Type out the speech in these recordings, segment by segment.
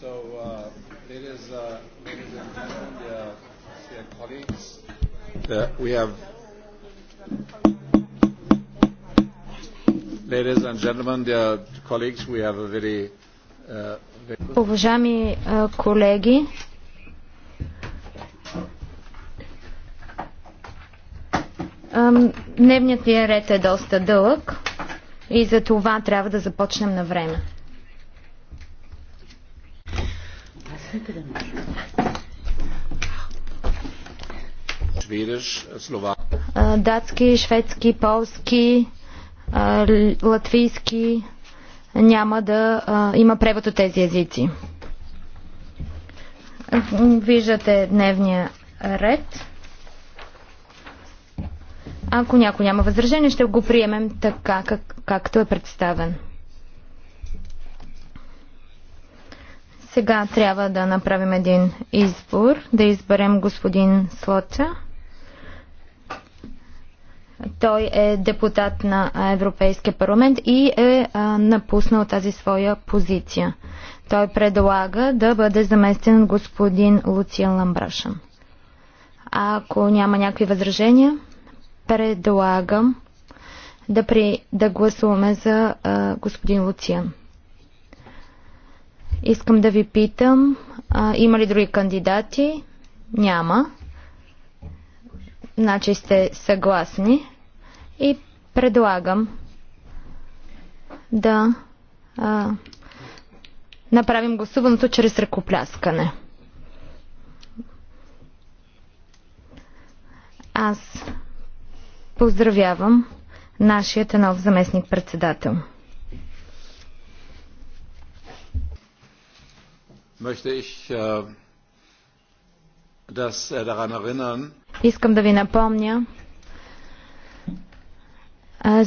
So, uh, ladies, uh, ladies and gentlemen, dear, dear colleagues, uh, we have. Ladies and gentlemen, dear colleagues, we have a very. Uh, very good... Уважаеми uh, колеги, Дневният ни ред е доста дълъг и за това трябва да започнем на време. Датски, шведски, полски, латвийски няма да има превод от тези езици. Виждате дневния ред. Ако някой няма възражение, ще го приемем така, как, както е представен. Сега трябва да направим един избор, да изберем господин Слоча. Той е депутат на Европейския парламент и е а, напуснал тази своя позиция. Той предлага да бъде заместен господин Луциан Ламбрашан. Ако няма някакви възражения, предлагам да, при, да гласуваме за а, господин Луциан. Искам да ви питам, а, има ли други кандидати? Няма. Значи сте съгласни и предлагам да а, направим гласуването чрез ръкопляскане. Аз поздравявам нашият нов заместник-председател. möchte ich äh, das äh, daran erinnern. Искам да ви напомня,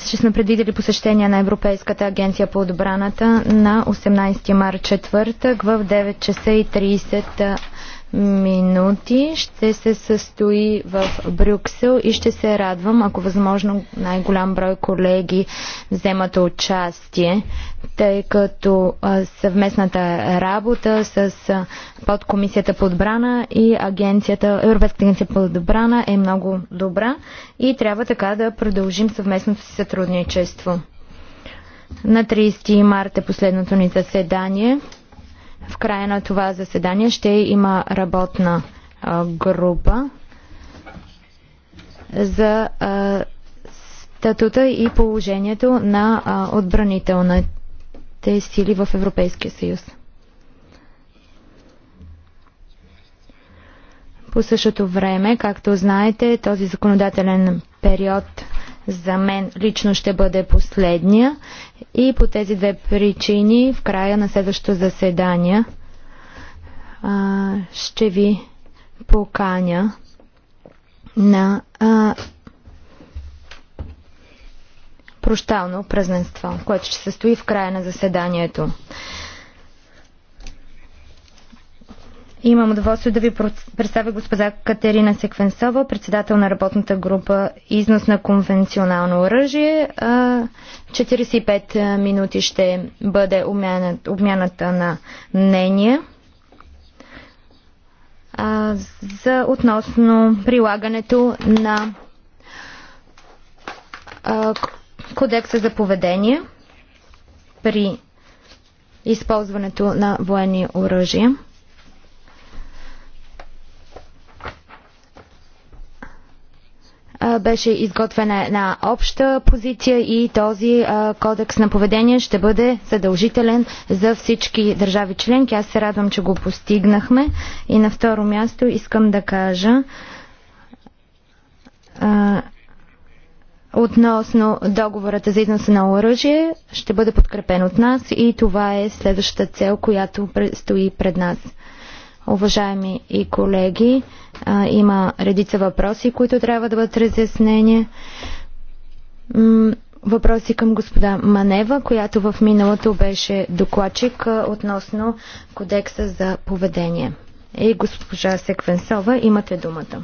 че сме предвидели посещение на Европейската агенция по отбраната на 18 марта четвъртък в 9 часа и 30 минути ще се състои в Брюксел и ще се радвам, ако възможно най-голям брой колеги вземат участие, тъй като съвместната работа с подкомисията по отбрана и агенцията, Европейската агенция по отбрана е много добра и трябва така да продължим съвместното си сътрудничество. На 30 марта е последното ни заседание. В края на това заседание ще има работна група за статута и положението на отбранителните сили в Европейския съюз. По същото време, както знаете, този законодателен период за мен лично ще бъде последния и по тези две причини в края на следващото заседание а, ще ви поканя на а, прощално празненство, което ще се състои в края на заседанието. Имам удоволствие да ви представя госпожа Катерина Секвенсова, председател на работната група Износ на конвенционално оръжие. 45 минути ще бъде обмяната на мнение за относно прилагането на кодекса за поведение при използването на военни оръжия. беше изготвена една обща позиция и този кодекс на поведение ще бъде задължителен за всички държави членки. Аз се радвам, че го постигнахме. И на второ място искам да кажа относно договората за износа на оръжие ще бъде подкрепен от нас и това е следващата цел, която стои пред нас. Уважаеми и колеги, има редица въпроси, които трябва да бъдат разяснени. Въпроси към господа Манева, която в миналото беше докладчик относно кодекса за поведение. И госпожа Секвенсова, имате думата.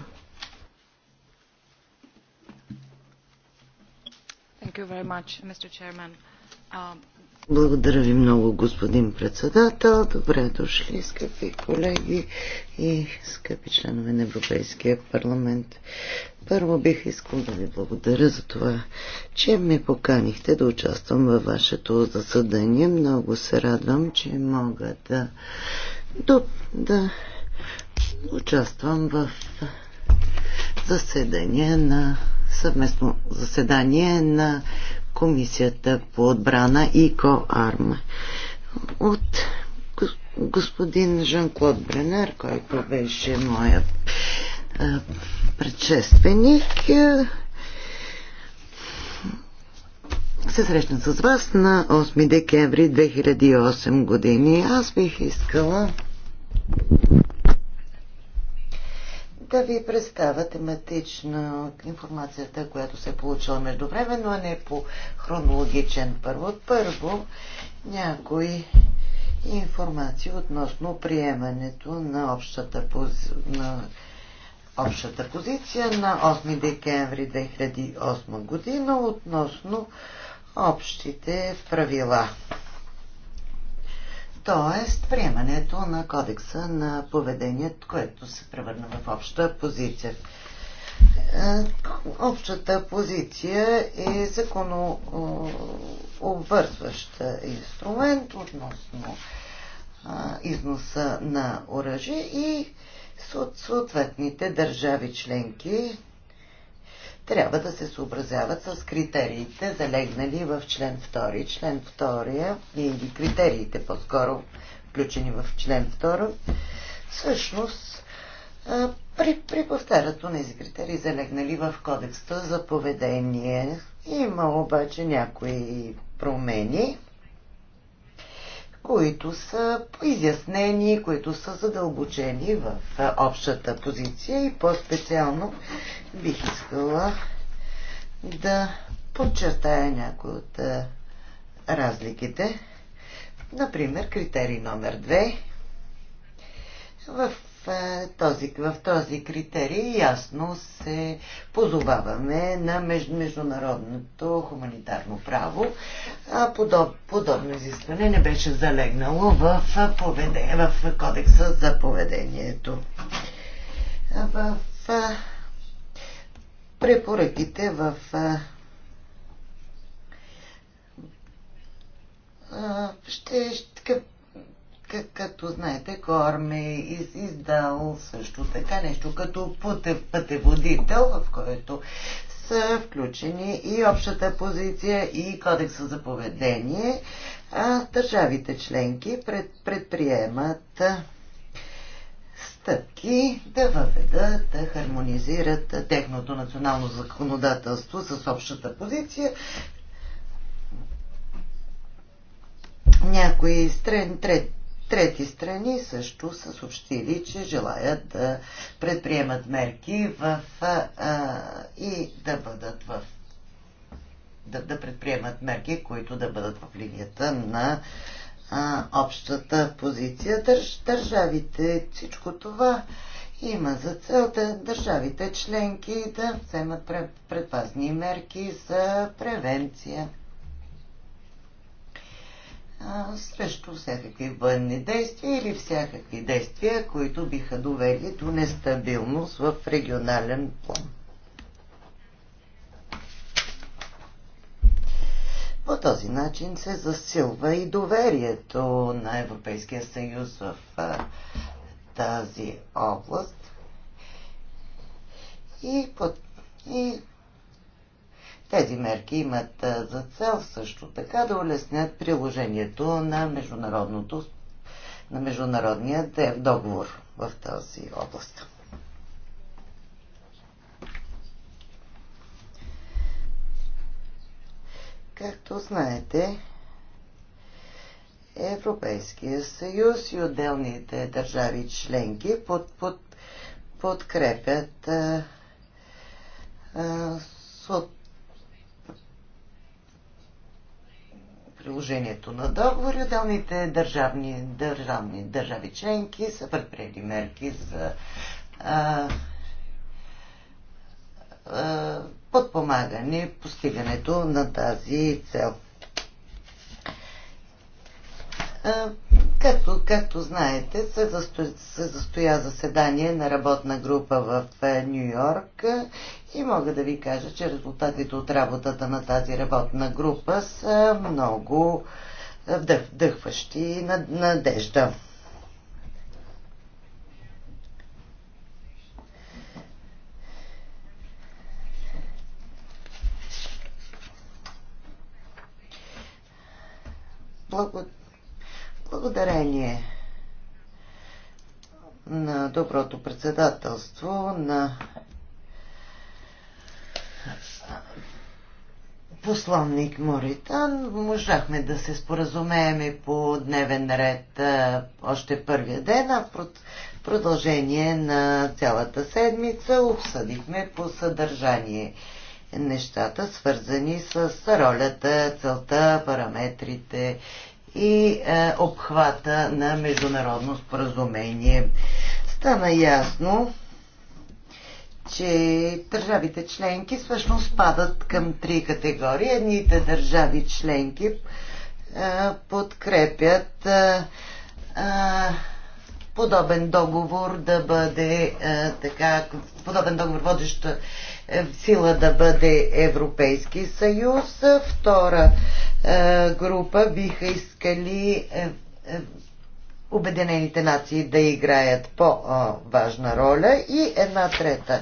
Thank you very much, Mr. Chairman. Um, благодаря ви много, господин председател. Добре дошли, скъпи колеги и скъпи членове на Европейския парламент. Първо бих искал да ви благодаря за това, че ме поканихте да участвам във вашето заседание. Много се радвам, че мога да, да, да участвам в заседание на съвместно заседание на Комисията по отбрана и КОАРМ. От господин Жан-Клод Бренер, който беше моят предшественик, се срещна с вас на 8 декември 2008 години. Аз бих искала да ви представя тематична информацията, която се е получила междувременно, а не по хронологичен първо. Първо, някои информации относно приемането на общата, пози... на общата позиция на 8 декември 2008 година относно общите правила т.е. приемането на кодекса на поведението, което се превърна в обща позиция. Е, общата позиция е законообвързващ инструмент относно износа на оръжие и съответните държави членки трябва да се съобразяват с критериите, залегнали в член 2. Член 2 или критериите по-скоро, включени в член 2, всъщност при, при повтарят тези критерии, залегнали в кодекста за поведение. Има обаче някои промени, които са изяснени, които са задълбочени в общата позиция и по-специално бих искала да подчертая някои от разликите. Например, критерий номер 2 в е, този, в този критерий ясно се позоваваме на международното хуманитарно право. А подоб, подобно изискване не беше залегнало в, поведение, в кодекса за поведението. В препоръките в ще, ще като знаете, Корме из, издал също така нещо като пътев, пътеводител, в който са включени и общата позиция и кодекса за поведение. А държавите членки пред, предприемат стъпки да въведат, да хармонизират техното национално законодателство с общата позиция, някои трети. трет, трети страни също са съобщили, че желаят да предприемат мерки в, а, и да бъдат в да, да предприемат мерки, които да бъдат в линията на а, общата позиция. Държ, държавите, всичко това има за цел да държавите членки да вземат предпазни мерки за превенция а, срещу всякакви военни действия или всякакви действия, които биха довели до нестабилност в регионален план. По този начин се засилва и доверието на Европейския съюз в а, тази област и, под, и тези мерки имат за цел също така да улеснят приложението на, международното, на международния договор в тази област. Както знаете, Европейския съюз и отделните държави членки под, под, подкрепят а, а, приложението на договори. Отделните държавни, държавни, държави членки са предприели мерки за а, а, подпомагане постигането на тази цел. Както, както знаете, се, засто, се застоя заседание на работна група в е, Нью Йорк е, и мога да ви кажа, че резултатите от работата на тази работна група са много е, вдъх, вдъхващи и надежда. Благодаря Благодарение на доброто председателство, на посланник Моритан, можахме да се споразумееме по дневен ред още първия ден, а в продължение на цялата седмица обсъдихме по съдържание нещата, свързани с ролята, целта, параметрите и е, обхвата на международно споразумение. Стана ясно, че държавите членки всъщност падат към три категории. Едните държави членки е, подкрепят е, подобен договор да бъде така, подобен договор водещ е, сила да бъде Европейски съюз. Втора е, група биха искали е, Обединените нации да играят по-важна роля и една трета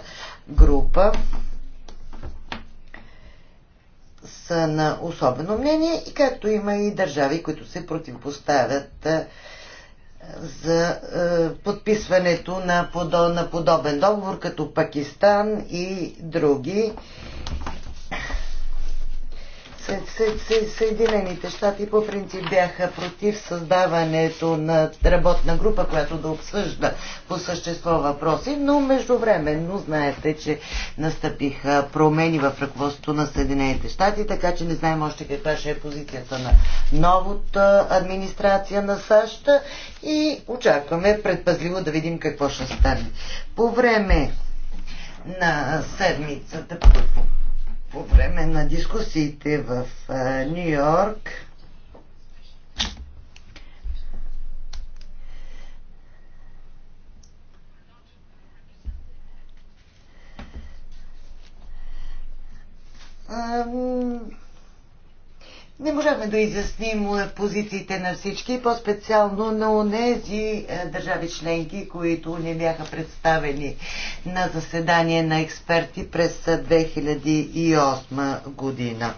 група са на особено мнение и както има и държави, които се противопоставят за е, подписването на, подо, на подобен договор, като Пакистан и други. Съединените щати по принцип бяха против създаването на работна група, която да обсъжда по същество въпроси, но междувременно знаете, че настъпиха промени в ръководството на Съединените щати, така че не знаем още каква ще е позицията на новата администрация на САЩ и очакваме предпазливо да видим какво ще стане. По време на седмицата, по време на дискусиите в Нью Йорк Um не можахме да изясним позициите на всички, по-специално на онези е, държави членки, които не бяха представени на заседание на експерти през 2008 година.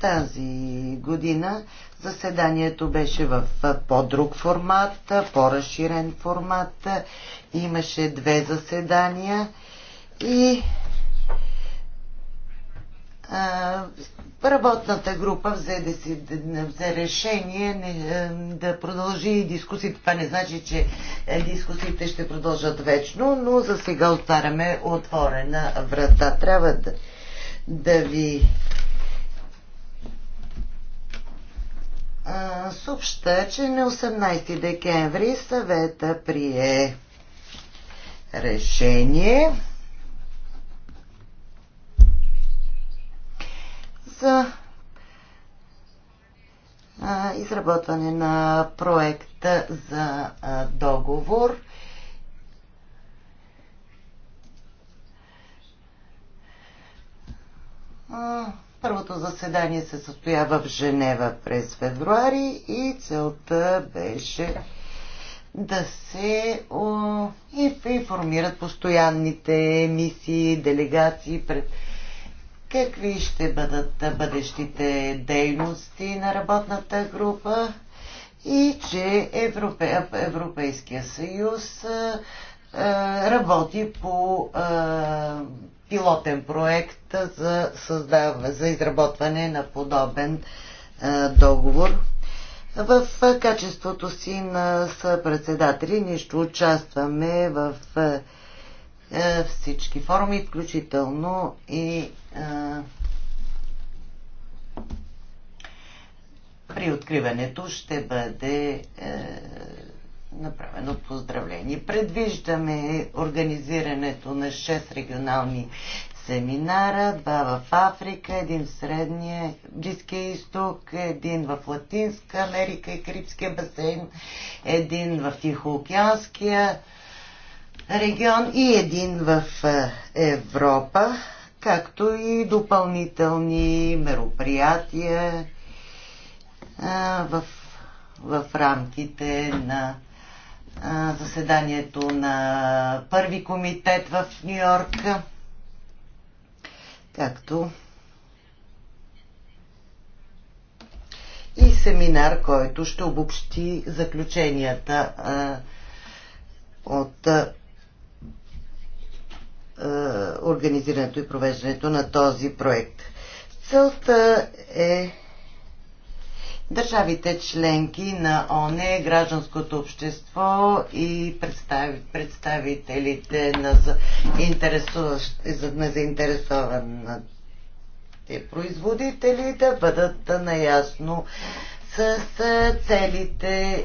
Тази година заседанието беше в по-друг формат, по-разширен формат. Имаше две заседания и Работната група взе, да си, взе решение не, е, да продължи дискусиите. Това не значи, че е, дискусиите ще продължат вечно, но за сега отваряме отворена врата. Трябва да, да ви съобща, че на 18 декември съвета прие решение за изработване на проекта за договор. Първото заседание се състоя в Женева през февруари и целта беше да се информират постоянните мисии, делегации, пред, какви ще бъдат бъдещите дейности на работната група и че Европе, Европейския съюз работи по пилотен проект за, създав... за изработване на подобен договор. В качеството си на съпредседатели ние ще участваме в е, всички форуми, включително и е, при откриването ще бъде е, направено поздравление. Предвиждаме организирането на 6 регионални семинара, два в Африка, един в Средния, Близкия изток, един в Латинска Америка и Карибския басейн, един в Тихоокеанския регион и един в е, Европа, както и допълнителни мероприятия е, в, в рамките на е, заседанието на първи комитет в Нью Йорк, както и семинар, който ще обобщи заключенията от е, организирането и провеждането на този проект. Целта е държавите членки на ОНЕ, гражданското общество и представителите на, на заинтересованите производители да бъдат наясно с целите, е,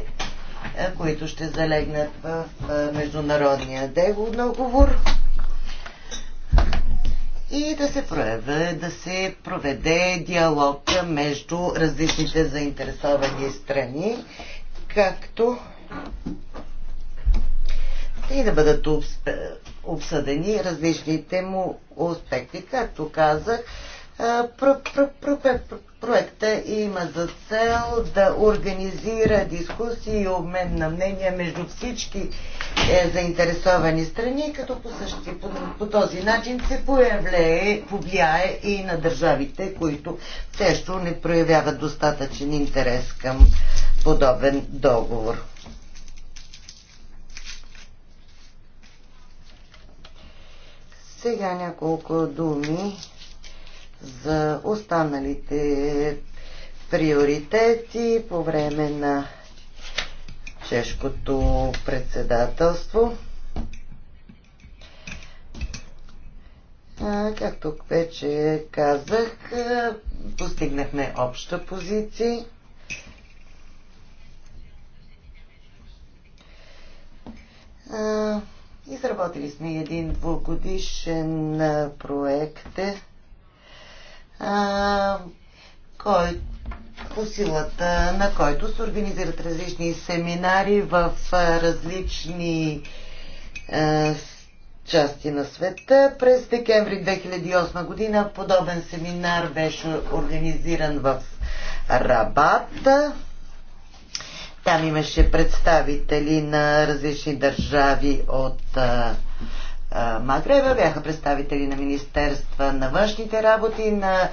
които ще залегнат в е, международния договор и да се, прояве, да се проведе диалог между различните заинтересовани страни, както и да бъдат обсъдени различните му аспекти. Както казах, Проекта има за цел да организира дискусии и обмен на мнения между всички е, заинтересовани страни, като по, същи, по, по този начин се появлее, повлияе и на държавите, които също не проявяват достатъчен интерес към подобен договор. Сега няколко думи за останалите приоритети по време на чешкото председателство. Както вече казах, постигнахме обща позиция. Изработили сме един двугодишен проект кой, по силата на който се организират различни семинари в различни части на света. През декември 2008 година подобен семинар беше организиран в Рабат. Там имаше представители на различни държави от Магреба, бяха представители на Министерства на външните работи, на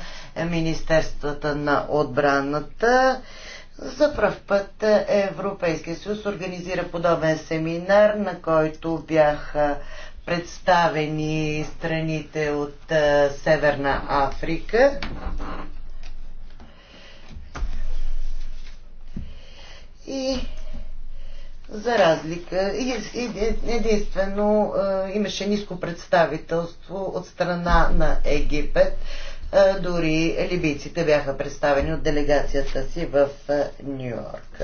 Министерствата на отбраната. За пръв път Европейския съюз организира подобен семинар, на който бяха представени страните от Северна Африка. И за разлика. Единствено е, имаше ниско представителство от страна на Египет. Е, дори либийците бяха представени от делегацията си в е, Нью Йорк.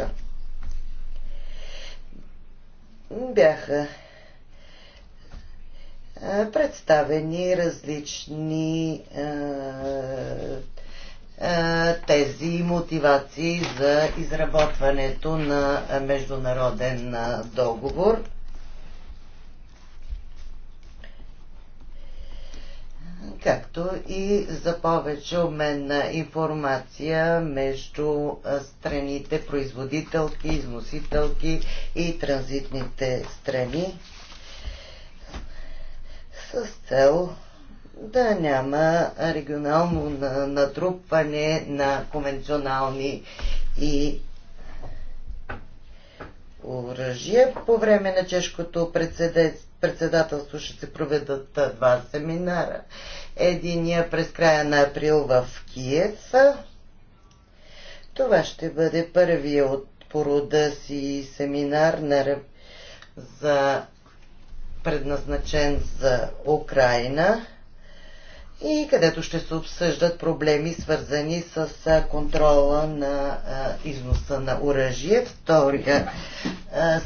Бяха представени различни е, тези мотивации за изработването на международен е, договор. както и за повече обмен на информация между е, страните производителки, износителки и транзитните страни с цел да няма регионално натрупване на конвенционални и оръжие. По време на чешкото председателство ще се проведат два семинара. Единия през края на април в Киев. Това ще бъде първия от порода си семинар на, за предназначен за Украина и където ще се обсъждат проблеми, свързани с контрола на износа на оръжие. Втория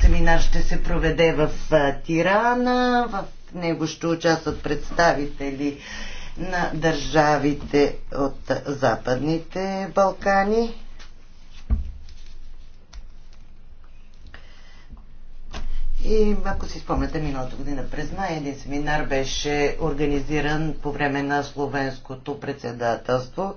семинар ще се проведе в Тирана. В него ще участват представители на държавите от Западните Балкани. И ако си спомняте, миналата година през май един семинар беше организиран по време на словенското председателство.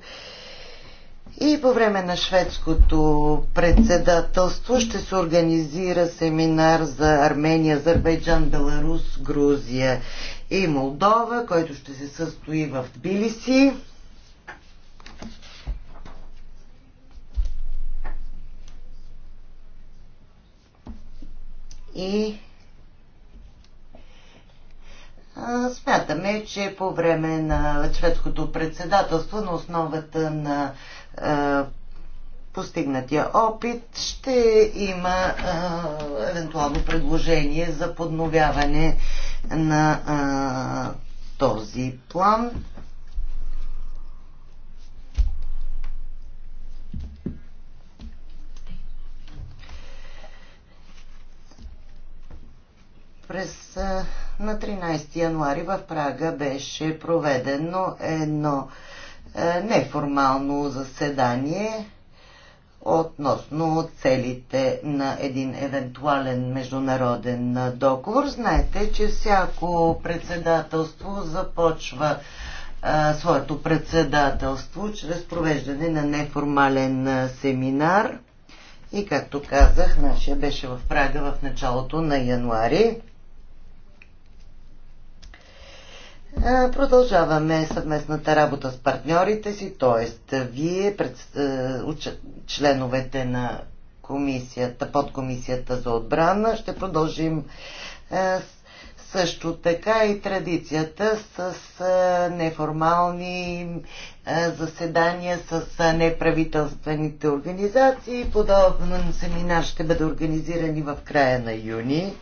И по време на шведското председателство ще се организира семинар за Армения, Азербайджан, Беларус, Грузия и Молдова, който ще се състои в Тбилиси. и Смятаме, че по време на шведското председателство на основата на постигнатия опит ще има евентуално предложение за подновяване на този план. През на 13 януари в Прага беше проведено едно неформално заседание относно целите на един евентуален международен договор. Знаете, че всяко председателство започва а, своето председателство чрез провеждане на неформален семинар. И както казах, нашия беше в Прага в началото на януари. Е, продължаваме съвместната работа с партньорите си, т.е. вие, пред, е, членовете на комисията, подкомисията за отбрана, ще продължим е, също така и традицията с неформални заседания с неправителствените организации. Подобен семинар ще бъде организиран и в края на юни.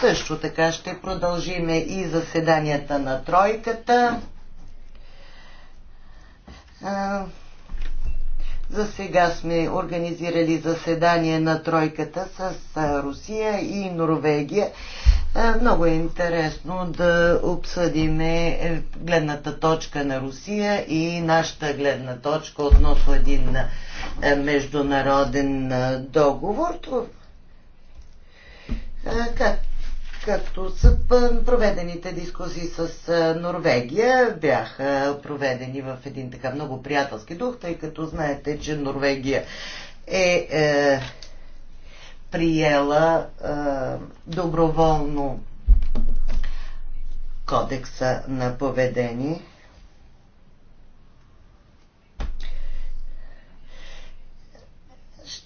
Също така ще продължиме и заседанията на тройката. За сега сме организирали заседание на тройката с Русия и Норвегия. Много е интересно да обсъдиме е, гледната точка на Русия и нашата гледна точка относно един е, международен е, договор. Как като са проведените дискусии с Норвегия, бяха проведени в един така много приятелски дух, тъй като знаете, че Норвегия е, е приела е, доброволно кодекса на поведение.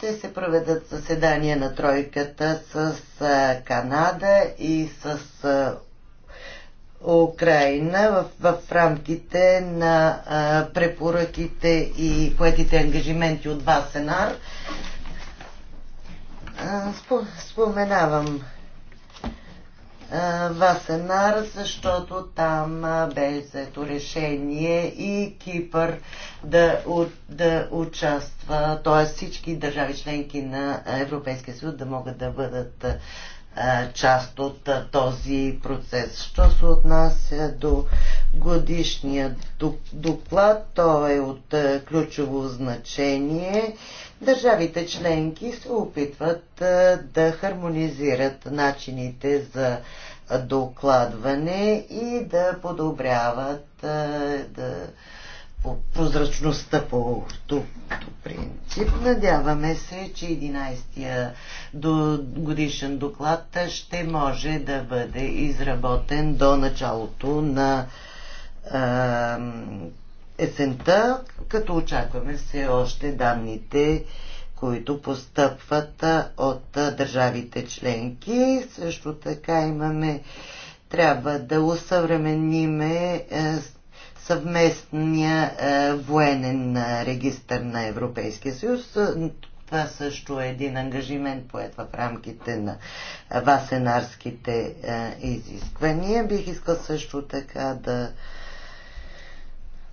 ще се проведат заседания на тройката с Канада и с Украина в, в рамките на а, препоръките и поетите ангажименти от Васенар. А, споменавам е, Васенар, защото там е, бе взето решение и Кипър да, да участва, т.е. всички държави членки на Европейския съюз да могат да бъдат е, част от този процес. Що се отнася до годишния доклад, той е от ключово значение Държавите членки се опитват да хармонизират начините за докладване и да подобряват да, по прозрачността по принцип. Надяваме се, че 11-я до годишен доклад ще може да бъде изработен до началото на есента, като очакваме все още данните, които постъпват от държавите членки. Също така имаме, трябва да усъвремениме е, съвместния е, военен регистр на Европейския съюз. Това също е един ангажимент поет в рамките на васенарските е, изисквания. Бих искал също така да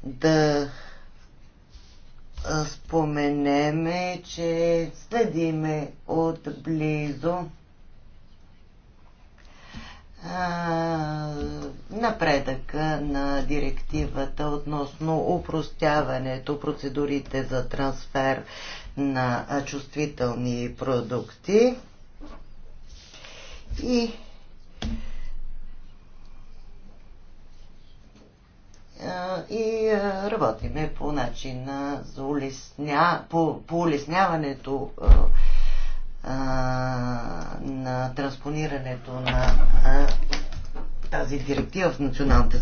да споменеме, че следиме отблизо напредъка на директивата относно упростяването процедурите за трансфер на чувствителни продукти и и работиме по начин за улесня, по, по улесняването а, на транспонирането на а, тази директива в националните.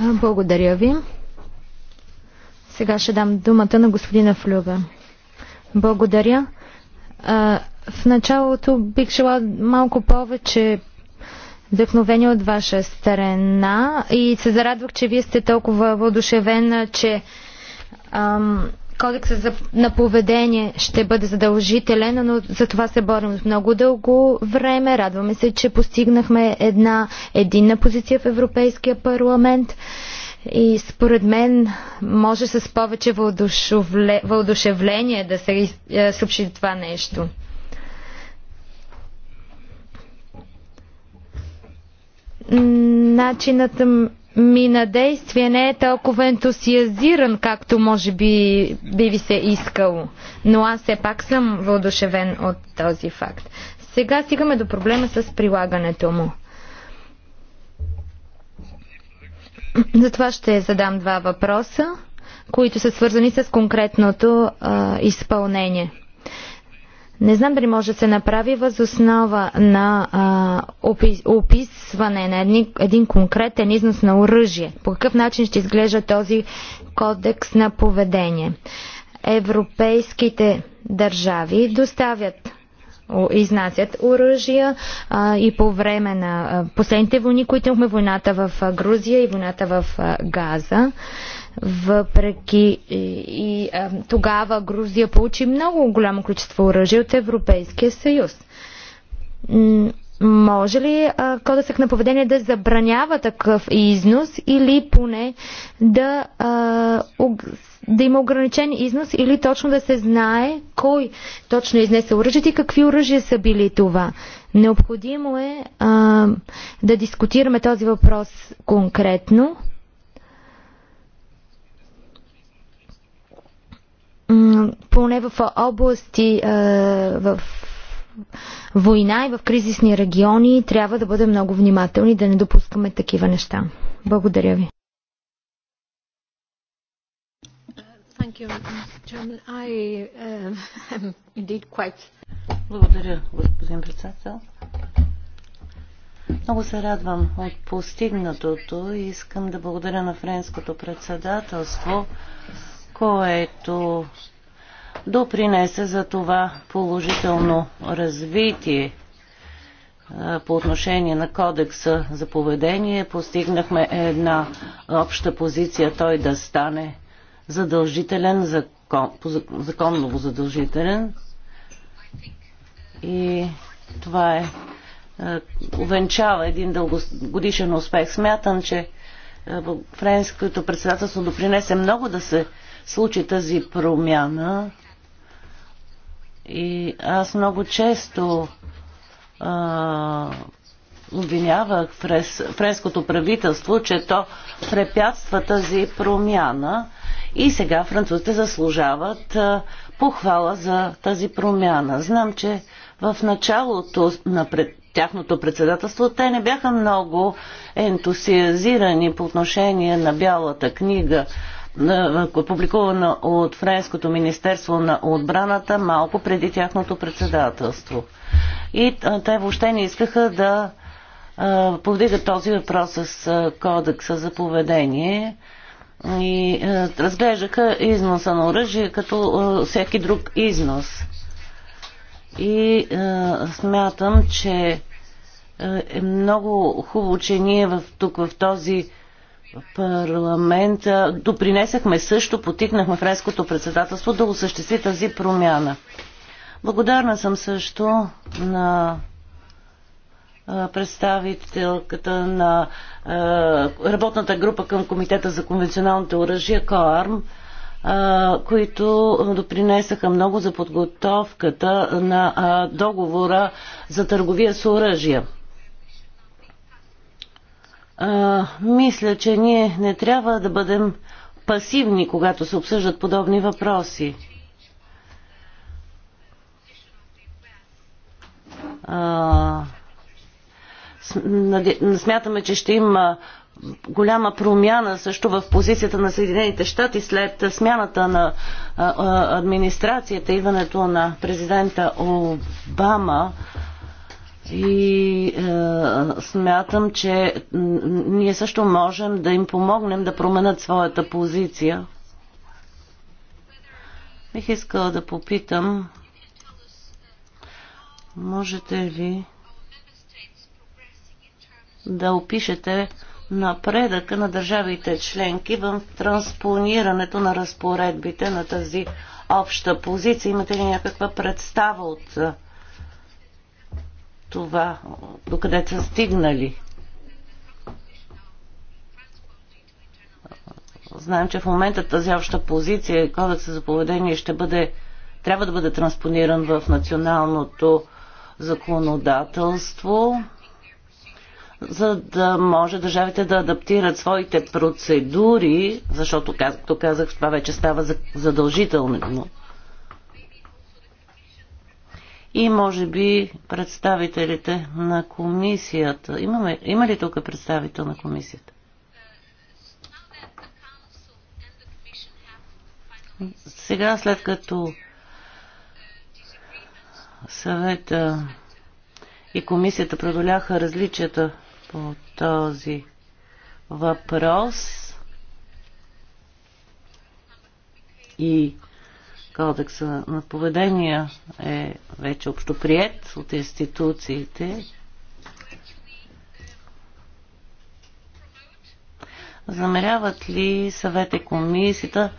Благодаря ви. Сега ще дам думата на господина Флюга. Благодаря. В началото бих желал малко повече вдъхновение от ваша страна и се зарадвах, че вие сте толкова въодушевена, че ам, кодексът за, на поведение ще бъде задължителен, но за това се борим от много дълго време. Радваме се, че постигнахме една единна позиция в Европейския парламент. И според мен може с повече въодушевление да се е, съобщи това нещо. начинът ми на действие не е толкова ентусиазиран, както може би би ви се искало. Но аз все пак съм въодушевен от този факт. Сега стигаме до проблема с прилагането му. Затова ще задам два въпроса, които са свързани с конкретното а, изпълнение. Не знам дали може да се направи възоснова на а, опис, описване на един, един конкретен износ на оръжие. По какъв начин ще изглежда този кодекс на поведение? Европейските държави доставят изнасят оръжия и по време на последните войни, които имахме войната в Грузия и войната в Газа. Въпреки и, и тогава Грузия получи много голямо количество оръжия от Европейския съюз. Може ли а, кодексът на поведение да забранява такъв износ или поне да, а, да има ограничен износ или точно да се знае кой точно е изнесе оръжието и какви оръжия са били това? Необходимо е а, да дискутираме този въпрос конкретно. Поне в области, а, в война и в кризисни региони трябва да бъдем много внимателни, да не допускаме такива неща. Благодаря ви. Uh, благодаря, господин председател. Много се радвам от постигнатото и искам да благодаря на френското председателство, което допринесе за това положително развитие по отношение на кодекса за поведение. Постигнахме една обща позиция той да стане задължителен, закон, законно задължителен. И това е увенчава един дългогодишен успех. Смятам, че френското председателство допринесе много да се случи тази промяна и аз много често а, обвинявах фрес, френското правителство, че то препятства тази промяна и сега французите заслужават а, похвала за тази промяна. Знам, че в началото на пред, тяхното председателство те не бяха много ентусиазирани по отношение на бялата книга публикувана от Френското министерство на отбраната малко преди тяхното председателство. И те въобще не искаха да повдигат този въпрос с кодекса за поведение и разглеждаха износа на оръжие като всеки друг износ. И смятам, че е много хубаво, че ние в, тук в този парламента допринесахме също, потикнахме френското председателство да осъществи тази промяна. Благодарна съм също на представителката на работната група към Комитета за конвенционалните оръжия КОАРМ, които допринесаха много за подготовката на договора за търговия с оръжия а, мисля, че ние не трябва да бъдем пасивни, когато се обсъждат подобни въпроси. А, смятаме, че ще има голяма промяна също в позицията на Съединените щати след смяната на администрацията, идването на президента Обама. И е, смятам, че ние също можем да им помогнем да променят своята позиция. Бих искала да попитам, можете ли да опишете напредъка на държавите членки в транспонирането на разпоредбите на тази обща позиция? Имате ли някаква представа от това, докъде са стигнали. Знаем, че в момента тази обща позиция, кодекса за поведение ще бъде, трябва да бъде транспониран в националното законодателство, за да може държавите да адаптират своите процедури, защото, както казах, това вече става задължително и може би представителите на комисията. Имаме, има ли тук представител на комисията? Сега, след като съвета и комисията продоляха различията по този въпрос и Кодекса на поведение е вече общоприет от институциите. Замеряват ли съвет и комисията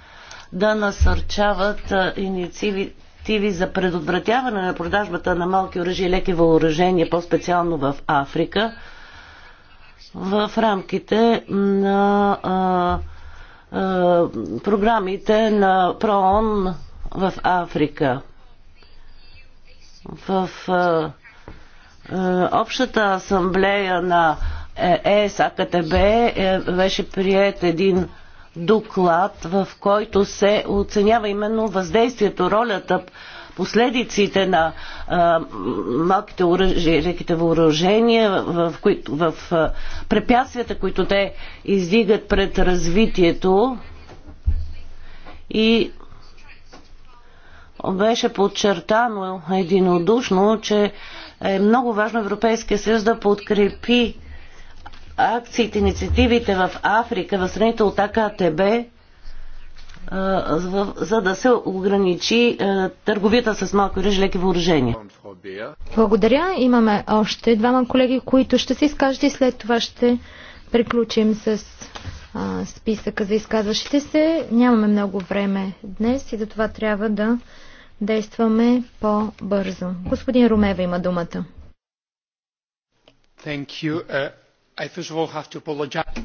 да насърчават инициативи за предотвратяване на продажбата на малки оръжия и леки въоръжения, по-специално в Африка, в рамките на а, а, програмите на ПРООН в Африка. В а, а, общата асамблея на ЕСАКТБ е, е, беше прият един доклад, в който се оценява именно въздействието, ролята, последиците на а, малките оръжия, въоръжения, в, в, в, в препятствията, които те издигат пред развитието и беше подчертано единодушно, че е много важно Европейския съюз да подкрепи акциите, инициативите в Африка, в страните от АКТБ, за да се ограничи търговията с малко и леки въоръжения. Благодаря. Имаме още двама колеги, които ще се изкажат и след това ще приключим с списъка за изказващите се. Нямаме много време днес и за това трябва да действаме по-бързо. Господин Румева има думата. Thank you. Uh, I first of all have to apologize.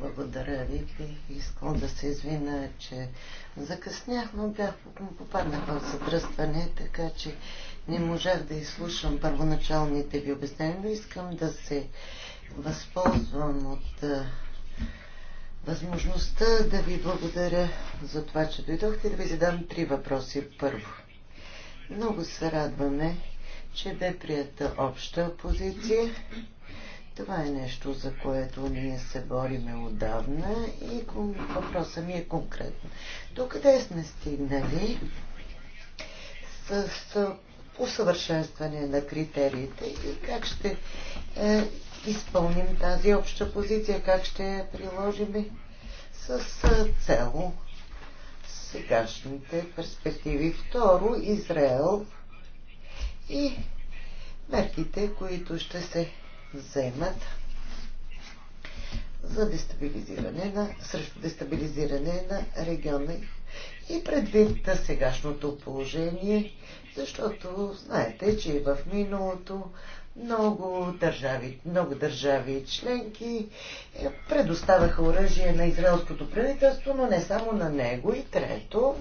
Благодаря ви. Искам да се извина, че закъснях, но бях попаднах в задръстване, така че не можах да изслушам първоначалните ви обяснения, но искам да се възползвам от възможността да ви благодаря за това, че дойдохте да ви задам три въпроси. Първо, много се радваме, че бе прията обща позиция. Това е нещо, за което ние се бориме отдавна и въпросът ми е конкретно. До къде сме стигнали с усъвършенстване на критериите и как ще е, изпълним тази обща позиция, как ще я приложим с цел сегашните перспективи. Второ, Израел и мерките, които ще се вземат за дестабилизиране на, срещу дестабилизиране на региона и предвид на сегашното положение, защото знаете, че в миналото много държави, много държави членки е, предоставяха оръжие на израелското правителство, но не само на него. И трето,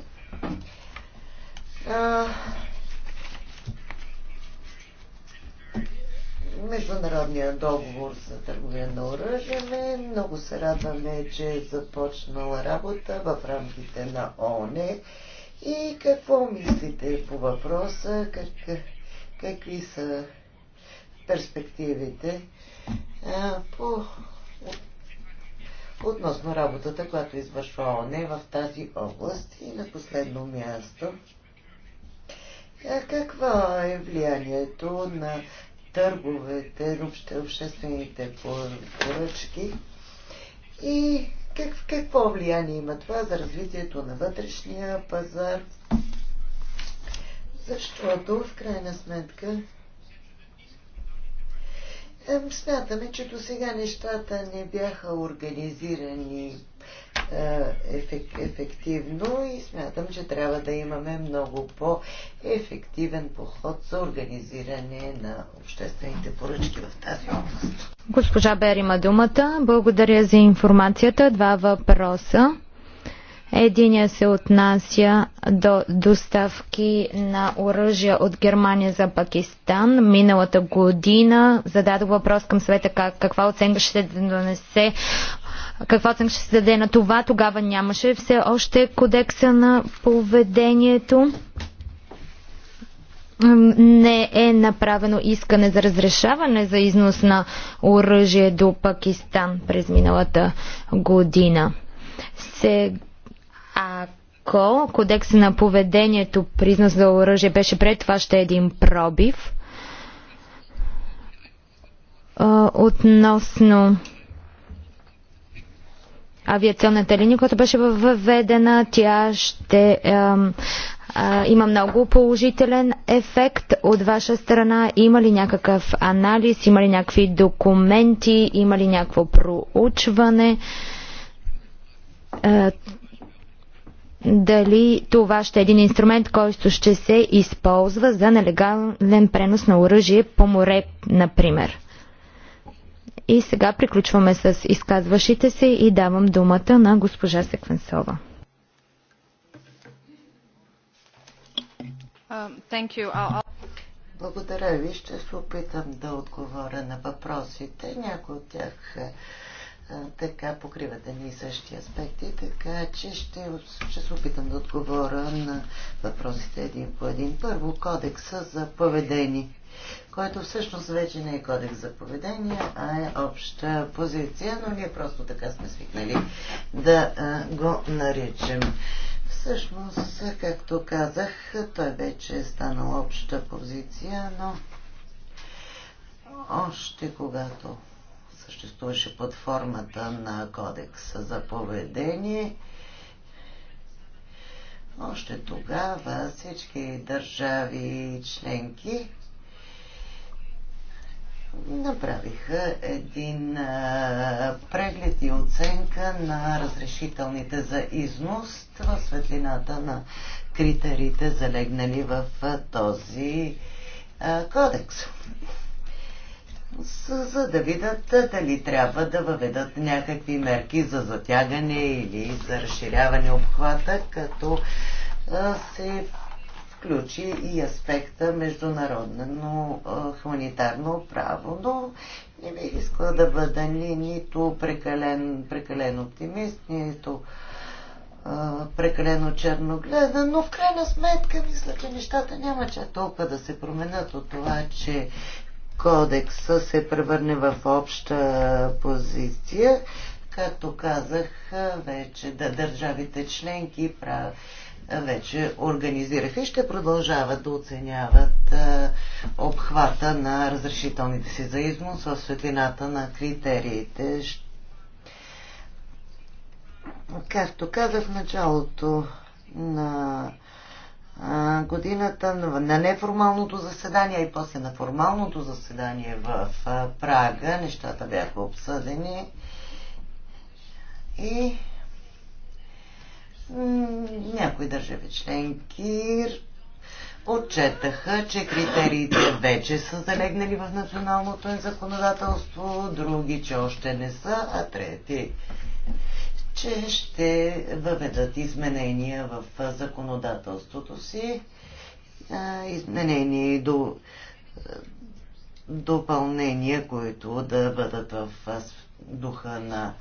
а, международния договор за търговия на оръжие. Много се радваме, че е започнала работа в рамките на ОНЕ. И какво мислите по въпроса? Как, какви са перспективите по относно работата, която извършва ОНЕ в тази област. И на последно място, какво е влиянието на търговете, обще, обществените поръчки и как, какво влияние има това за развитието на вътрешния пазар? Защото в крайна сметка Смятаме, че до сега нещата не бяха организирани е, ефек, ефективно и смятам, че трябва да имаме много по-ефективен подход за организиране на обществените поръчки в тази област. Госпожа Берима, има думата. Благодаря за информацията. Два въпроса. Единия се отнася до доставки на оръжия от Германия за Пакистан. Миналата година зададох въпрос към света как, каква оценка ще донесе каква оценка ще се даде на това. Тогава нямаше все още кодекса на поведението. Не е направено искане за разрешаване за износ на оръжие до Пакистан през миналата година. Сега ако кодекса на поведението призна за оръжие беше пред, това ще е един пробив. Относно авиационната линия, която беше въведена, тя ще е, е, има много положителен ефект от ваша страна. Има ли някакъв анализ, има ли някакви документи, има ли някакво проучване? Е, дали това ще е един инструмент, който ще се използва за нелегален пренос на оръжие по море, например. И сега приключваме с изказващите се и давам думата на госпожа Секвенсова. Um, Благодаря ви. Ще се опитам да отговоря на въпросите. Някои от тях така покривате ни и същи аспекти, така че ще, ще се опитам да отговоря на въпросите един по един. Първо, кодекса за поведение, който всъщност вече не е кодекс за поведение, а е обща позиция, но ние просто така сме свикнали да а, го наричам. Всъщност, както казах, той вече е станал обща позиция, но още когато съществуваше под формата на Кодекс за поведение. Още тогава всички държави членки направиха един а, преглед и оценка на разрешителните за износ в светлината на критериите, залегнали в а, този а, кодекс за, за да видят дали трябва да въведат някакви мерки за затягане или за разширяване обхвата, като се включи и аспекта международно но хуманитарно право, но не бих искала да бъда ни, нито прекален, прекален оптимист, нито прекалено прекалено черногледа, но в крайна сметка мисля, че нещата няма че толкова да се променят от това, че кодекса се превърне в обща позиция. Както казах, вече да държавите членки прав, вече организираха и ще продължават да оценяват е, обхвата на разрешителните си за износ в светлината на критериите. Както казах в началото на годината на неформалното заседание и после на формалното заседание в Прага. Нещата бяха обсъдени и някои държави членки отчетаха, че критериите вече са залегнали в националното законодателство, други, че още не са, а трети че ще въведат изменения в законодателството си, изменения до допълнения, които да бъдат в духа на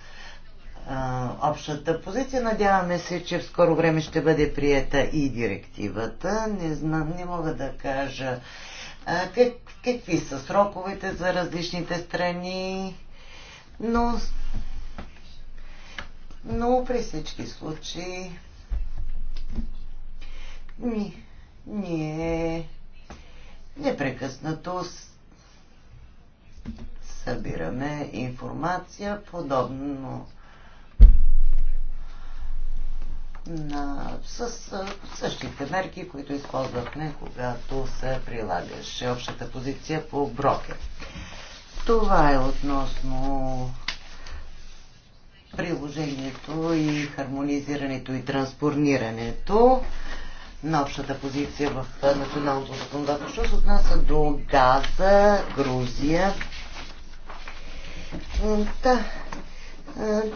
общата позиция. Надяваме се, че в скоро време ще бъде приета и директивата. Не, знам, не мога да кажа как, какви са сроковете за различните страни, но но при всички случаи ни, ние непрекъснато събираме информация подобно на, с същите мерки, които използвахме, когато се прилагаше общата позиция по брокер. Това е относно приложението и хармонизирането и транспорнирането на общата позиция в националното законодателство се отнася до Газа, Грузия. Да,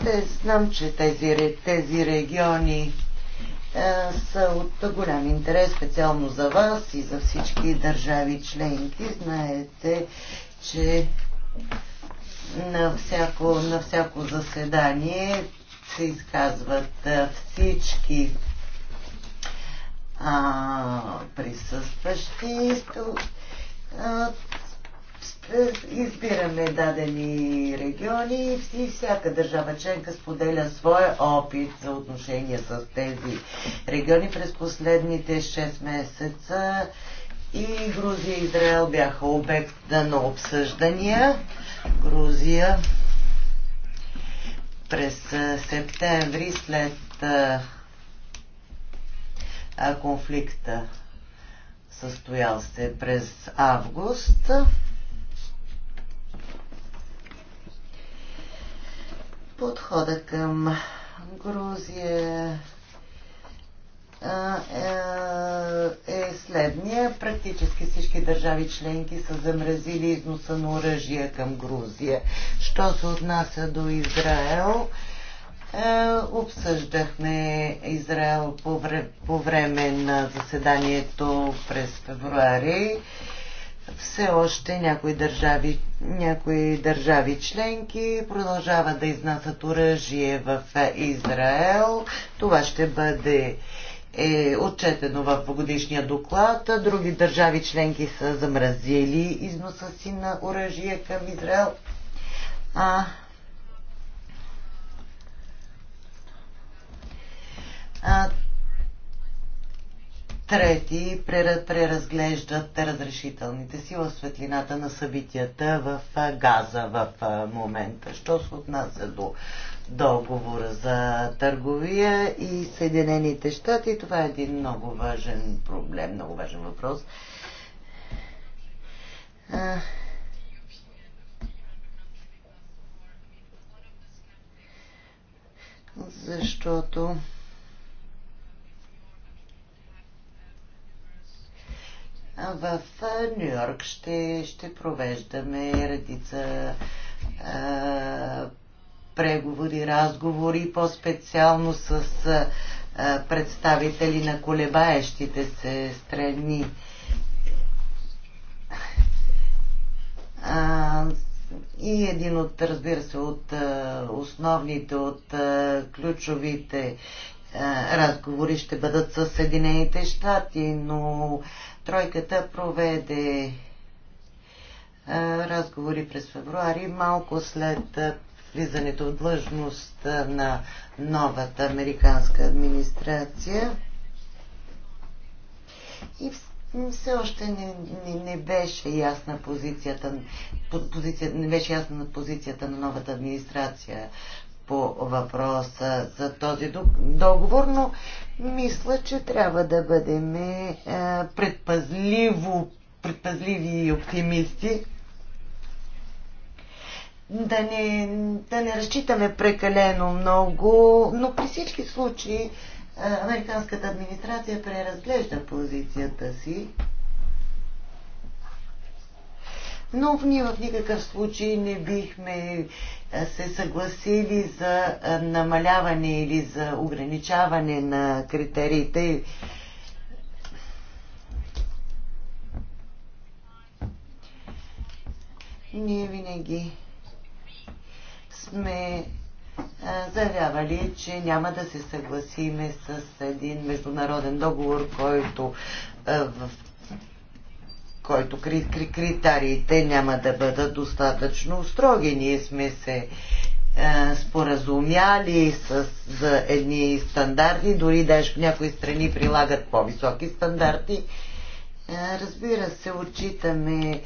те, знам, че тези, тези региони са от голям интерес, специално за вас и за всички държави членки. Знаете, че на всяко, на всяко заседание се изказват всички а, присъстващи. избираме дадени региони и всяка държава членка споделя своя опит за отношения с тези региони. През последните 6 месеца и Грузия и Израел бяха обект на обсъждания. Грузия през септември след конфликта състоял се през август. Подхода към Грузия е, е следния. Практически всички държави членки са замразили износа на оръжия към Грузия. Що се отнася до Израел, е, обсъждахме Израел по време на заседанието през февруари все още някои държави, някои държави членки продължават да изнасят оръжие в Израел. Това ще бъде е отчетено в годишния доклад. Други държави членки са замразили износа си на оръжие към Израел. А, а, трети преразглеждат разрешителните си в светлината на събитията в Газа в момента. Що се отнася до договора за търговия и Съединените щати. Това е един много важен проблем, много важен въпрос. Защото в Нью Йорк ще, ще провеждаме редица а преговори, разговори, по-специално с представители на колебаещите се страни. И един от, разбира се, от основните, от ключовите разговори ще бъдат с Съединените щати, но тройката проведе разговори през февруари, малко след влизането в длъжност на новата американска администрация. И все още не, не, не беше ясна позицията, позиция, не беше ясна позицията на новата администрация по въпроса за този договор, но мисля, че трябва да бъдем е, предпазливо, предпазливи и оптимисти да не, да не разчитаме прекалено много, но при всички случаи е, американската администрация преразглежда позицията си. Но ние в никакъв случай не бихме е, се съгласили за е, намаляване или за ограничаване на критериите. Ние винаги сме заявявали, че няма да се съгласиме с един международен договор, който в който критериите няма да бъдат достатъчно строги. Ние сме се споразумяли с, за едни стандарти, дори даже в някои страни прилагат по-високи стандарти. Разбира се, отчитаме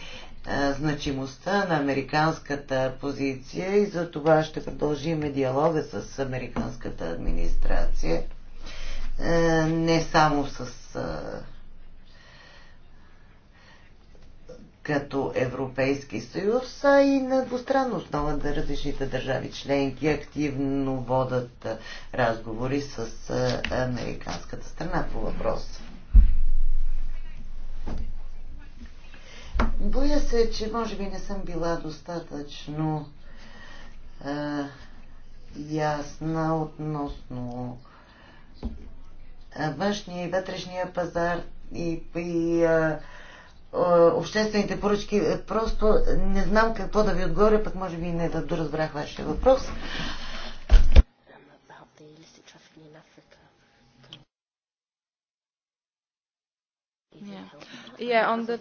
е, значимостта на американската позиция и за това ще продължим диалога с американската администрация. Е, не само с е, като Европейски съюз, а и на двустранна основа на различните държави членки активно водат разговори с американската страна по въпроса. Боя се, че може би не съм била достатъчно а, ясна относно външния и вътрешния пазар и, и а, обществените поръчки. Просто не знам какво да ви отговоря, пък може би не да доразбрах вашия въпрос. Yeah. Yeah, on the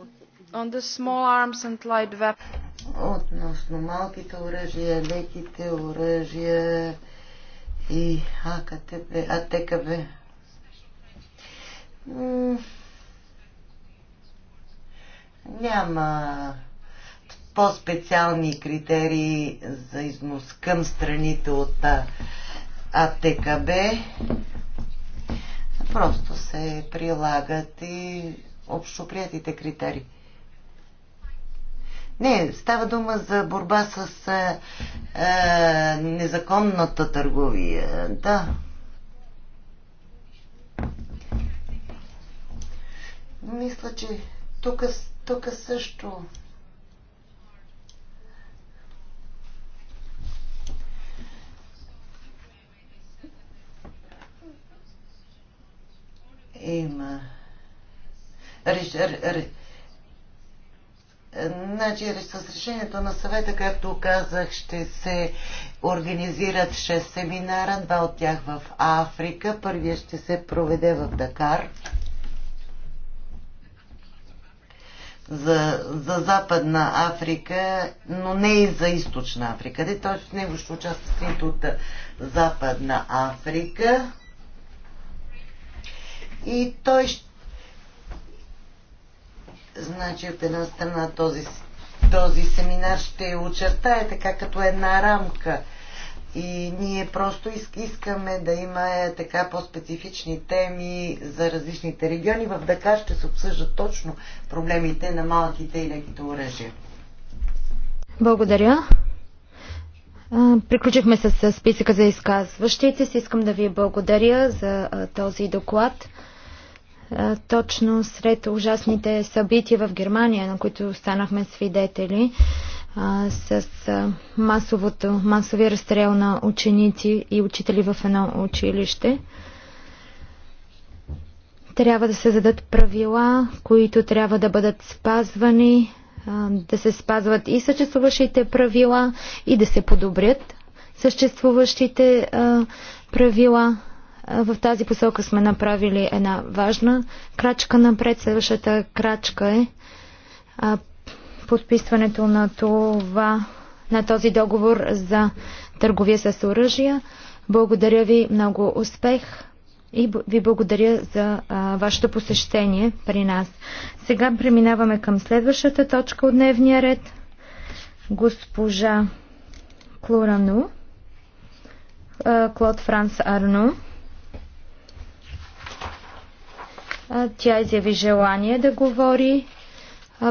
On the small arms and light weapons. Относно малките оръжия, леките оръжия и АКТБ, АТКБ. Няма по-специални критерии за износ към страните от АТКБ. Просто се прилагат и общоприятите критерии. Не, става дума за борба с е, е, незаконната търговия. Да. Мисля, че тук, тук също. Има. Реш, ре, ре, е, значи, с решението на съвета, както казах, ще се организират 6 семинара, два от тях в Африка. Първия ще се проведе в Дакар. За, за Западна Африка, но не и за Източна Африка. Де, т.е. в него ще участва страните от Западна Африка. И той ще Значи от една страна този, този семинар ще очертае така като една рамка. И ние просто искаме да има е, така по-специфични теми за различните региони. В Дакар ще се обсъждат точно проблемите на малките и леките оръжия. Благодаря. Приключихме с списъка за изказващите. Си искам да ви благодаря за този доклад точно сред ужасните събития в Германия, на които станахме свидетели с масовото, масови разстрел на ученици и учители в едно училище. Трябва да се зададат правила, които трябва да бъдат спазвани, да се спазват и съществуващите правила и да се подобрят съществуващите правила. В тази посока сме направили една важна крачка напред. Следващата крачка е подписването на това, на този договор за търговия с оръжия. Благодаря ви много успех и ви благодаря за а, вашето посещение при нас. Сега преминаваме към следващата точка от дневния ред. Госпожа Клорану, Клод Франс Арно. Тя изяви желание да говори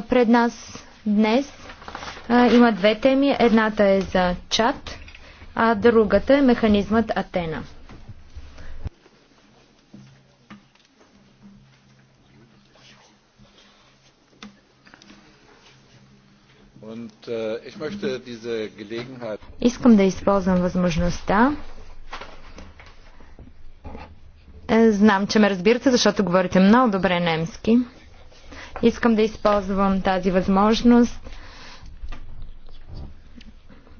пред нас днес. Има две теми. Едната е за чат, а другата е механизмът Атена. Äh, Искам да използвам възможността е, знам, че ме разбирате, защото говорите много добре немски. Искам да използвам тази възможност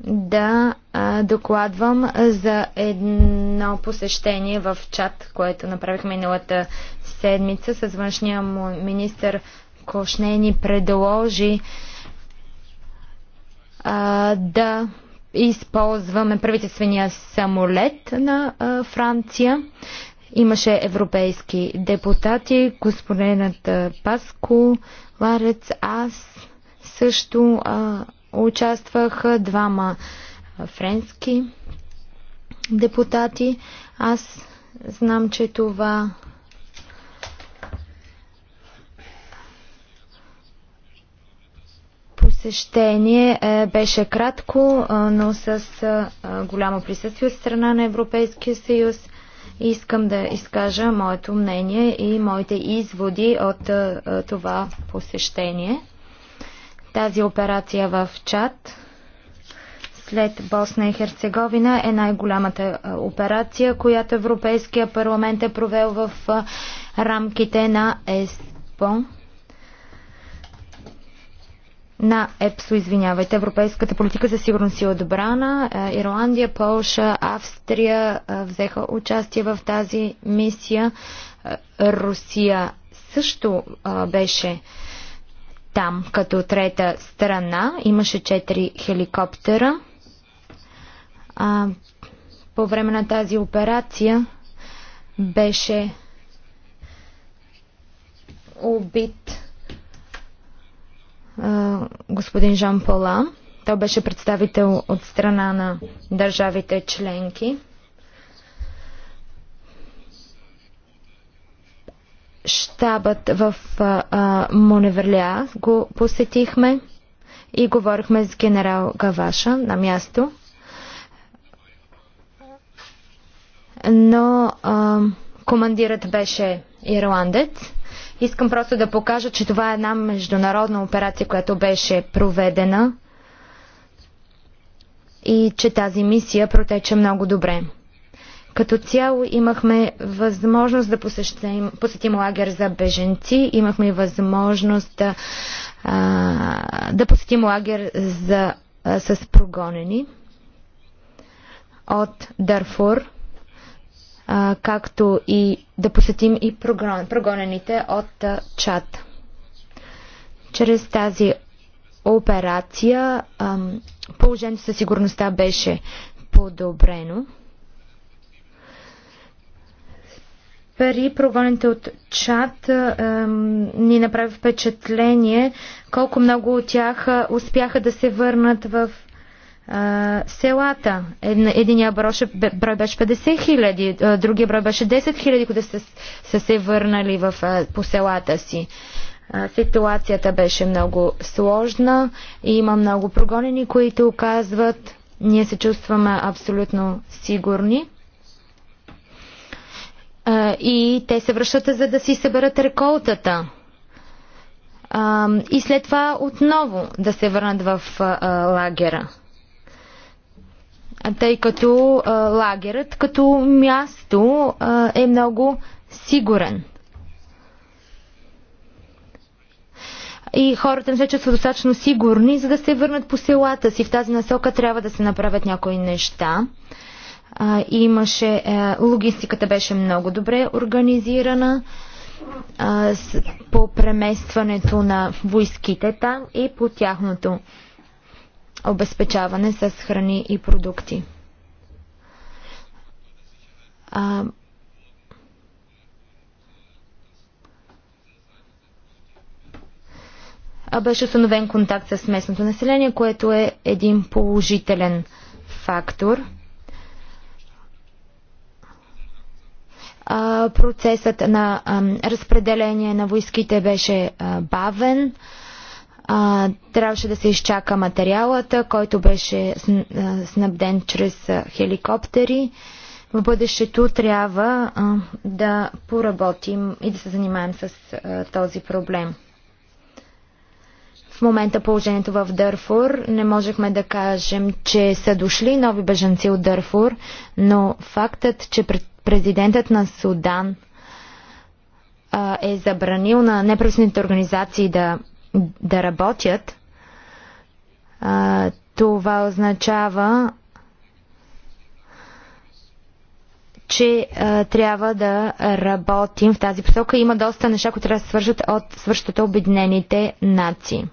да докладвам за едно посещение в чат, което направих миналата седмица с външния му министр Кошне ни предложи а, да използваме правителствения самолет на а, Франция Имаше европейски депутати, господинът Паско, Ларец, аз също а, участвах, двама френски депутати. Аз знам, че това посещение е, беше кратко, но с голямо присъствие от страна на Европейския съюз. Искам да изкажа моето мнение и моите изводи от това посещение. Тази операция в ЧАТ, след Босна и Херцеговина е най-голямата операция, която Европейския парламент е провел в рамките на ЕСПО на ЕПСО, извинявайте, Европейската политика за сигурност и отбрана. Е, Ирландия, Полша, Австрия е, взеха участие в тази мисия. Е, Русия също беше там като трета страна. Имаше четири хеликоптера. По време на тази операция беше убит господин Жан Пола. Той беше представител от страна на държавите членки. Штабът в Моневерля го посетихме и говорихме с генерал Гаваша на място. Но а, командирът беше ирландец. Искам просто да покажа, че това е една международна операция, която беше проведена и че тази мисия протече много добре. Като цяло имахме възможност да посещим, посетим лагер за беженци, имахме и възможност да, а, да посетим лагер за, а, с прогонени от Дарфур а, както и да посетим и прогон, прогонените от а, чат. Чрез тази операция положението със сигурността беше подобрено. При прогоните от чат ни направи впечатление колко много от тях успяха да се върнат в селата. Единия брой беше 50 хиляди, другия брой беше 10 хиляди, които са, са се върнали в, по селата си. ситуацията беше много сложна и има много прогонени, които оказват ние се чувстваме абсолютно сигурни. И те се връщат за да си съберат реколтата. И след това отново да се върнат в лагера тъй като а, лагерът като място а, е много сигурен. И хората не се чувстват достатъчно сигурни, за да се върнат по селата си. В тази насока трябва да се направят някои неща. А, имаше, а, е, логистиката беше много добре организирана а, с, по преместването на войските там и по тяхното обезпечаване с храни и продукти. А, беше установен контакт с местното население, което е един положителен фактор. Процесът на разпределение на войските беше бавен. А, трябваше да се изчака материалата, който беше снабден чрез хеликоптери. В бъдещето трябва а, да поработим и да се занимаем с а, този проблем. В момента положението в Дърфур не можехме да кажем, че са дошли нови бежанци от Дърфур, но фактът, че президентът на Судан е забранил на неправителствените организации да да работят, а, това означава, че а, трябва да работим в тази посока. Има доста неща, които трябва да свършат от свършат обединените нации.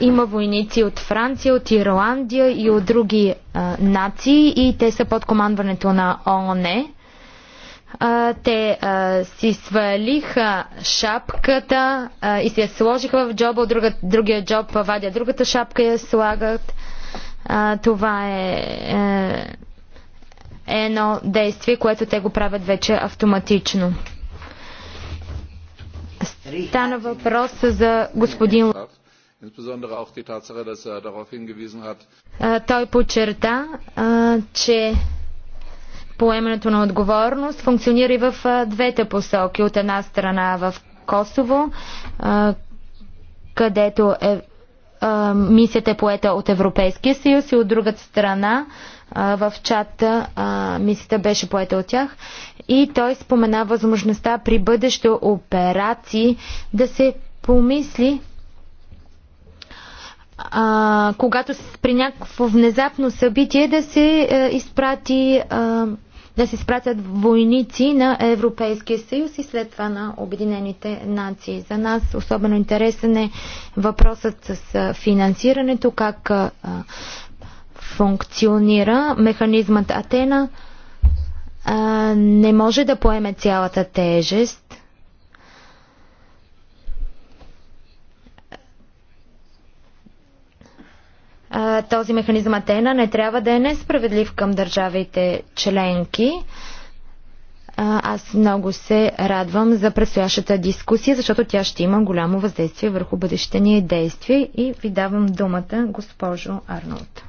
Има войници от Франция, от Ирландия и от други а, нации и те са под командването на ООН. А, те а, си свалиха шапката а, и се я сложиха в джоба, от друга, другия джоб вадят другата шапка и я слагат. А, това е, е едно действие, което те го правят вече автоматично. Стана въпрос за господин er той подчерта, че поемането на отговорност функционира и в двете посоки. От една страна в Косово, където е мисията е поета от Европейския съюз и от другата страна в чата мисията беше поета от тях и той спомена възможността при бъдеще операции да се помисли а, когато при някакво внезапно събитие да се а, е, изпрати а, да се спратят войници на Европейския съюз и след това на Обединените нации. За нас особено интересен е въпросът с финансирането, как функционира механизмът Атена. Не може да поеме цялата тежест този механизъм Атена не трябва да е несправедлив към държавите членки. Аз много се радвам за предстоящата дискусия, защото тя ще има голямо въздействие върху бъдещите ни действия и ви давам думата, госпожо Арнолд.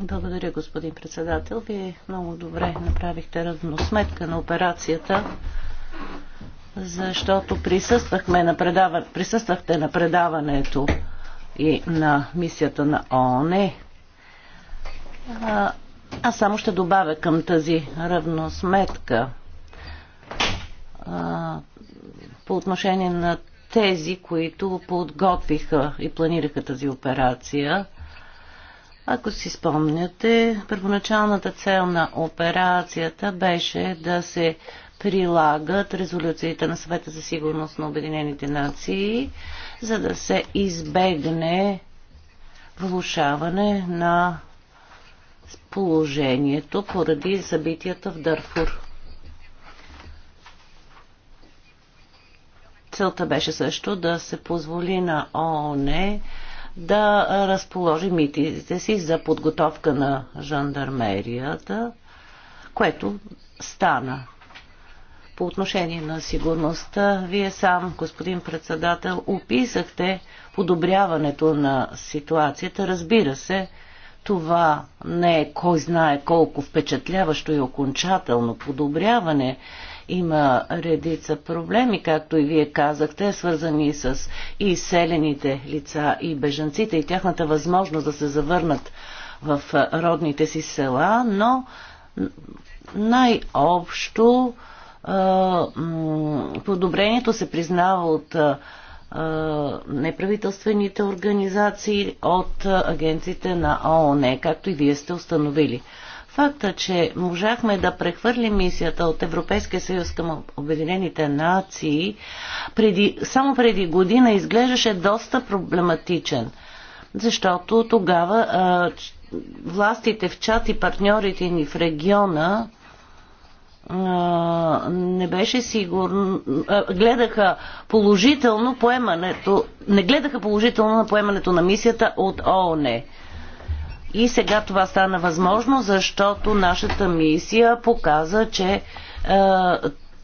Благодаря, господин председател. Вие много добре направихте равносметка на операцията, защото присъствахме на предава... присъствахте на предаването и на мисията на ООН. Аз само ще добавя към тази равносметка а, по отношение на тези, които подготвиха и планираха тази операция. Ако си спомняте, първоначалната цел на операцията беше да се прилагат резолюциите на съвета за сигурност на Обединените нации, за да се избегне влушаване на положението поради събитията в Дърфур. Целта беше също да се позволи на ООН да разположи митите си за подготовка на жандармерията, което стана. По отношение на сигурността, вие сам, господин председател, описахте подобряването на ситуацията. Разбира се, това не е кой знае колко впечатляващо и окончателно подобряване, има редица проблеми, както и вие казахте, свързани с и селените лица и бежанците и тяхната възможност да се завърнат в родните си села, но най-общо подобрението се признава от неправителствените организации, от агенците на ООН, както и вие сте установили. Факта, че можахме да прехвърлим мисията от Европейския съюз към Обединените нации, преди, само преди година изглеждаше доста проблематичен, защото тогава а, властите в чат и партньорите ни в региона а, не беше сигурно, гледаха положително поемането, не гледаха положително на поемането на мисията от ООН. И сега това стана възможно, защото нашата мисия показа, че е,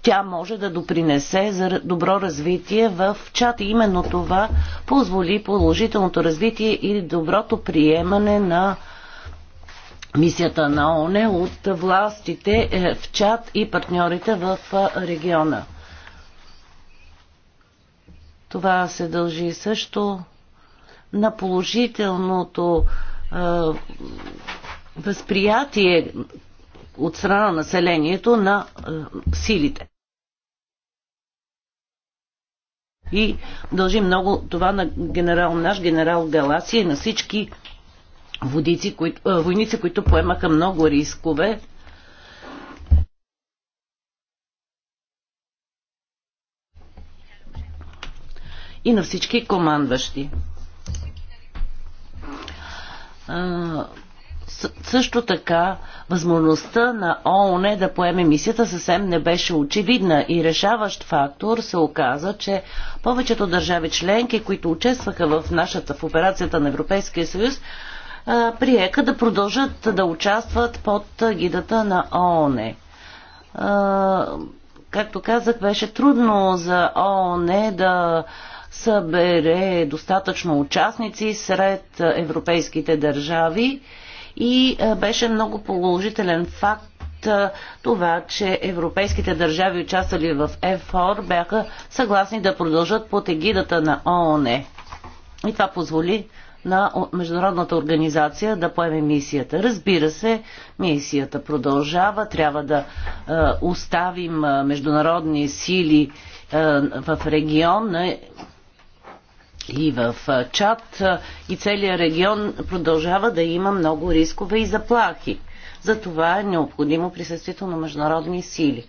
тя може да допринесе за добро развитие в чат. И именно това позволи положителното развитие и доброто приемане на мисията на ОНЕ от властите е, в чат и партньорите в е, региона. Това се дължи също на положителното възприятие от страна на населението на силите. И дължи много това на генерал, наш генерал Галаси и на всички водици, които, войници, които поемаха много рискове. И на всички командващи също така възможността на ООН е да поеме мисията съвсем не беше очевидна и решаващ фактор се оказа, че повечето държави членки, които участваха в нашата в операцията на Европейския съюз, приеха да продължат да участват под гидата на ООН. Както казах, беше трудно за ООН е да събере достатъчно участници сред европейските държави и е, беше много положителен факт е, това, че европейските държави, участвали в ЕФОР, бяха съгласни да продължат под егидата на ООН. И това позволи на международната организация да поеме мисията. Разбира се, мисията продължава, трябва да е, оставим е, международни сили е, в регион и в Чад и целият регион продължава да има много рискове и заплахи. За това е необходимо присъствието на международни сили.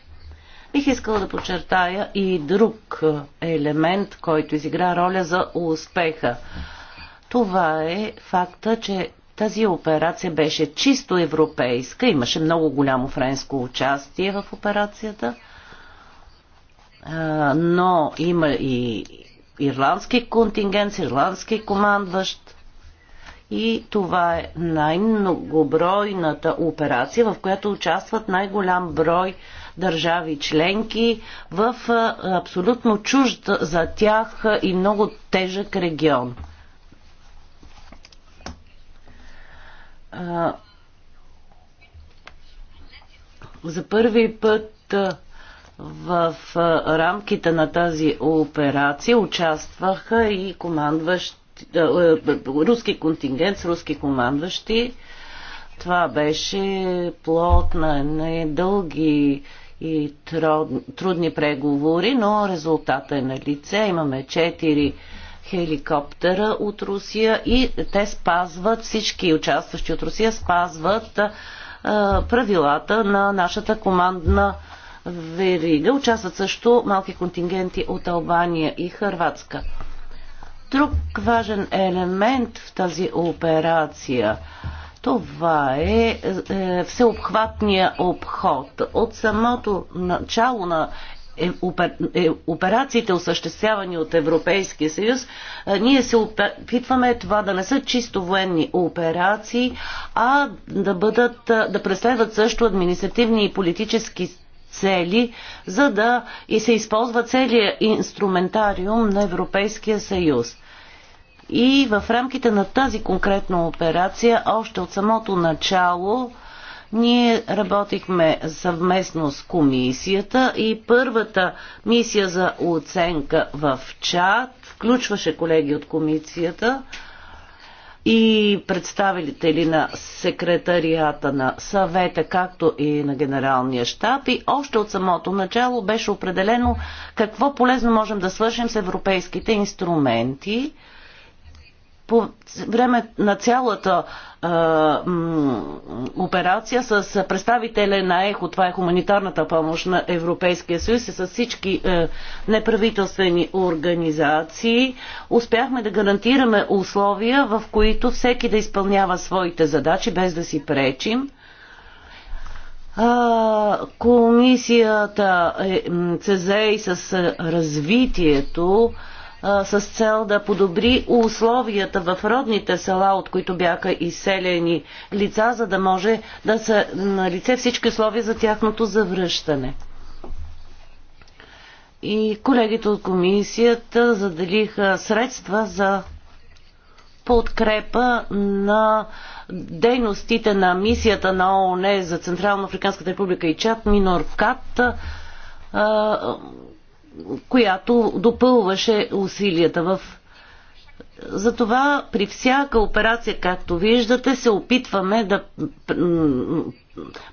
Бих искала да подчертая и друг елемент, който изигра роля за успеха. Това е факта, че тази операция беше чисто европейска, имаше много голямо френско участие в операцията, но има и ирландски контингент, с ирландски командващ. И това е най-многобройната операция, в която участват най-голям брой държави членки в абсолютно чужд за тях и много тежък регион. За първи път в рамките на тази операция участваха и командващи, руски контингент с руски командващи. Това беше плод на дълги и трудни преговори, но резултата е на лице. Имаме четири хеликоптера от Русия и те спазват, всички участващи от Русия спазват правилата на нашата командна верига. Участват също малки контингенти от Албания и Хърватска. Друг важен елемент в тази операция това е, е всеобхватния обход. От самото начало на е, опер, е, операциите, осъществявани от Европейския съюз, е, ние се опитваме това да не са чисто военни операции, а да, бъдат, е, да преследват също административни и политически цели, за да и се използва целият инструментариум на Европейския съюз. И в рамките на тази конкретна операция, още от самото начало, ние работихме съвместно с комисията и първата мисия за оценка в чат включваше колеги от комисията, и представители на секретарията на съвета, както и на генералния щаб. И още от самото начало беше определено какво полезно можем да свършим с европейските инструменти по време на цялата а, м, операция с представителя на ЕХО, това е хуманитарната помощ на Европейския съюз и е с всички а, неправителствени организации, успяхме да гарантираме условия, в които всеки да изпълнява своите задачи, без да си пречим. А, комисията е, ЦЗЕ с развитието а, с цел да подобри условията в родните села, от които бяха изселени лица, за да може да са на лице всички условия за тяхното завръщане. И колегите от комисията заделиха средства за подкрепа на дейностите на мисията на ООН за Централно Африканската република и Чад, Миноркат, която допълваше усилията в затова при всяка операция, както виждате, се опитваме да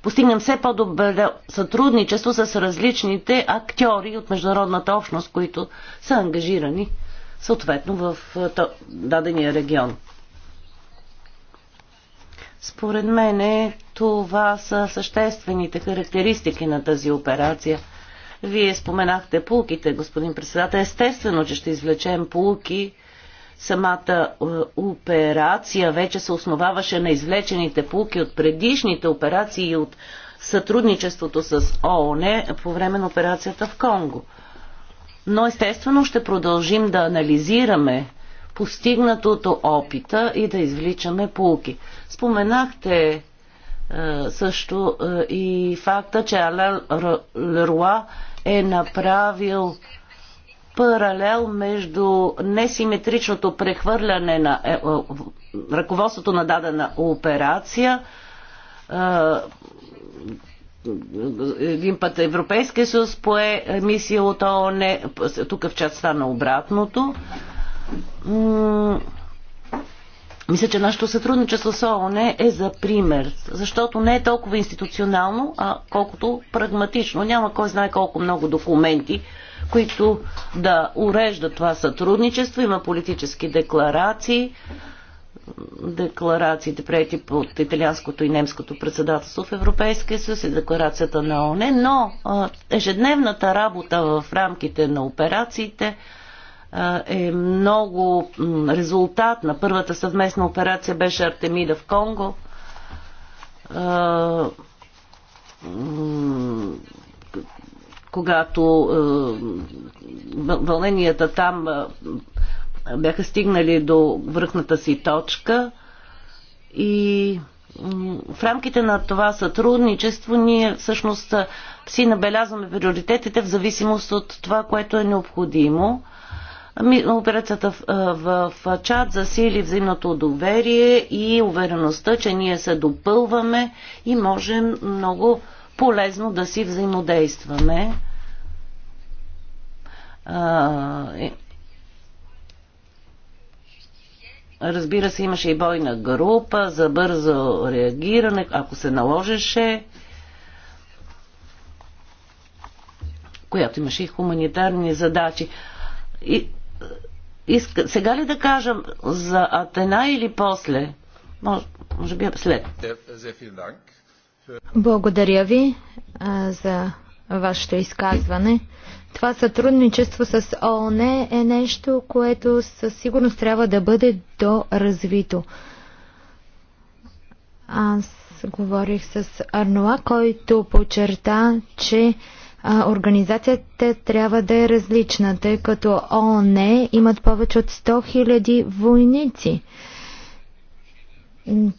постигнем все по-добре сътрудничество с различните актьори от международната общност, които са ангажирани съответно в дадения регион. Според мен това са съществените характеристики на тази операция – вие споменахте полуките, господин председател. Естествено, че ще извлечем полуки. Самата е, операция вече се основаваше на извлечените полуки от предишните операции и от сътрудничеството с ООН по време на операцията в Конго. Но естествено ще продължим да анализираме постигнатото опита и да извличаме полки. Споменахте е, също е, и факта, че Ален Леруа е направил паралел между несиметричното прехвърляне на е, е, ръководството на дадена операция. Е, е един път Европейския съюз пое мисия от ООН, тук в частта на обратното мисля, че нашето сътрудничество с ООН е за пример, защото не е толкова институционално, а колкото прагматично. Няма кой знае колко много документи, които да уреждат това сътрудничество. Има политически декларации, декларациите прети от италианското и немското председателство в Европейския съюз и декларацията на ОНЕ, но ежедневната работа в рамките на операциите – е много резултат на първата съвместна операция беше Артемида в Конго. Когато вълненията там бяха стигнали до връхната си точка и в рамките на това сътрудничество ние всъщност си набелязваме приоритетите в зависимост от това, което е необходимо. Ами, операцията в, в чат засили взаимното доверие и увереността, че ние се допълваме и можем много полезно да си взаимодействаме. Разбира се, имаше и бойна група за бързо реагиране, ако се наложеше, която имаше и хуманитарни задачи. И иска, сега ли да кажем за Атена или после? Може, може би е след. Благодаря ви а, за вашето изказване. Това сътрудничество с ООН е нещо, което със сигурност трябва да бъде доразвито. Аз говорих с Арнуа, който подчерта, че а, организацията трябва да е различна, тъй като ООН имат повече от 100 000 войници.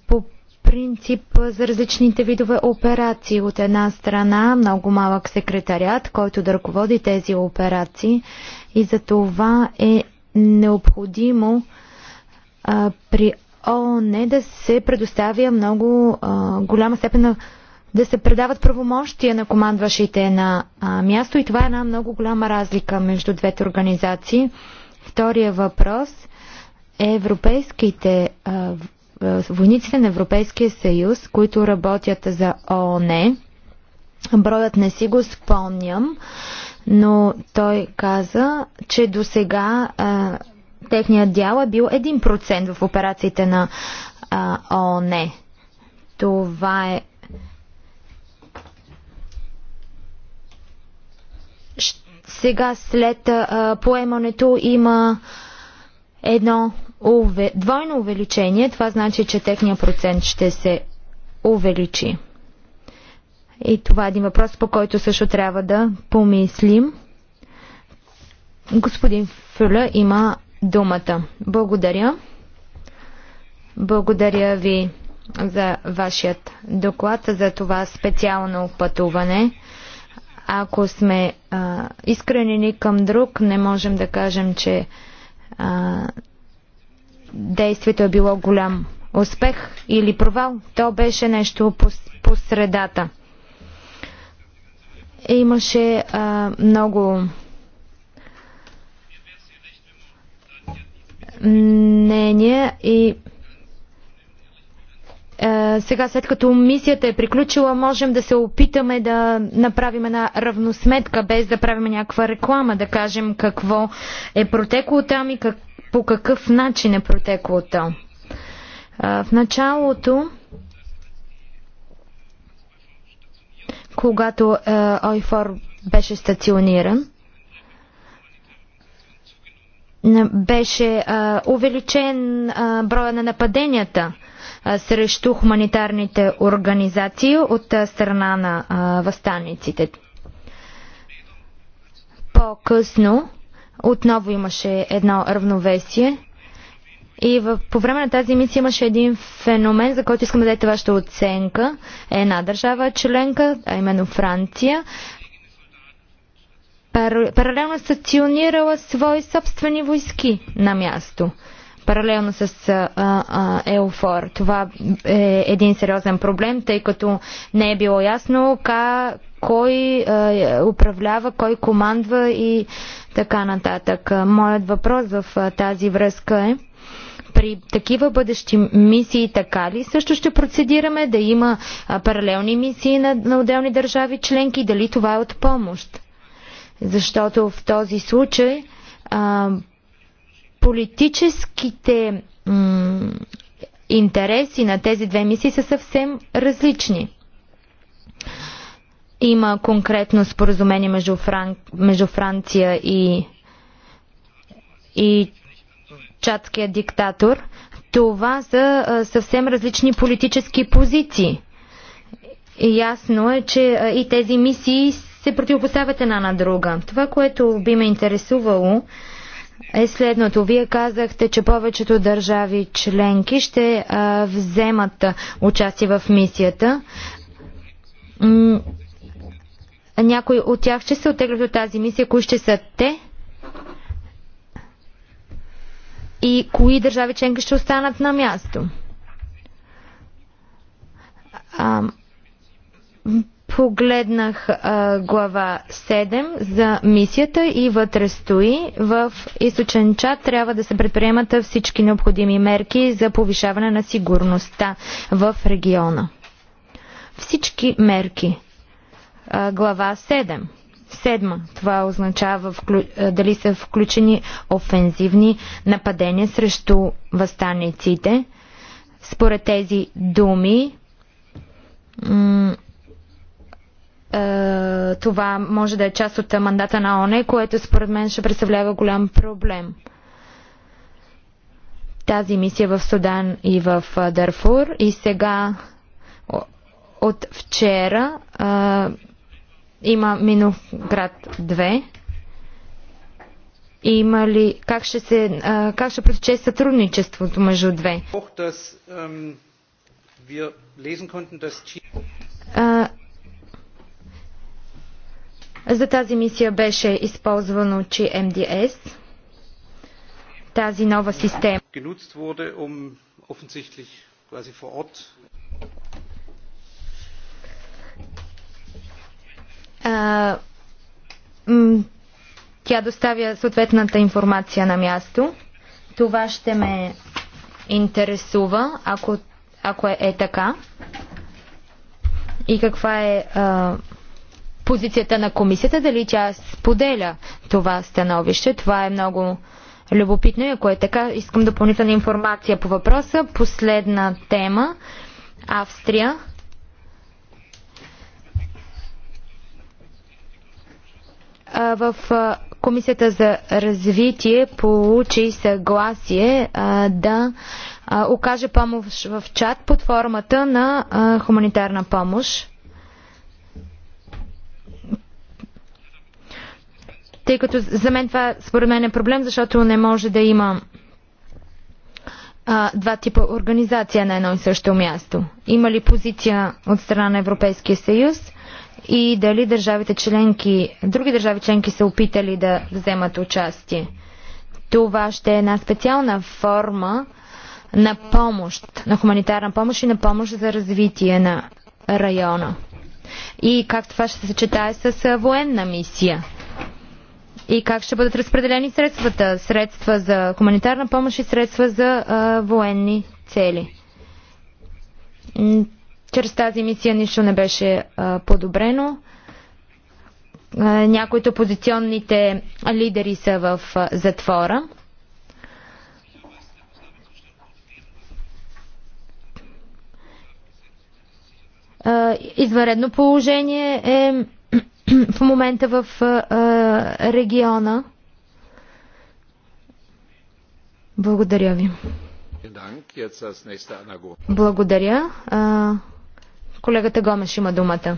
По принцип за различните видове операции. От една страна много малък секретарят, който да ръководи тези операции и за това е необходимо а, при ООН да се предоставя много а, голяма степен на да се предават правомощия на командващите на а, място и това е една много голяма разлика между двете организации. Втория въпрос е европейските а, войниците на Европейския съюз, които работят за ООН. Броят не си го спомням, но той каза, че до сега техният дял е бил 1% в операциите на ООН. Това е Сега след а, поемането има едно уве... двойно увеличение. Това значи, че техния процент ще се увеличи. И това е един въпрос, по който също трябва да помислим. Господин Фюля има думата. Благодаря. Благодаря ви за вашият доклад, за това специално пътуване. Ако сме а, искренени към друг, не можем да кажем, че а, действието е било голям успех или провал. То беше нещо по, по средата. Имаше а, много мнения и е, сега, след като мисията е приключила, можем да се опитаме да направим една равносметка, без да правим някаква реклама, да кажем какво е протекло там и как, по какъв начин е протекло там. Е, в началото, когато е, ОЙФОР беше стациониран, беше увеличен броя на нападенията – срещу хуманитарните организации от страна на възстанниците. По-късно отново имаше едно равновесие и в, по време на тази мисия имаше един феномен, за който искам да дадете вашата оценка. Една държава членка, а именно Франция, пар, паралелно е стационирала свои собствени войски на място паралелно с ЕОФОР. Това е един сериозен проблем, тъй като не е било ясно ка, кой управлява, кой командва и така нататък. Моят въпрос в тази връзка е при такива бъдещи мисии така ли също ще процедираме да има паралелни мисии на, на отделни държави членки? и Дали това е от помощ? Защото в този случай а, политическите интереси на тези две мисии са съвсем различни. Има конкретно споразумение между, Фран... между Франция и... и чатския диктатор. Това са а, съвсем различни политически позиции. Ясно е, че а, и тези мисии се противопоставят една на друга. Това, което би ме интересувало, е следното. Вие казахте, че повечето държави членки ще а, вземат участие в мисията. Някои от тях ще се отеглят от тази мисия. Кои ще са те? И кои държави членки ще останат на място? А, Погледнах а, глава 7 за мисията и вътре стои. В източен чат трябва да се предприемат всички необходими мерки за повишаване на сигурността в региона. Всички мерки. А, глава 7. Седма. Това означава вклю... дали са включени офензивни нападения срещу възстаниците. Според тези думи е, това може да е част от мандата на ОНЕ, което според мен ще представлява голям проблем. Тази мисия в Судан и в е, Дарфур и сега от вчера а, е, има Миноград 2. Има ли, как ще, се, а, как ще протече сътрудничеството между две? За тази мисия беше използвано GMDS, тази нова система. Um тя доставя съответната информация на място. Това ще ме интересува, ако, ако е, е така. И каква е а, позицията на комисията, дали тя споделя това становище. Това е много любопитно и ако е така, искам допълнителна информация по въпроса. Последна тема. Австрия. В Комисията за развитие получи съгласие а, да а, окаже помощ в чат под формата на а, хуманитарна помощ. тъй като за мен това според мен е проблем, защото не може да има а, два типа организация на едно и също място. Има ли позиция от страна на Европейския съюз и дали държавите членки, други държави членки са опитали да вземат участие? Това ще е една специална форма на помощ, на хуманитарна помощ и на помощ за развитие на района. И как това ще се съчетае с военна мисия? и как ще бъдат разпределени средствата. Средства за хуманитарна помощ и средства за а, военни цели. Чрез тази мисия нищо не беше а, подобрено. някои от опозиционните лидери са в а, затвора. Извънредно положение е в момента в региона. Благодаря ви. Благодаря. Колегата Гомеш има думата.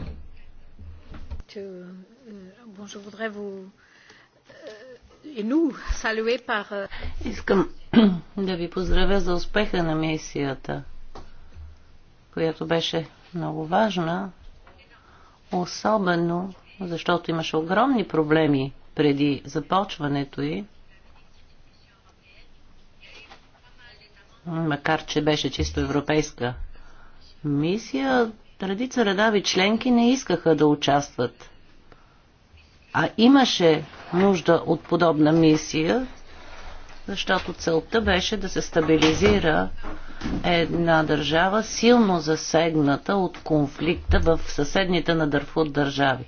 Искам да ви поздравя за успеха на мисията, която беше много важна, особено защото имаше огромни проблеми преди започването й. Макар, че беше чисто европейска мисия, редица редави членки не искаха да участват. А имаше нужда от подобна мисия, защото целта беше да се стабилизира една държава, силно засегната от конфликта в съседните на дърфут държави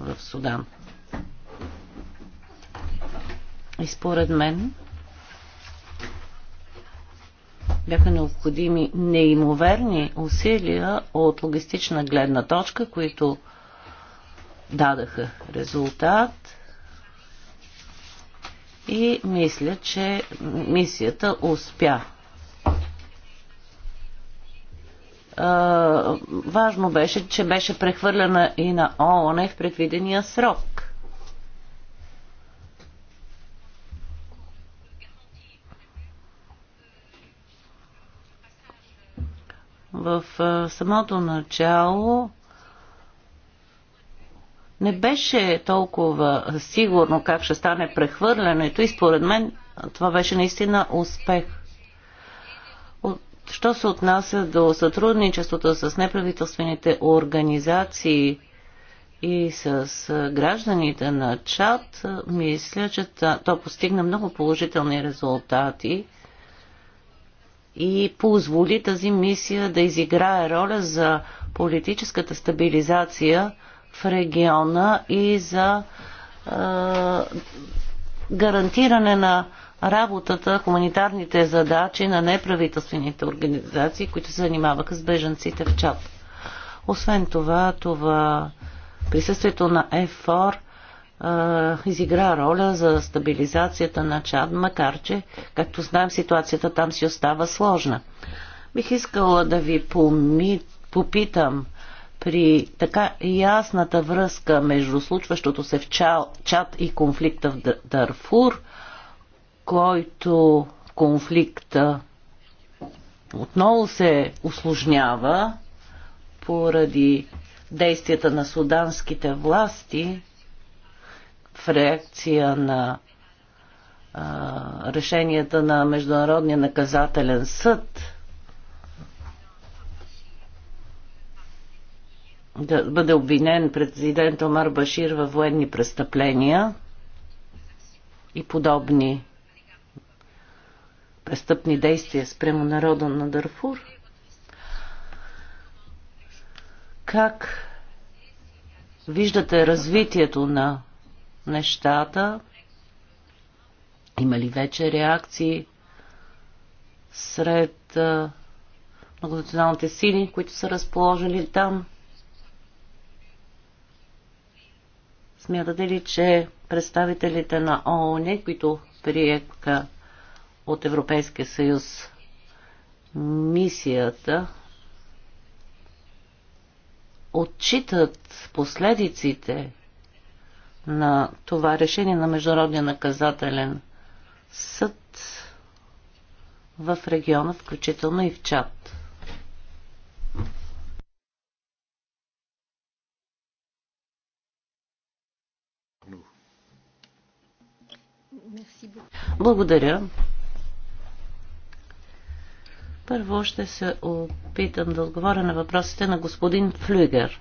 в Судан. И според мен бяха необходими неимоверни усилия от логистична гледна точка, които дадаха резултат. И мисля, че мисията успя важно беше, че беше прехвърлена и на ООН в предвидения срок. В самото начало не беше толкова сигурно как ще стане прехвърлянето и според мен това беше наистина успех. Що се отнася до сътрудничеството с неправителствените организации и с гражданите на Чад, мисля, че то постигна много положителни резултати и позволи тази мисия да изиграе роля за политическата стабилизация в региона и за е, гарантиране на работата, хуманитарните задачи на неправителствените организации, които се занимаваха с беженците в Чад. Освен това, това присъствието на ЕФОР изигра роля за стабилизацията на Чад, макар че, както знаем, ситуацията там си остава сложна. Бих искала да ви поми, попитам при така ясната връзка между случващото се в Чад и конфликта в Дарфур – който конфликта отново се осложнява поради действията на суданските власти в реакция на а, решенията на Международния наказателен съд да бъде обвинен президент Омар Башир във военни престъпления и подобни престъпни действия спрямо народа на Дарфур? Как виждате развитието на нещата? Има ли вече реакции сред многонационалните сили, които са разположени там? Смятате ли, че представителите на ООН, които приеха от Европейския съюз. Мисията отчитат последиците на това решение на Международния наказателен съд в региона, включително и в Чад. Благодаря. Първо ще се опитам да отговоря на въпросите на господин Флюгер.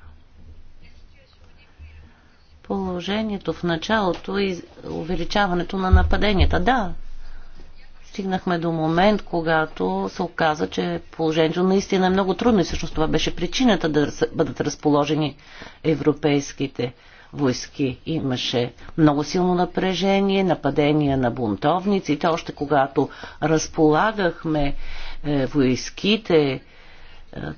Положението в началото и увеличаването на нападенията. Да, стигнахме до момент, когато се оказа, че положението наистина е много трудно и всъщност това беше причината да бъдат разположени европейските войски. Имаше много силно напрежение, нападения на бунтовниците, още когато разполагахме е, войските, е,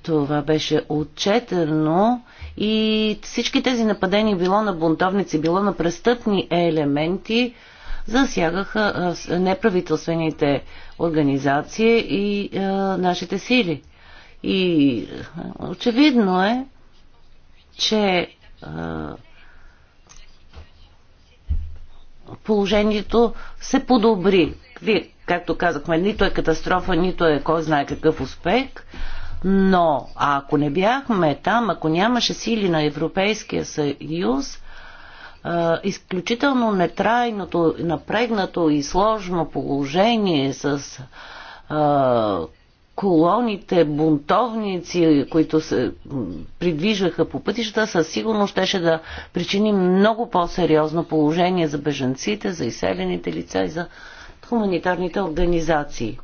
това беше отчетено и всички тези нападения, било на бунтовници, било на престъпни елементи, засягаха е, неправителствените организации и е, нашите сили. И очевидно е, че е, положението се подобри. Вие, както казахме, нито е катастрофа, нито е кой знае какъв успех, но ако не бяхме там, ако нямаше сили на Европейския съюз, изключително нетрайното, напрегнато и сложно положение с колоните бунтовници, които се придвижваха по пътищата, със сигурност щеше да причини много по-сериозно положение за бежанците, за изселените лица и за хуманитарните организации.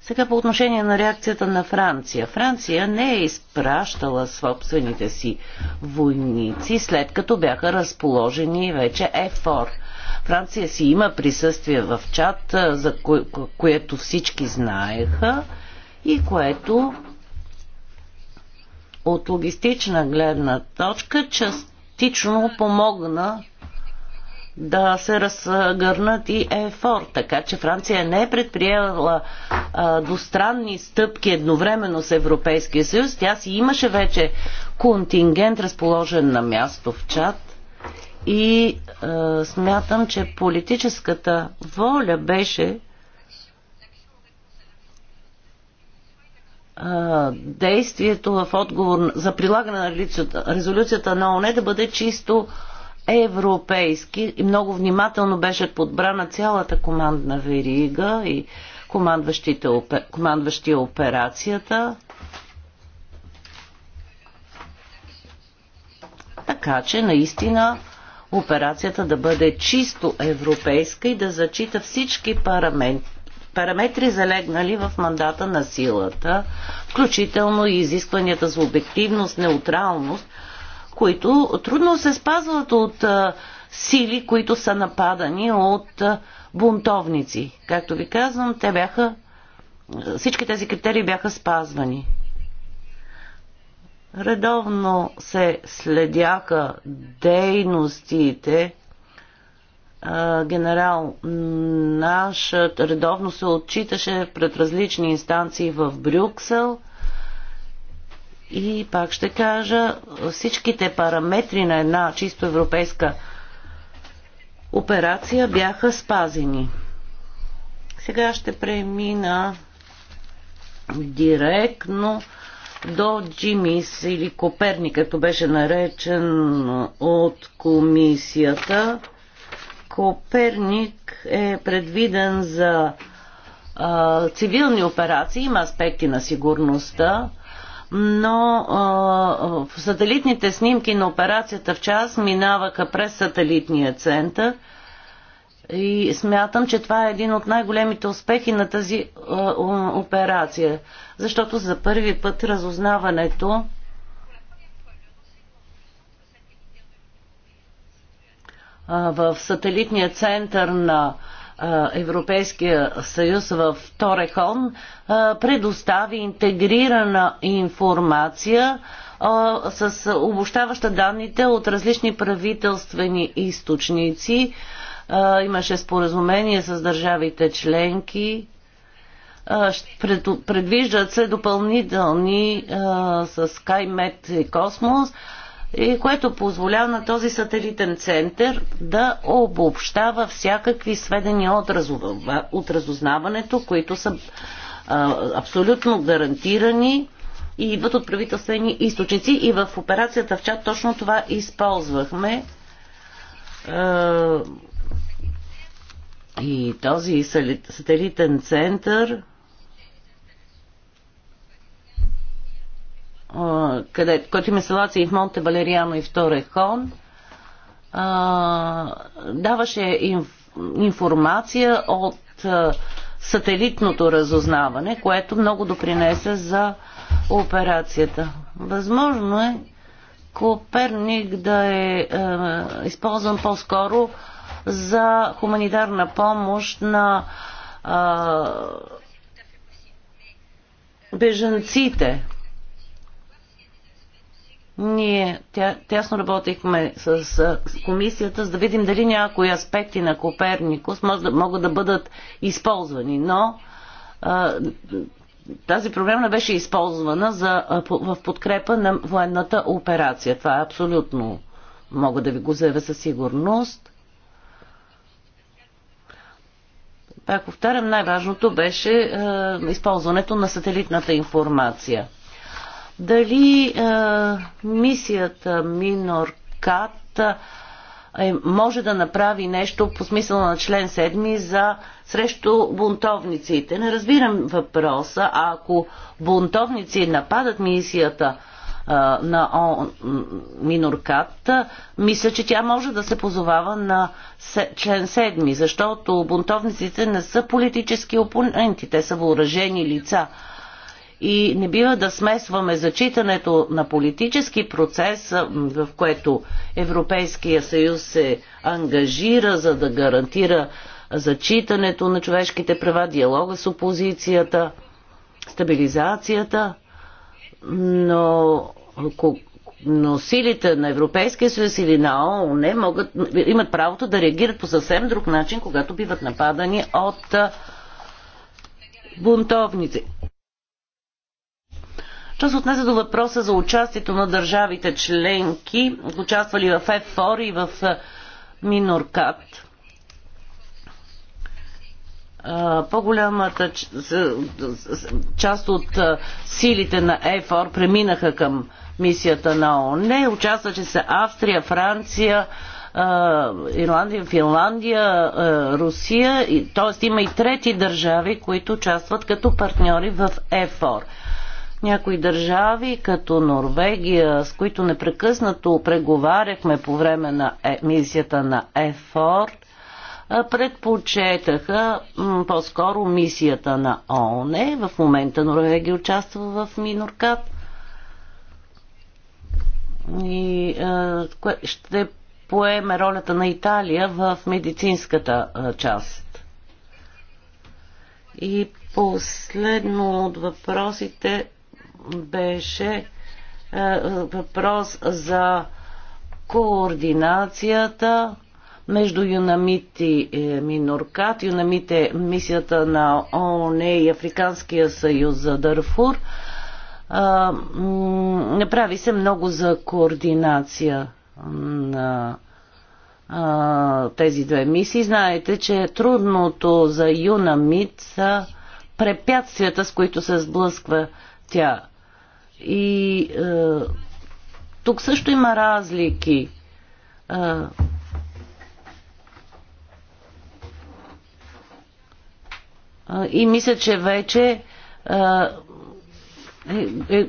Сега по отношение на реакцията на Франция. Франция не е изпращала собствените си войници, след като бяха разположени вече ЕФОР. Франция си има присъствие в чат, за кое, което всички знаеха и което от логистична гледна точка частично помогна да се разгърнат и ефор. Така че Франция не е предприела а, достранни стъпки едновременно с Европейския съюз. Тя си имаше вече контингент разположен на място в чат и а, смятам, че политическата воля беше действието в отговор за прилагане на резолюцията на ОНЕ да бъде чисто европейски и много внимателно беше подбрана цялата командна верига и командващия операцията. Така че наистина операцията да бъде чисто европейска и да зачита всички параметри параметри, залегнали в мандата на силата, включително и изискванията за обективност, неутралност, които трудно се спазват от сили, които са нападани от бунтовници. Както ви казвам, те бяха. Всички тези критерии бяха спазвани. Редовно се следяха дейностите генерал нашът редовно се отчиташе пред различни инстанции в Брюксел и пак ще кажа всичките параметри на една чисто европейска операция бяха спазени. Сега ще премина директно до Джимис или Коперник, като беше наречен от комисията. Коперник е предвиден за а, цивилни операции, има аспекти на сигурността, но а, в сателитните снимки на операцията в час минаваха през сателитния център и смятам, че това е един от най-големите успехи на тази а, операция, защото за първи път разузнаването в сателитния център на Европейския съюз в Торехон предостави интегрирана информация с обощаваща данните от различни правителствени източници. Имаше споразумение с държавите членки. Предвиждат се допълнителни с Каймет и Космос и което позволява на този сателитен център да обобщава всякакви сведения от, разузнава, от разузнаването, които са а, абсолютно гарантирани и идват от правителствени източници. И в операцията в чат точно това използвахме. А, и този сателитен център къде, който има и в Монте Валериано и в Торехон, даваше инф, информация от сателитното разузнаване, което много допринесе за операцията. Възможно е Коперник да е, е използван по-скоро за хуманитарна помощ на е, бежанците. Ние тя, тясно работихме с, с комисията, за да видим дали някои аспекти на Коперникус може да, могат да бъдат използвани, но а, тази проблема беше използвана за, а, в подкрепа на военната операция. Това е абсолютно, мога да ви го заявя със сигурност. Пак повтарям, най-важното беше а, използването на сателитната информация дали е, мисията Миноркат е, може да направи нещо по смисъла на член 7 за срещу бунтовниците. Не разбирам въпроса, а ако бунтовници нападат мисията е, на о, Миноркат, мисля, че тя може да се позовава на се, член 7, защото бунтовниците не са политически опоненти, те са въоръжени лица и не бива да смесваме зачитането на политически процес, в което Европейския съюз се ангажира, за да гарантира зачитането на човешките права, диалога с опозицията, стабилизацията, но, но силите на Европейския съюз или на ООН могат, имат правото да реагират по съвсем друг начин, когато биват нападани от бунтовници. Що се отнесе до въпроса за участието на държавите членки, участвали в ЕФОР и в Миноркат, по-голямата част от силите на ЕФОР преминаха към мисията на ООН. Участваше се Австрия, Франция, Ирландия, Финландия, Русия, т.е. има и трети държави, които участват като партньори в ЕФОР. Някои държави, като Норвегия, с които непрекъснато преговаряхме по време на е, мисията на ЕФОР, е, предпочетаха по-скоро мисията на ООН. В момента Норвегия участва в Миноркат. И е, ще поеме ролята на Италия в медицинската е, част. И последно от въпросите беше е, въпрос за координацията между Юнамит и е, Миноркат. Юнамит е мисията на ООН и Африканския съюз за Дарфур. Е, направи се много за координация на тези две мисии. Знаете, че трудното за Юнамит са препятствията, с които се сблъсква тя и е, тук също има разлики. Е, и мисля, че вече е, е, е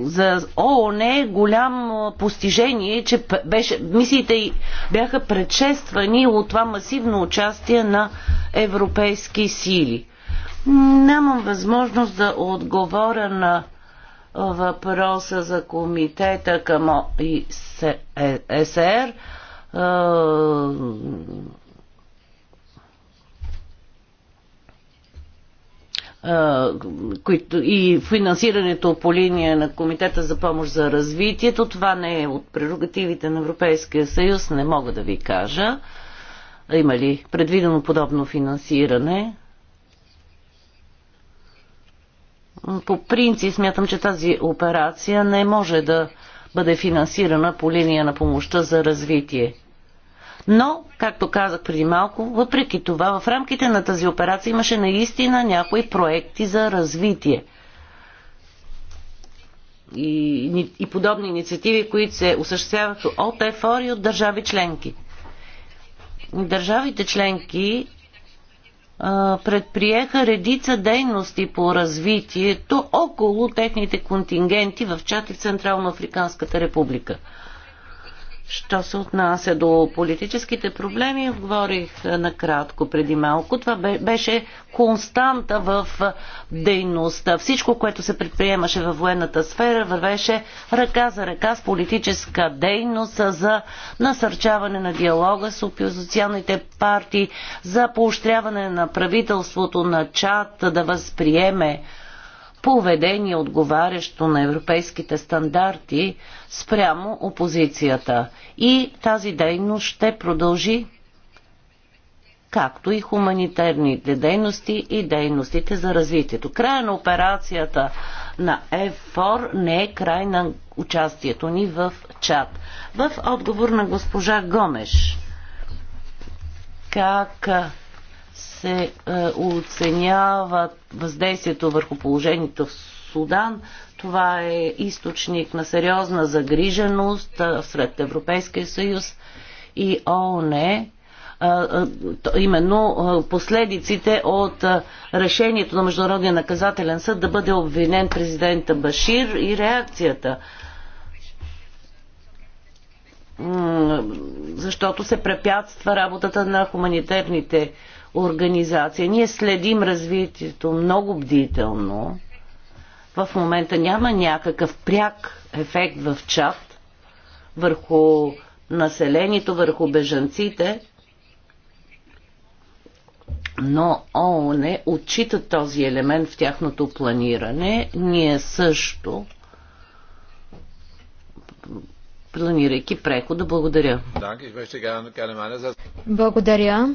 за ООН е голямо постижение, че беше, мисиите бяха предшествани от това масивно участие на европейски сили. Нямам възможност да отговоря на въпроса за комитета към СР. Е- е които, и финансирането по линия на Комитета за помощ за развитието. Това не е от прерогативите на Европейския съюз, не мога да ви кажа. Има ли предвидено подобно финансиране? По принцип смятам, че тази операция не може да бъде финансирана по линия на помощта за развитие. Но, както казах преди малко, въпреки това, в рамките на тази операция имаше наистина някои проекти за развитие. И, и подобни инициативи, които се осъществяват от ЕФОР и от държави членки. Държавите членки предприеха редица дейности по развитието около техните контингенти в Чад и в Централно Африканската република. Що се отнася до политическите проблеми, говорих е, накратко преди малко. Това беше константа в е, дейността. Всичко, което се предприемаше във военната сфера, вървеше ръка за ръка с политическа дейност е, за насърчаване на диалога с опозиционните партии, за поощряване на правителството на чат да възприеме поведение, отговарящо на европейските стандарти спрямо опозицията. И тази дейност ще продължи както и хуманитарните дейности и дейностите за развитието. Края на операцията на ЕФОР не е край на участието ни в чат. В отговор на госпожа Гомеш, как се е, оценяват въздействието върху положението в Судан. Това е източник на сериозна загриженост е, сред Европейския съюз и ООН е, именно последиците от решението на Международния наказателен съд да бъде обвинен президента Башир и реакцията. Защото се препятства работата на хуманитарните организация. Ние следим развитието много бдително. В момента няма някакъв пряк ефект в чат върху населението, върху бежанците, но ООН е, отчита този елемент в тяхното планиране. Ние също планирайки прехода. Благодаря. Благодаря.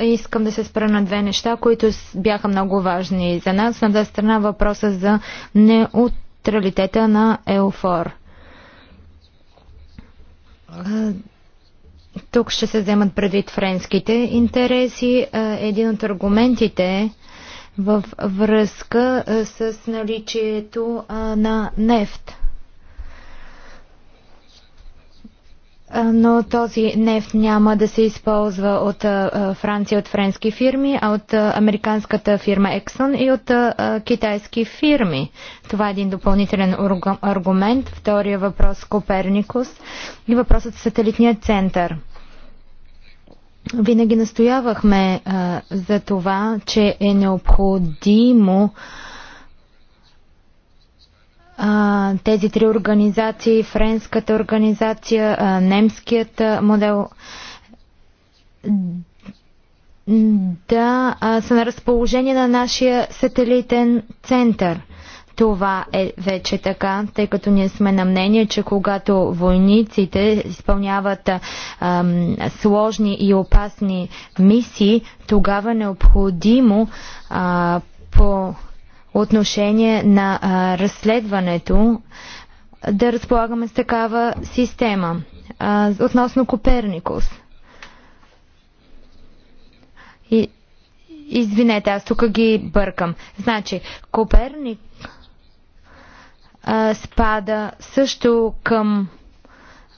Искам да се спра на две неща, които бяха много важни за нас. На да страна въпроса за неутралитета на ЕОФОР. Тук ще се вземат предвид френските интереси. Един от аргументите във връзка с наличието на нефт. но този нефт няма да се използва от Франция, от френски фирми, а от американската фирма Exxon и от китайски фирми. Това е един допълнителен аргумент. Втория въпрос Коперникус и въпросът от сателитния център. Винаги настоявахме за това, че е необходимо а, тези три организации, френската организация, а, немският модел, да а, са на разположение на нашия сателитен център. Това е вече така, тъй като ние сме на мнение, че когато войниците изпълняват а, сложни и опасни мисии, тогава е необходимо а, по отношение на а, разследването, да разполагаме с такава система. А, относно Коперникус. И, извинете, аз тук ги бъркам. Значи, Коперник а, спада също към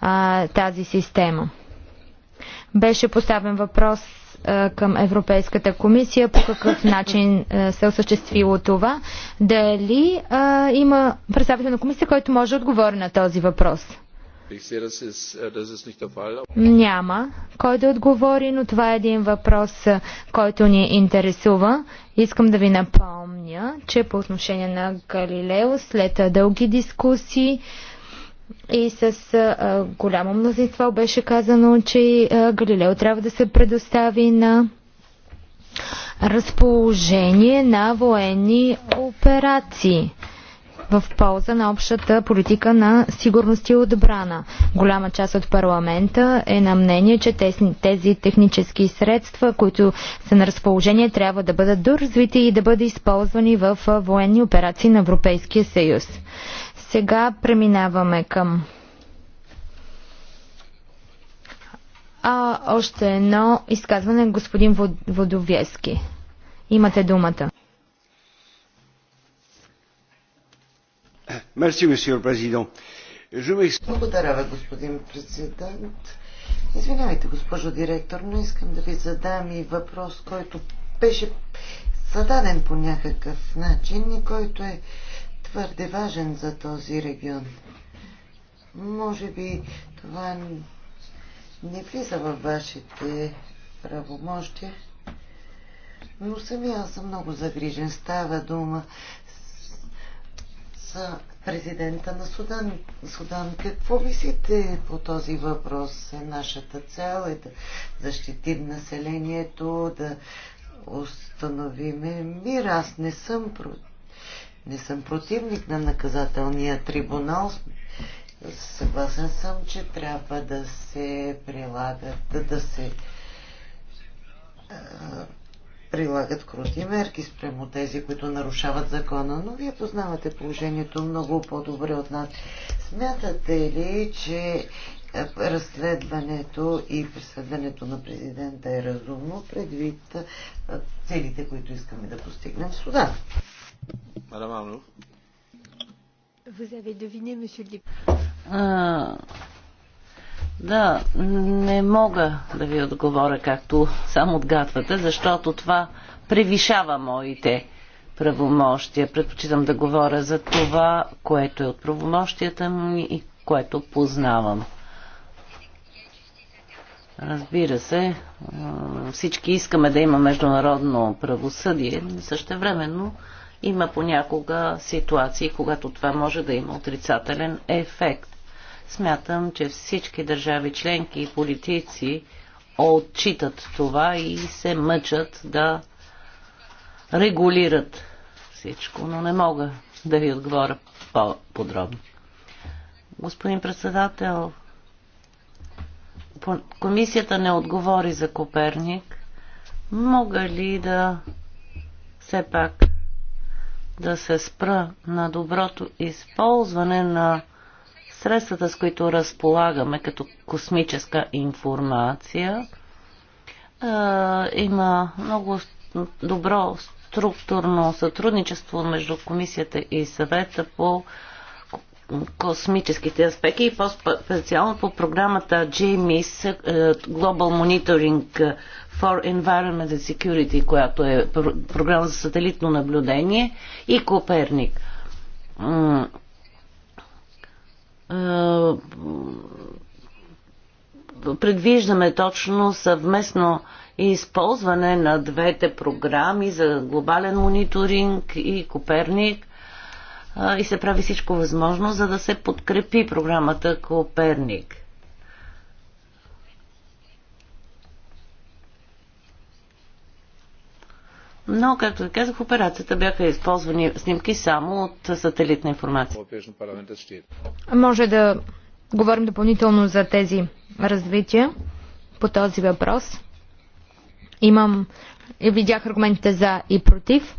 а, тази система. Беше поставен въпрос към Европейската комисия, по какъв начин се е осъществило това, дали има представител на комисия, който може да отговори на този въпрос. Äh, Няма кой да отговори, но това е един въпрос, който ни интересува. Искам да ви напомня, че по отношение на Галилео, след дълги дискусии, и с а, голямо мнозинство беше казано, че а, Галилео трябва да се предостави на разположение на военни операции в полза на общата политика на сигурност и отбрана. Голяма част от парламента е на мнение, че тези технически средства, които са на разположение, трябва да бъдат доразвити и да бъдат използвани в военни операции на Европейския съюз. Сега преминаваме към а, още едно изказване господин Водовески. Имате думата. Благодаря ви, господин президент. Извинявайте, госпожо директор, но искам да ви задам и въпрос, който беше зададен по някакъв начин и който е твърде важен за този регион. Може би това не влиза във вашите правомощия, но сами аз съм много загрижен. Става дума за президента на Судан. Судан, какво мислите по този въпрос? Е, нашата цел е да защитим населението, да установиме мир. Аз не съм против не съм противник на наказателния трибунал. Съгласен съм, че трябва да се прилагат, да се прилагат крути мерки спрямо тези, които нарушават закона, но вие познавате положението много по-добре от нас. Смятате ли, че разследването и преследването на президента е разумно предвид целите, които искаме да постигнем в Судан? Madame Vous avez deviné, monsieur le député. Да, не мога да ви отговоря както само отгатвате, защото това превишава моите правомощия. Предпочитам да говоря за това, което е от правомощията ми и което познавам. Разбира се, всички искаме да има международно правосъдие, същевременно времено има понякога ситуации, когато това може да има отрицателен ефект. Смятам, че всички държави членки и политици отчитат това и се мъчат да регулират всичко, но не мога да ви отговоря по-подробно. Господин председател, комисията не отговори за Коперник. Мога ли да все пак да се спра на доброто използване на средствата, с които разполагаме като космическа информация. Е, има много добро структурно сътрудничество между комисията и съвета по космическите аспекти и по-специално по програмата GMIS е, Global Monitoring for Environment and Security, която е програма за сателитно наблюдение, и Коперник. Предвиждаме точно съвместно използване на двете програми за глобален мониторинг и Коперник и се прави всичко възможно, за да се подкрепи програмата Коперник. Но, както ви казах, операцията бяха използвани снимки само от сателитна информация. Може да говорим допълнително за тези развития по този въпрос. Имам и видях аргументите за и против.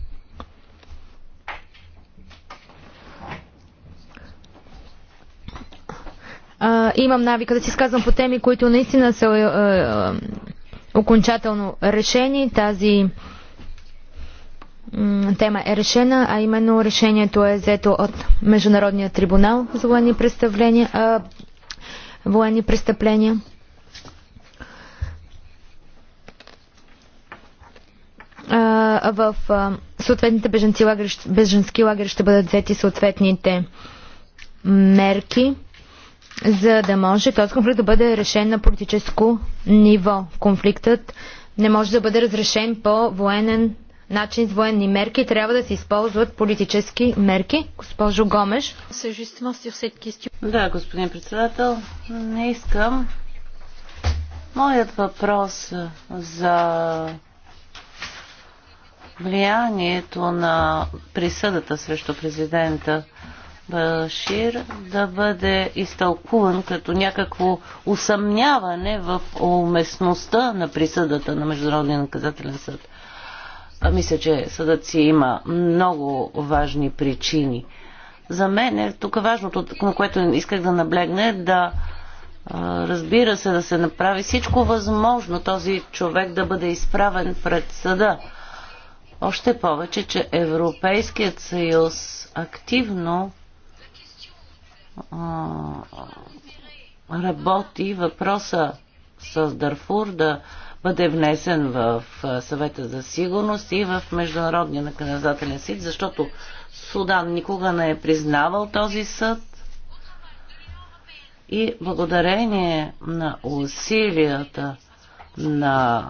А, имам навика да си сказвам по теми, които наистина са а, е, а, е, окончателно решени. Тази тема е решена, а именно решението е взето от Международния трибунал за военни, представления, а, военни престъпления. А, в а, съответните беженци лагери, беженски лагери ще бъдат взети съответните мерки, за да може този конфликт да бъде решен на политическо ниво. Конфликтът не може да бъде разрешен по военен начин с военни мерки, трябва да се използват политически мерки. Госпожо Гомеш. Да, господин председател, не искам. Моят въпрос за влиянието на присъдата срещу президента Башир да бъде изтълкуван като някакво усъмняване в уместността на присъдата на Международния наказателен съд. Мисля, че съдът си има много важни причини. За мен е тук важното, на което исках да наблегна е да разбира се да се направи всичко възможно този човек да бъде изправен пред съда. Още повече, че Европейският съюз активно а, работи въпроса с Дарфур да бъде внесен в съвета за сигурност и в Международния наказателен съд, защото Судан никога не е признавал този съд. И благодарение на усилията на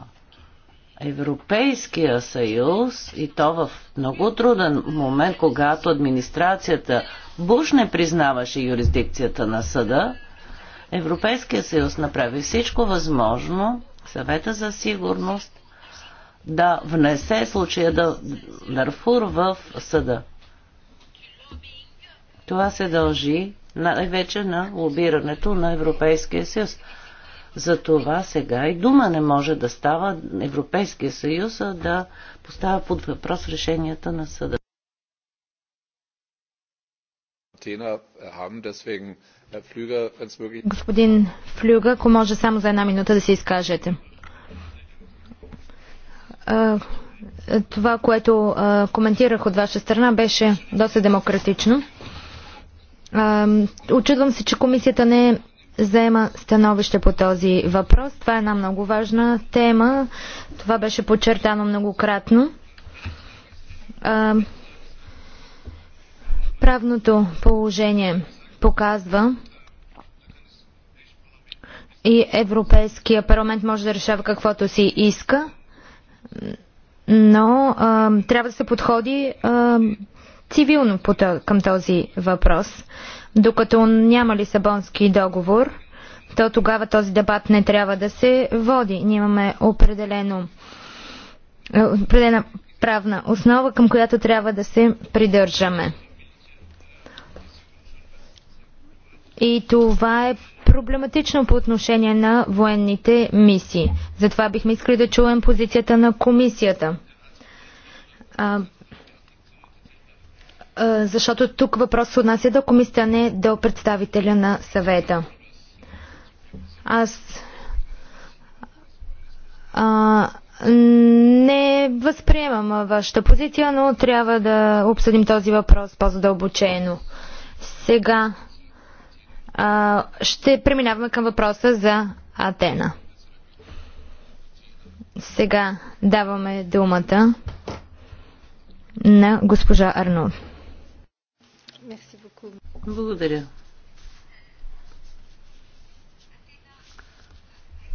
Европейския съюз и то в много труден момент, когато администрацията Буш не признаваше юрисдикцията на съда, Европейския съюз направи всичко възможно съвета за сигурност да внесе случая да Дарфур в съда. Това се дължи най-вече на лобирането на Европейския съюз. За това сега и дума не може да става Европейския съюз, а да поставя под въпрос решенията на съда. Athena äh, haben. Deswegen, Herr Flüger, wenn es möglich Господин Флюга, ако може само за една минута да изкажете. Е, е, това, което е, коментирах от ваша страна, беше доста демократично. Очудвам се, че комисията не заема становище по този въпрос. Това е една много важна тема. Това беше подчертано многократно правното положение показва и Европейския парламент може да решава каквото си иска, но а, трябва да се подходи а, цивилно към този въпрос. Докато няма Лисабонски договор, то тогава този дебат не трябва да се води. Ние имаме определено, определена правна основа, към която трябва да се придържаме. И това е проблематично по отношение на военните мисии. Затова бихме искали да чуем позицията на комисията. А, а, защото тук въпрос се отнася до комисията, не до представителя на съвета. Аз а, не възприемам вашата позиция, но трябва да обсъдим този въпрос по-задълбочено. Сега а, ще преминаваме към въпроса за Атена. Сега даваме думата на госпожа Арно. Благодаря.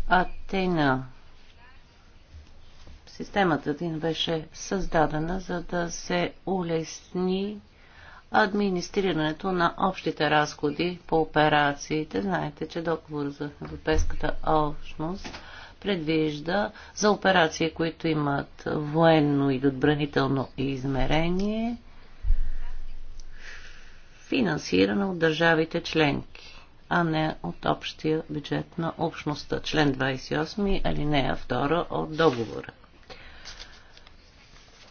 Атена. Системата ти беше създадена, за да се улесни администрирането на общите разходи по операциите. Знаете, че договор за Европейската общност предвижда за операции, които имат военно и отбранително измерение, финансирано от държавите членки, а не от общия бюджет на общността. Член 28, алинея 2 от договора.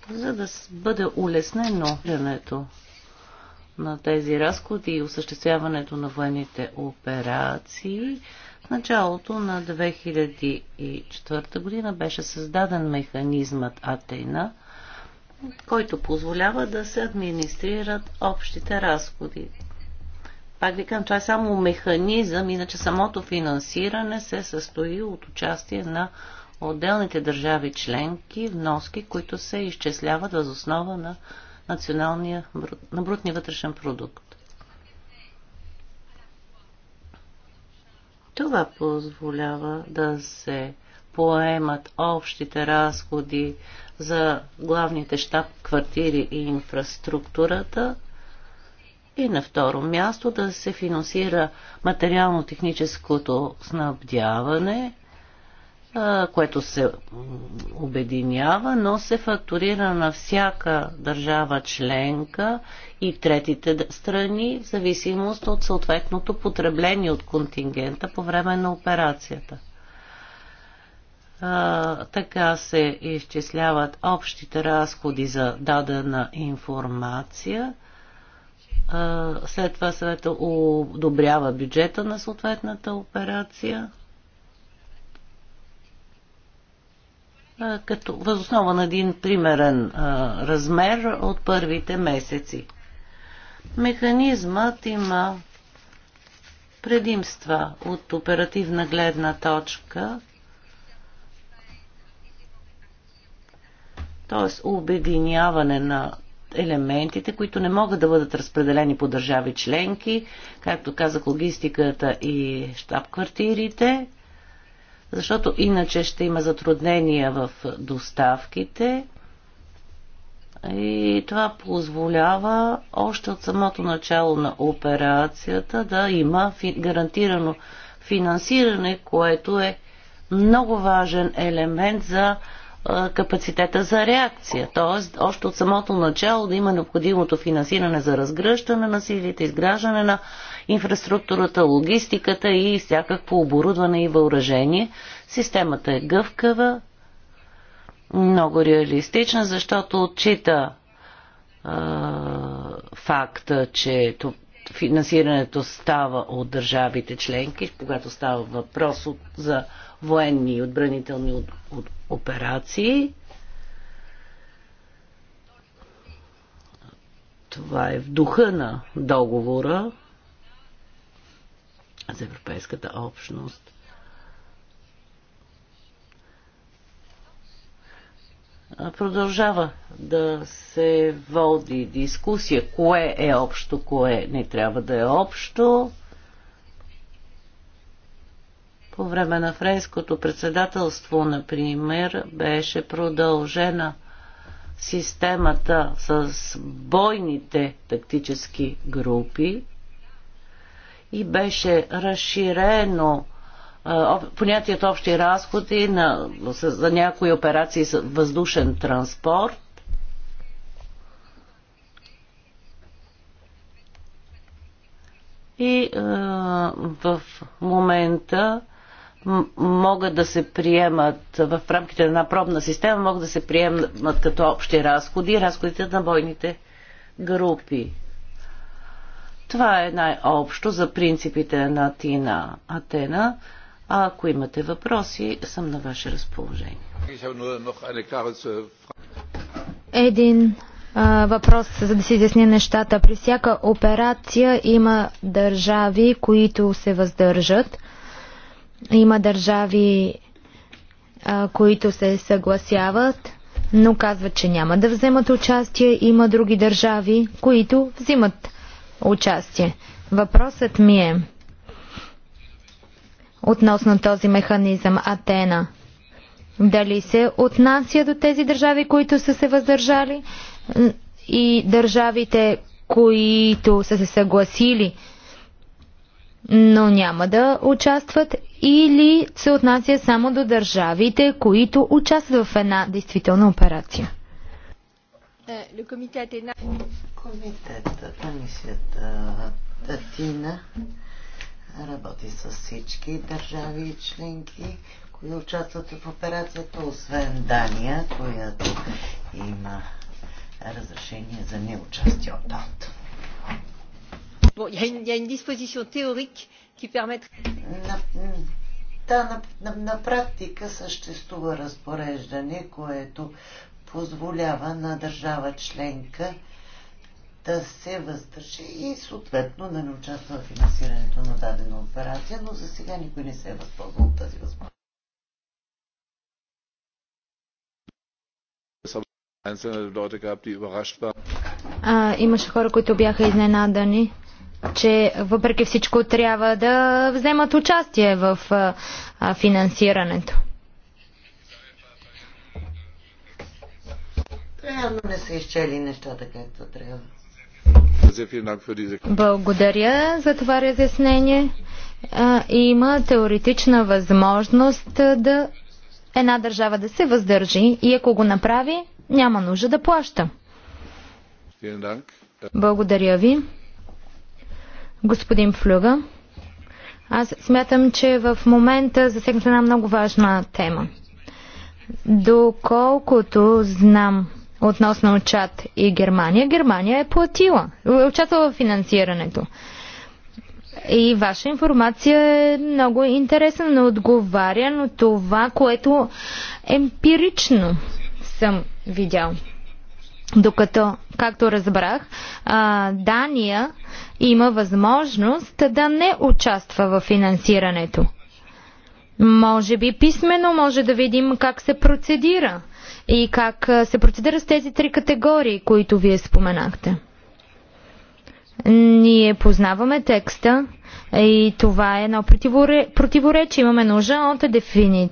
За да бъде улеснено на тези разходи и осъществяването на военните операции, в началото на 2004 година беше създаден механизмът Атейна, който позволява да се администрират общите разходи. Пак ви казвам, това е само механизъм, иначе самото финансиране се състои от участие на отделните държави членки, вноски, които се изчисляват въз основа на националния, на брутния вътрешен продукт. Това позволява да се поемат общите разходи за главните щаб, квартири и инфраструктурата. И на второ място да се финансира материално-техническото снабдяване което се обединява, но се фактурира на всяка държава членка и третите страни в зависимост от съответното потребление от контингента по време на операцията. така се изчисляват общите разходи за дадена информация. след това съвета одобрява бюджета на съответната операция като възоснова на един примерен а, размер от първите месеци. Механизмът има предимства от оперативна гледна точка, т.е. обединяване на елементите, които не могат да бъдат разпределени по държави членки, както казах логистиката и штаб квартирите защото иначе ще има затруднения в доставките. И това позволява още от самото начало на операцията да има гарантирано финансиране, което е много важен елемент за капацитета за реакция. Тоест, още от самото начало да има необходимото финансиране за разгръщане на силите, изграждане на инфраструктурата, логистиката и всякакво оборудване и въоръжение. Системата е гъвкава, много реалистична, защото отчита факта, че финансирането става от държавите членки, когато става въпрос от, за военни и отбранителни от, от, операции. Това е в духа на договора за Европейската общност. Продължава да се води дискусия кое е общо, кое не трябва да е общо. По време на френското председателство, например, беше продължена системата с бойните тактически групи, и беше разширено понятието общи разходи на, за някои операции с въздушен транспорт. И е, в момента могат да се приемат в рамките на пробна система, могат да се приемат като общи разходи, разходите на бойните групи. Това е най-общо за принципите на Атина. Атена. А ако имате въпроси, съм на ваше разположение. Един а, въпрос, за да се изясня нещата. При всяка операция има държави, които се въздържат. Има държави, а, които се съгласяват, но казват, че няма да вземат участие. Има други държави, които взимат участие. Въпросът ми е относно този механизъм Атена. Дали се отнася до тези държави, които са се въздържали и държавите, които са се съгласили, но няма да участват или се отнася само до държавите, които участват в една действителна операция? Е, Комитета, комисията Татина работи с всички държави и членки, които участват в операцията, освен Дания, която има разрешение за неучастие от НАТО. Bon, il y, Да, на, на, на практика съществува разпореждане, което позволява на държава членка да се въздържи и съответно да не участва в финансирането на дадена операция, но за сега никой не се е възползвал от тази възможност. А, имаше хора, които бяха изненадани, че въпреки всичко трябва да вземат участие в а, финансирането. Реално не са изчели нещата както трябва. Благодаря за това разяснение. Има теоретична възможност да една държава да се въздържи и ако го направи, няма нужда да плаща. Благодаря ви. Господин Флюга, аз смятам, че в момента засегнахте една много важна тема. Доколкото знам относно ЧАД и Германия. Германия е платила, е участвала в финансирането. И ваша информация е много интересна, но отговаря на това, което емпирично съм видял. Докато, както разбрах, Дания има възможност да не участва в финансирането. Може би писмено може да видим как се процедира и как се процедира с тези три категории, които вие споменахте. Ние познаваме текста и това е едно противоречие. Имаме нужда от дефини.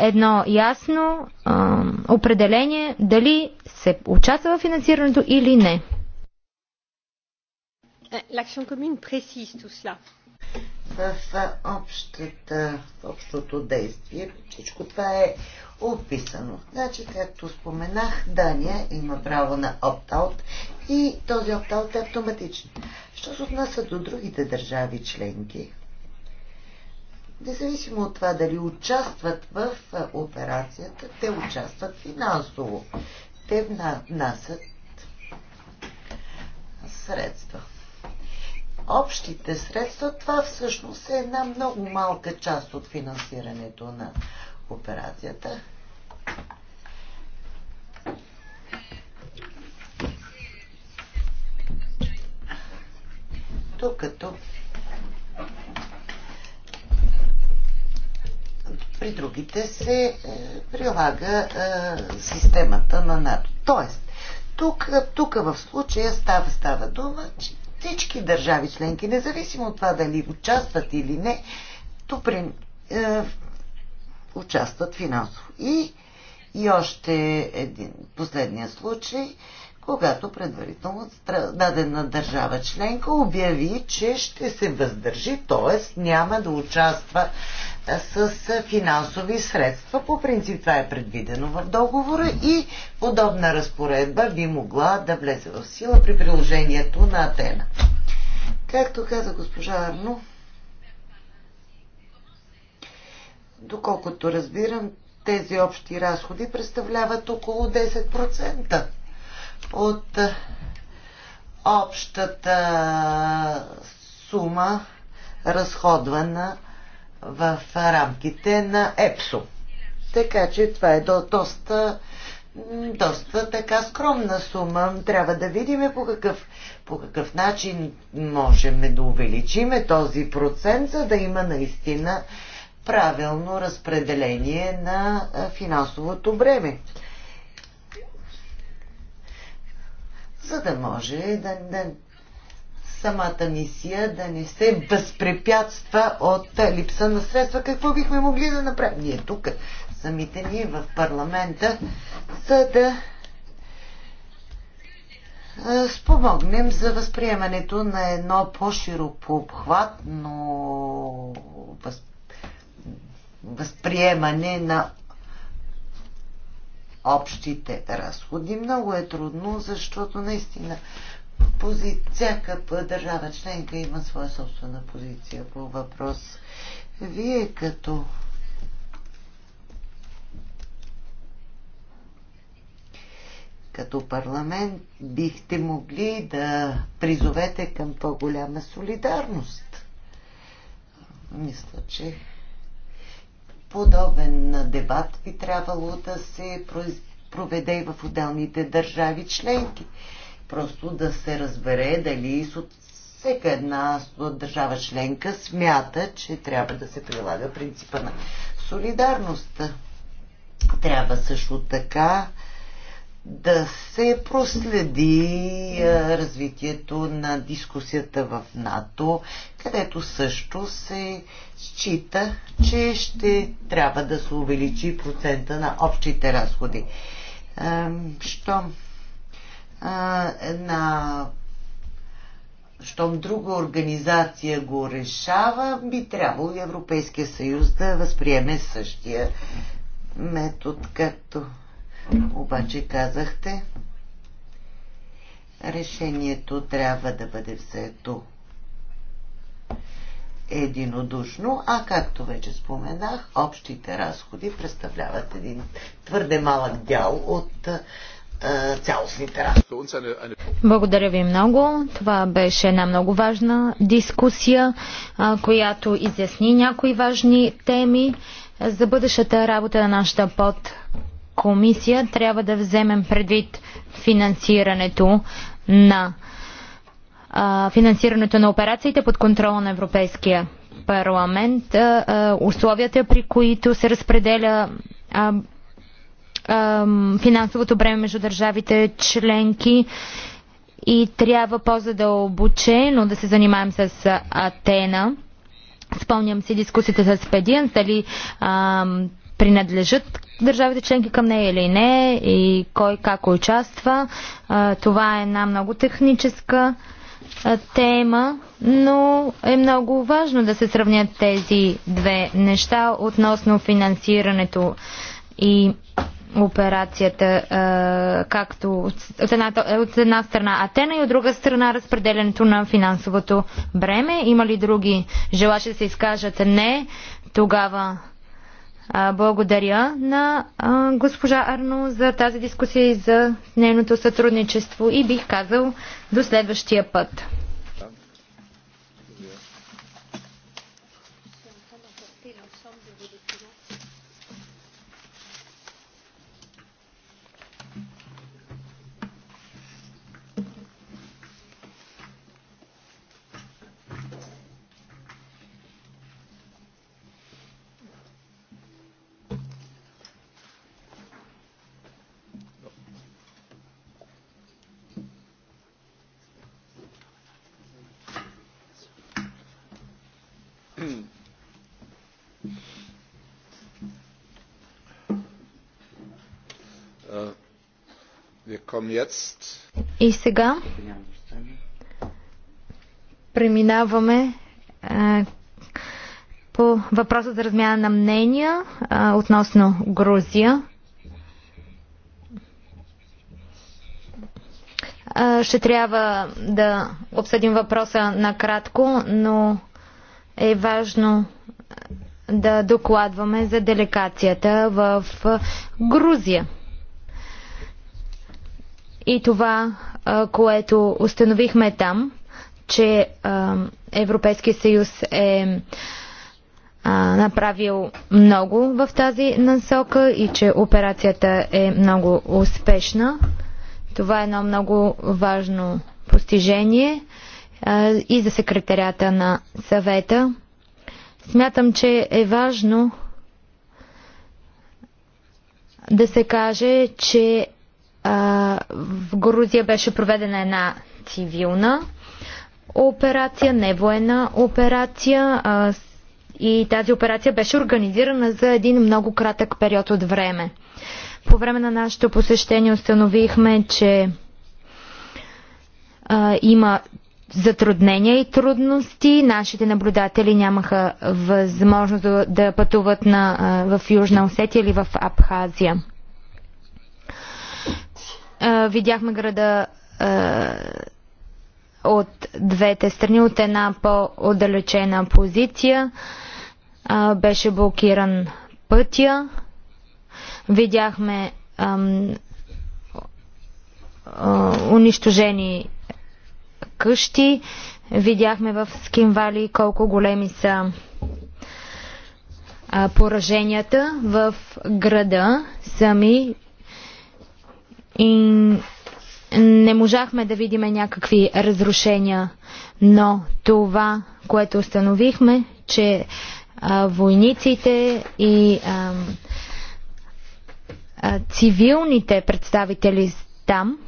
Едно ясно а, определение дали се участва в финансирането или не. L'action commune précise tout cela в, общата, в общото действие. Всичко това е описано. Значи, както споменах, Дания има право на опт-аут и този опт-аут е автоматичен. Що се отнася до другите държави членки? Независимо от това дали участват в операцията, те участват финансово. Те внасят средства. Общите средства, това всъщност е една много малка част от финансирането на операцията. Докато при другите се е, прилага е, системата на НАТО. Тоест, тук, тук в случая става, става дума, че всички държави членки, независимо от това дали участват или не, доприн, е, участват финансово. И и още един последния случай, когато предварително дадена държава членка обяви, че ще се въздържи, т.е. няма да участва с финансови средства. По принцип това е предвидено в договора и подобна разпоредба би могла да влезе в сила при приложението на Атена. Както каза госпожа Арно, доколкото разбирам, тези общи разходи представляват около 10% от е, общата сума разходвана в рамките на ЕПСО. Така че това е до, доста, доста така скромна сума. Трябва да видим по какъв, по какъв начин можем да увеличиме този процент, за да има наистина правилно разпределение на финансовото бреме. За да може да, да самата мисия да не се възпрепятства от липса на средства. Какво бихме могли да направим? Ние тук, самите ние в парламента, за да спомогнем за възприемането на едно по-широко обхватно възприемане възприемане на общите разходи. Много е трудно, защото наистина пози... всяка държава членка има своя собствена позиция по въпрос. Вие като като парламент бихте могли да призовете към по-голяма солидарност. Мисля, че подобен дебат би трябвало да се проведе и в отделните държави членки. Просто да се разбере дали всека една държава членка смята, че трябва да се прилага принципа на солидарност. Трябва също така да се проследи развитието на дискусията в НАТО, където също се счита, че ще трябва да се увеличи процента на общите разходи. Щом на щом друга организация го решава, би трябвало и Европейския съюз да възприеме същия метод, както обаче казахте. Решението трябва да бъде взето единодушно, а както вече споменах, общите разходи представляват един твърде малък дял от цялостните разходи. Благодаря ви много. Това беше една много важна дискусия, която изясни някои важни теми за бъдещата работа на нашата подкомисия. Трябва да вземем предвид финансирането на а, финансирането на операциите под контрола на Европейския парламент, а, а, условията при които се разпределя а, а, финансовото бреме между държавите членки и трябва по-задълбочено да се занимаем с Атена. Спомням си дискусията с Педиан, дали а, принадлежат държавите членки към нея или не и кой как участва. А, това е една много техническа а, тема, но е много важно да се сравнят тези две неща относно финансирането и операцията, както от една, от една страна Атена и от друга страна разпределянето на финансовото бреме. Има ли други желащи да се изкажат? Не. Тогава благодаря на госпожа Арно за тази дискусия и за нейното сътрудничество и бих казал до следващия път. И сега преминаваме по въпроса за размяна на мнения относно Грузия. ще трябва да обсъдим въпроса накратко, но е важно да докладваме за делегацията в Грузия. И това, което установихме там, че Европейския съюз е направил много в тази насока и че операцията е много успешна. Това е едно много важно постижение и за секретарята на съвета. Смятам, че е важно да се каже, че в Грузия беше проведена една цивилна операция, не военна операция и тази операция беше организирана за един много кратък период от време. По време на нашето посещение установихме, че а, има затруднения и трудности. Нашите наблюдатели нямаха възможност да, да пътуват на, а, в Южна Осетия или в Абхазия видяхме града от двете страни, от една по-отдалечена позиция. Беше блокиран пътя. Видяхме унищожени къщи. Видяхме в Скинвали колко големи са пораженията в града сами и не можахме да видиме някакви разрушения, но това, което установихме, че а, войниците и а, а, цивилните представители там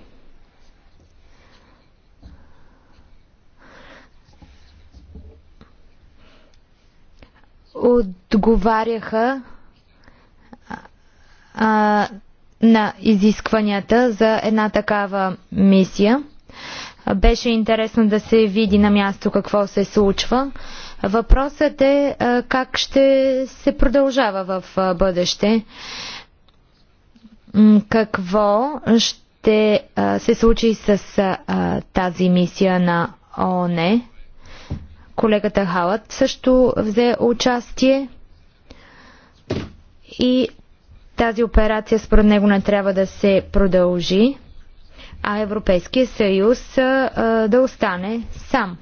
отговаряха а, на изискванията за една такава мисия. Беше интересно да се види на място какво се случва. Въпросът е как ще се продължава в бъдеще. Какво ще се случи с тази мисия на ООН? Колегата Халът също взе участие и тази операция според него не трябва да се продължи, а Европейския съюз а, да остане сам.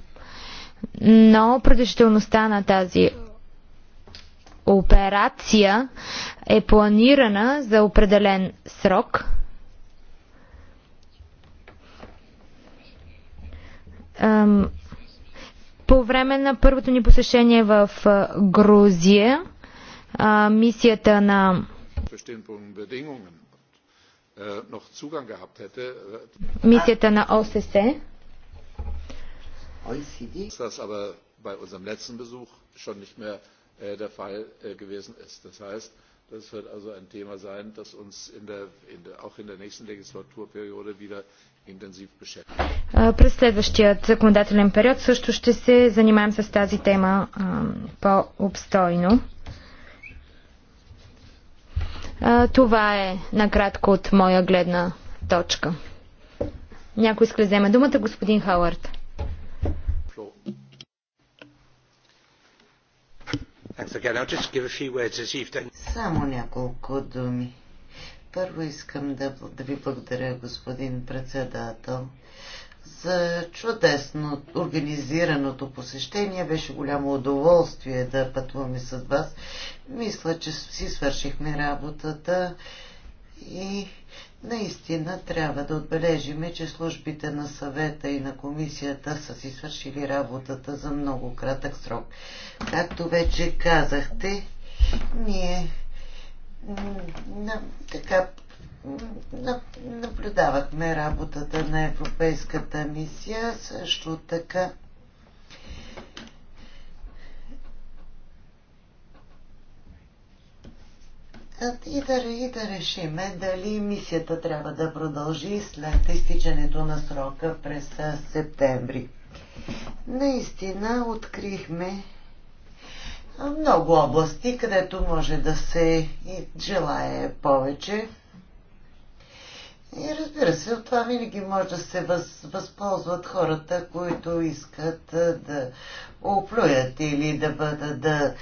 Но продължителността на тази операция е планирана за определен срок. По време на първото ни посещение в Грузия, мисията на bestimmten Bedingungen noch Zugang gehabt hätte. Мисията Das aber bei unserem letzten Besuch schon nicht mehr der Fall gewesen ist. Das heißt, das wird also ein Thema sein, das uns auch in der nächsten Legislaturperiode wieder интензив beschäftigt. Това е накратко от моя гледна точка. Някой иска да вземе думата, господин Хауърд. Само няколко думи. Първо искам да, да ви благодаря, господин председател, за чудесно организираното посещение. Беше голямо удоволствие да пътуваме с вас. Мисля, че си свършихме работата и наистина трябва да отбележиме, че службите на съвета и на комисията са си свършили работата за много кратък срок. Както вече казахте, ние така наблюдавахме работата на Европейската мисия, също така и да, и да решиме дали мисията трябва да продължи след изтичането на срока през септември. Наистина открихме много области, където може да се желае повече. И разбира се, от това винаги може да се въз, възползват хората, които искат да оплюят или да бъдат да,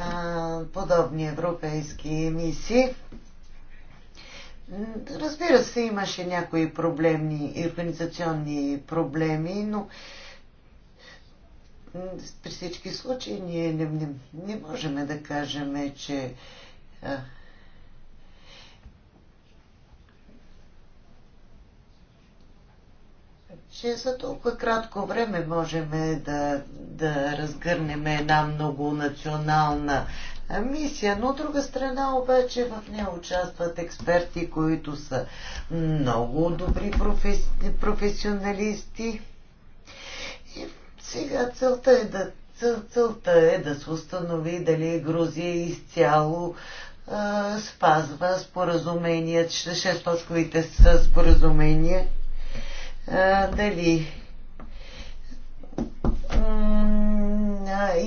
а, подобни европейски мисии. Разбира се, имаше някои проблемни, организационни проблеми, но при всички случаи ние не, не, не можем да кажем, че а, че за толкова кратко време можем да, да разгърнем една многонационална мисия, но от друга страна обаче в нея участват експерти, които са много добри професи... професионалисти. И сега целта е да целта е да се установи дали Грузия изцяло е, спазва споразумения, 6 точковите споразумения дали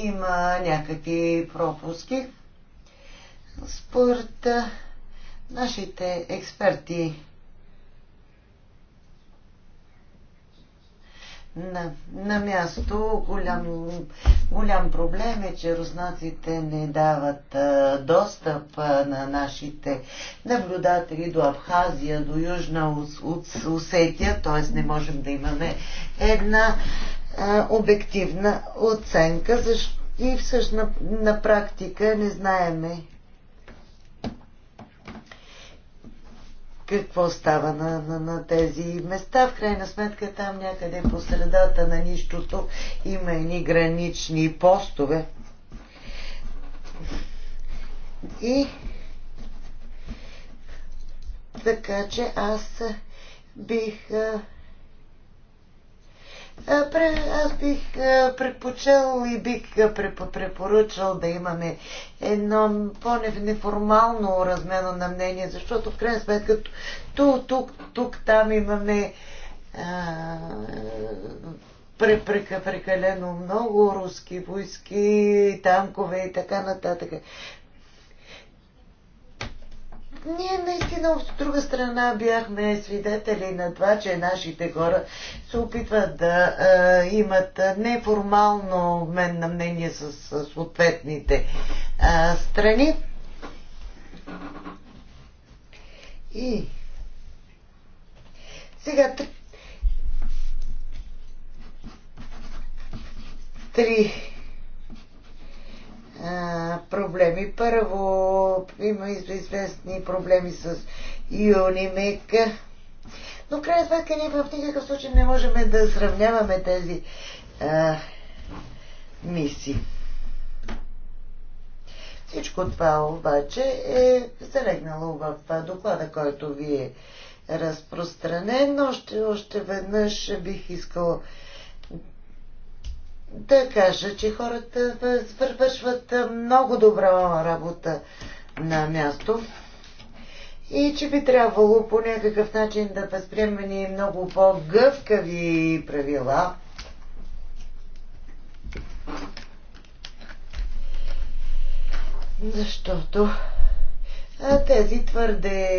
има някакви пропуски. Според нашите експерти на, на място голям, голям проблем е, че руснаците не дават а, достъп а, на нашите наблюдатели до Абхазия, до Южна Осетия, т.е. не можем да имаме една а, обективна оценка, Защо и всъщност на, на практика не знаеме какво става на, на, на тези места. В крайна сметка там някъде по средата на нищото има едни гранични постове. И така че аз бих а, аз бих предпочел и бих препоръчал да имаме едно по-неформално размено на мнение, защото в крайна сметка тук, тук, тук там имаме прекалено много руски войски, танкове и така нататък ние наистина от друга страна бяхме свидетели на това, че нашите хора се опитват да а, имат неформално обмен на мнение с, с съответните а, страни. И сега три. три проблеми. Първо има известни проблеми с Юнимек, но в крайна сметка ние в никакъв случай не можем да сравняваме тези а, мисии. Всичко това обаче е залегнало в доклада, който ви е разпространен, но още, още веднъж бих искала да кажа, че хората вършват много добра работа на място и че би трябвало по някакъв начин да възприемем ни много по-гъвкави правила. Защото тези твърде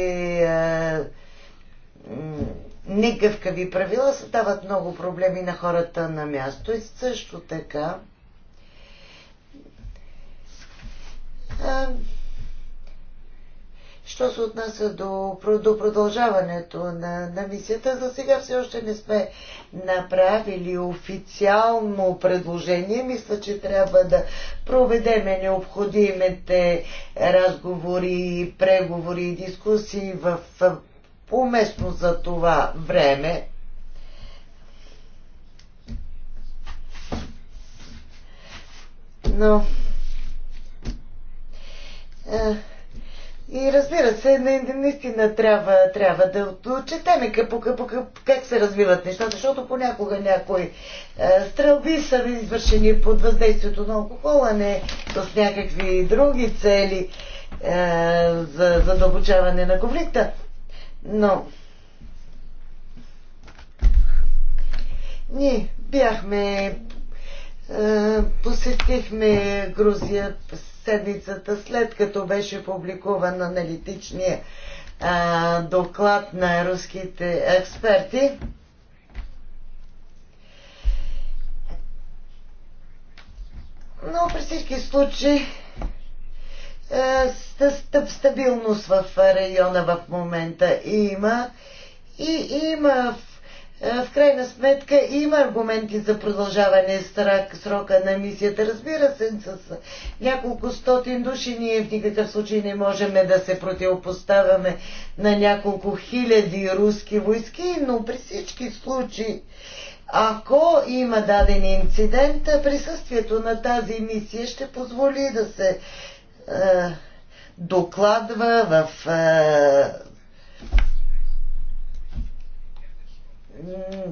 негъвкави правила създават много проблеми на хората на място и също така а, Що се отнася до, до продължаването на, на мисията, за сега все още не сме направили официално предложение. Мисля, че трябва да проведеме необходимите разговори, преговори и дискусии в уместно за това време но е, и разбира се, наистина трябва, трябва да отчетеме как се развиват нещата, защото понякога някои е, стрелби са извършени под въздействието на алкохола, не с някакви други цели е, за задълбочаване на конфликта. Но ние бяхме е, посетихме Грузия седмицата след като беше публикуван аналитичния е, доклад на руските експерти. Но при всички случаи е, стабилност в района в момента има и има е, в крайна сметка има аргументи за продължаване срока на мисията. Разбира се, с няколко стотин души ние в никакъв случай не можем да се противопоставяме на няколко хиляди руски войски, но при всички случаи, ако има даден инцидент, присъствието на тази мисия ще позволи да се е, докладва в а, е,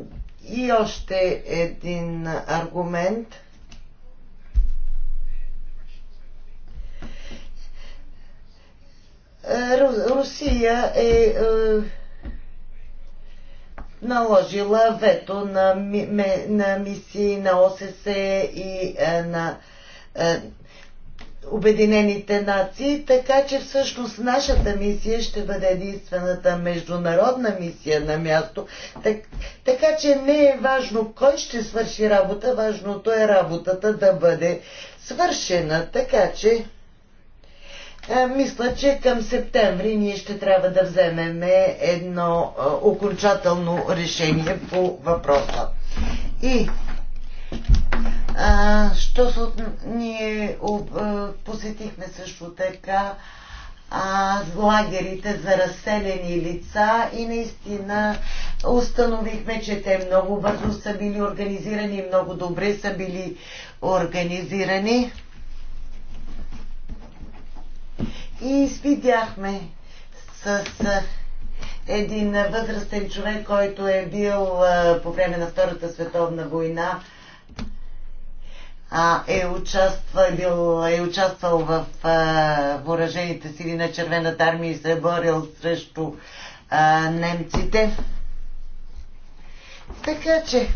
и още един аргумент. Е, Русия е, е наложила вето на, на мисии на ОССЕ и е, на Обединените нации, така че всъщност нашата мисия ще бъде единствената международна мисия на място. Так, така че не е важно кой ще свърши работа, важното е работата да бъде свършена. Така че а, мисля, че към септември ние ще трябва да вземем едно а, окончателно решение по въпроса. И а, що се от... Ние об... посетихме също така а, лагерите за разселени лица и наистина установихме, че те много бързо са били организирани, и много добре са били организирани. И видяхме с един възрастен човек, който е бил по време на Втората световна война е, участва, е, бил, е участвал в а, въоръжените сили на Червената армия и се е борил срещу а, немците. Така че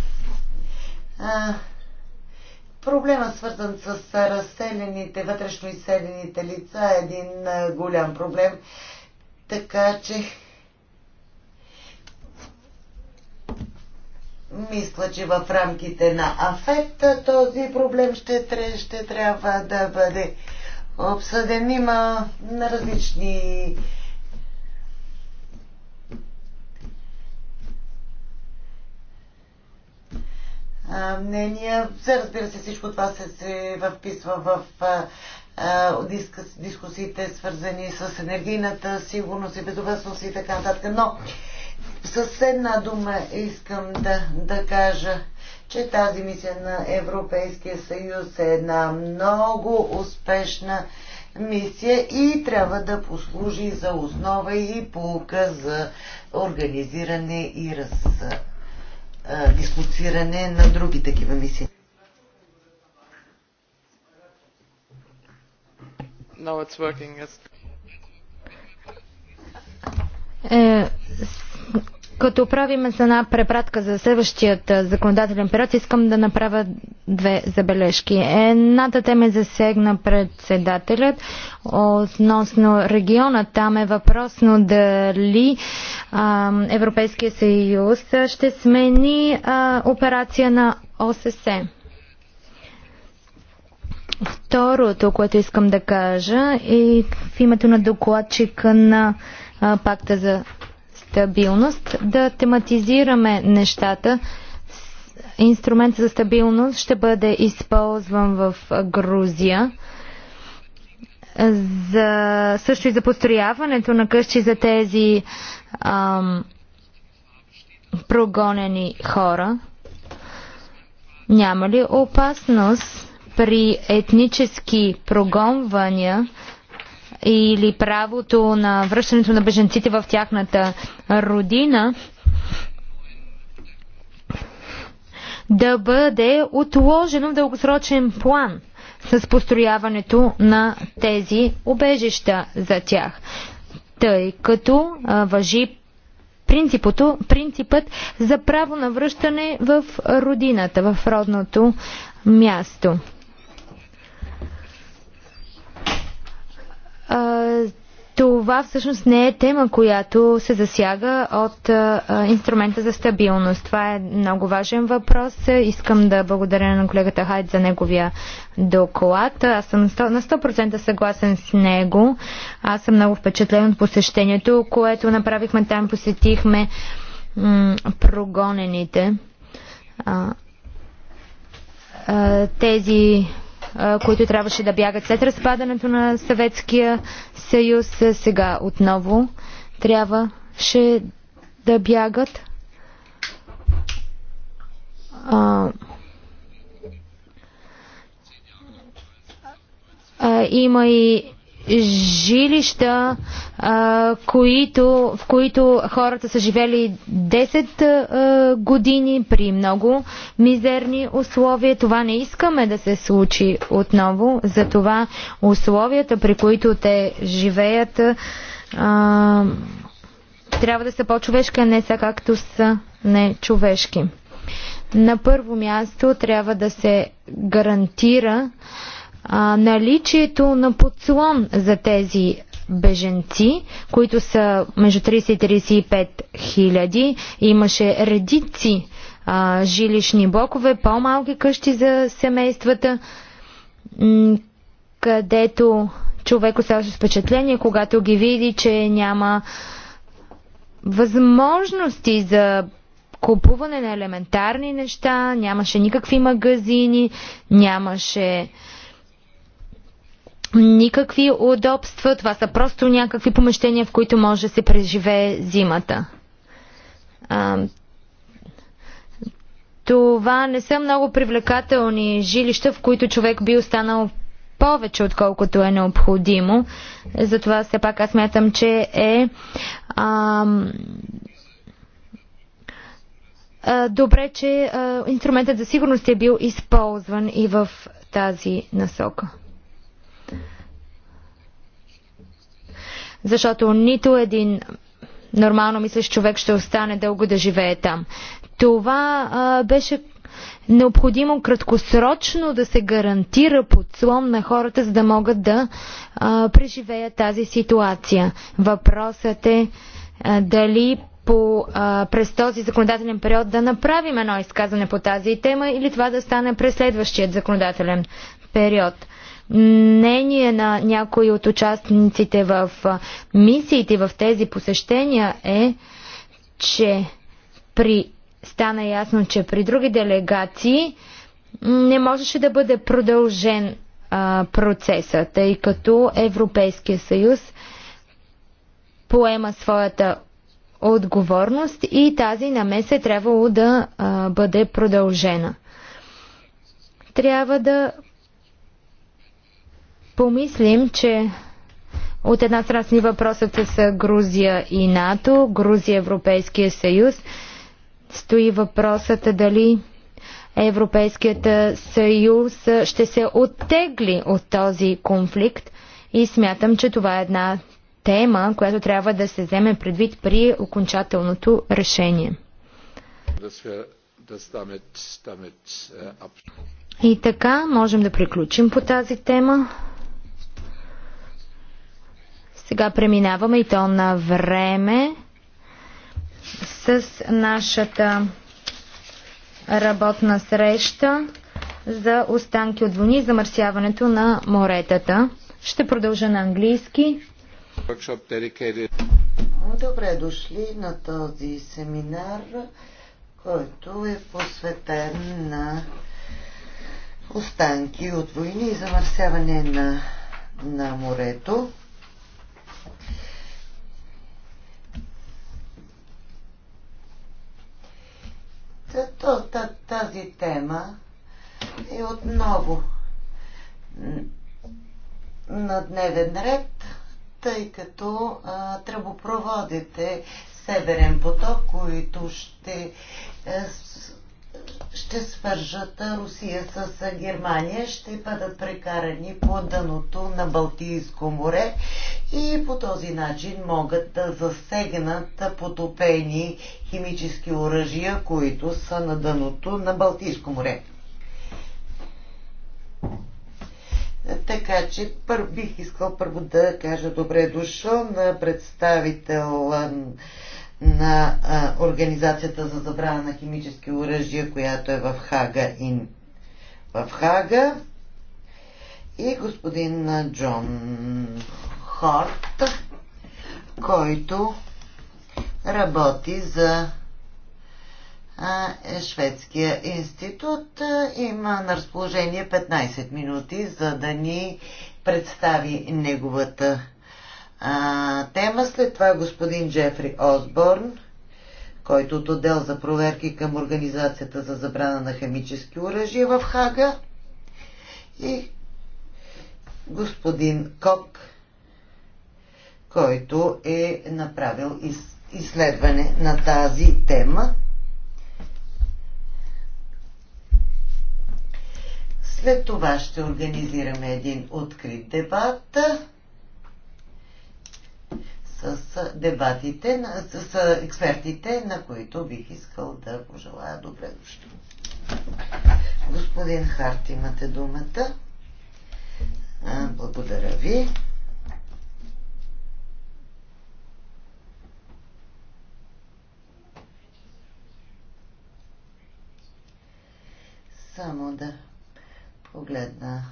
а, проблема свързан с разселените, вътрешно изселените лица е един а, голям проблем. Така че мисля, че в рамките на АФЕТ този проблем ще, ще трябва да бъде обсъден. Има на различни мнения. За разбира се, всичко това се, се вписва в а, дискус, дискусите, свързани с енергийната сигурност и безопасност и така нататък. Но с една дума искам да, да кажа, че тази мисия на Европейския съюз е една много успешна мисия и трябва да послужи за основа и полка за организиране и раз, а, дислоциране на други такива мисии. Now it's working, yes. Е, като правим за една препратка за следващият законодателен период, искам да направя две забележки. Едната тема е засегна председателят относно региона. Там е въпросно дали а, Европейския съюз ще смени а, операция на ОССЕ. Второто, което искам да кажа и е в името на докладчика на а, пакта за стабилност, да тематизираме нещата. Инструмент за стабилност ще бъде използван в Грузия за, също и за построяването на къщи за тези ам, прогонени хора. Няма ли опасност при етнически прогонвания или правото на връщането на беженците в тяхната родина да бъде отложено в дългосрочен план с построяването на тези обежища за тях, тъй като а, въжи принципът за право на връщане в родината, в родното място. това всъщност не е тема, която се засяга от инструмента за стабилност. Това е много важен въпрос. Искам да благодаря на колегата Хайд за неговия доклад. Аз съм на 100% съгласен с него. Аз съм много впечатлен от посещението, което направихме там. Посетихме прогонените. тези които трябваше да бягат след разпадането на Съветския съюз, сега отново трябваше да бягат. има и жилища, а, които, в които хората са живели 10 а, години при много мизерни условия. Това не искаме да се случи отново. Затова условията, при които те живеят, а, трябва да са по-човешки, а не са както са нечовешки. На първо място трябва да се гарантира а, а, наличието на подслон за тези беженци, които са между 30 и 35 хиляди. Имаше редици а, жилищни блокове, по-малки къщи за семействата, където човек остава с впечатление, когато ги види, че няма възможности за купуване на елементарни неща, нямаше никакви магазини, нямаше никакви удобства. Това са просто някакви помещения, в които може да се преживее зимата. А, това не са много привлекателни жилища, в които човек би останал повече, отколкото е необходимо. Затова все пак аз мятам, че е а, а, добре, че а, инструментът за сигурност е бил използван и в тази насока. защото нито един нормално мислещ човек ще остане дълго да живее там. Това а, беше необходимо краткосрочно да се гарантира подслон на хората, за да могат да а, преживеят тази ситуация. Въпросът е а, дали по, а, през този законодателен период да направим едно изказване по тази тема или това да стане през следващият законодателен период мнение на някои от участниците в мисиите, в тези посещения е, че при стана ясно, че при други делегации не можеше да бъде продължен а, процеса, тъй като Европейския съюз поема своята отговорност и тази намеса е трябвало да а, бъде продължена. Трябва да помислим, че от една страна ни въпросът с Грузия и НАТО, Грузия Европейския съюз. Стои въпросът дали Европейският съюз ще се оттегли от този конфликт и смятам, че това е една тема, която трябва да се вземе предвид при окончателното решение. И така можем да приключим по тази тема. Сега преминаваме и то на време с нашата работна среща за останки от вълни и замърсяването на моретата. Ще продължа на английски. Добре дошли на този семинар, който е посветен на останки от войни и замърсяване на, на морето. Тази тема е отново на дневен ред, тъй като а, тръбопроводите Северен поток, които ще а, е, ще свържат Русия с Германия, ще бъдат прекарани по дъното на Балтийско море и по този начин могат да засегнат потопени химически оръжия, които са на дъното на Балтийско море. Така че пър, бих искал първо да кажа добре дошъл на представител на а, Организацията за забрана на химически оръжия, която е в Хага. и В Хага и господин Джон Хорт, който работи за е Шведския институт. Има на разположение 15 минути, за да ни представи неговата а, тема. След това е господин Джефри Осборн, който от отдел за проверки към Организацията за забрана на химически оръжия в Хага и господин Кок, който е направил из, изследване на тази тема. След това ще организираме един открит дебат с дебатите, с експертите, на които бих искал да пожелая добре дошли. Господин Харт, имате думата. Благодаря ви. Само да погледна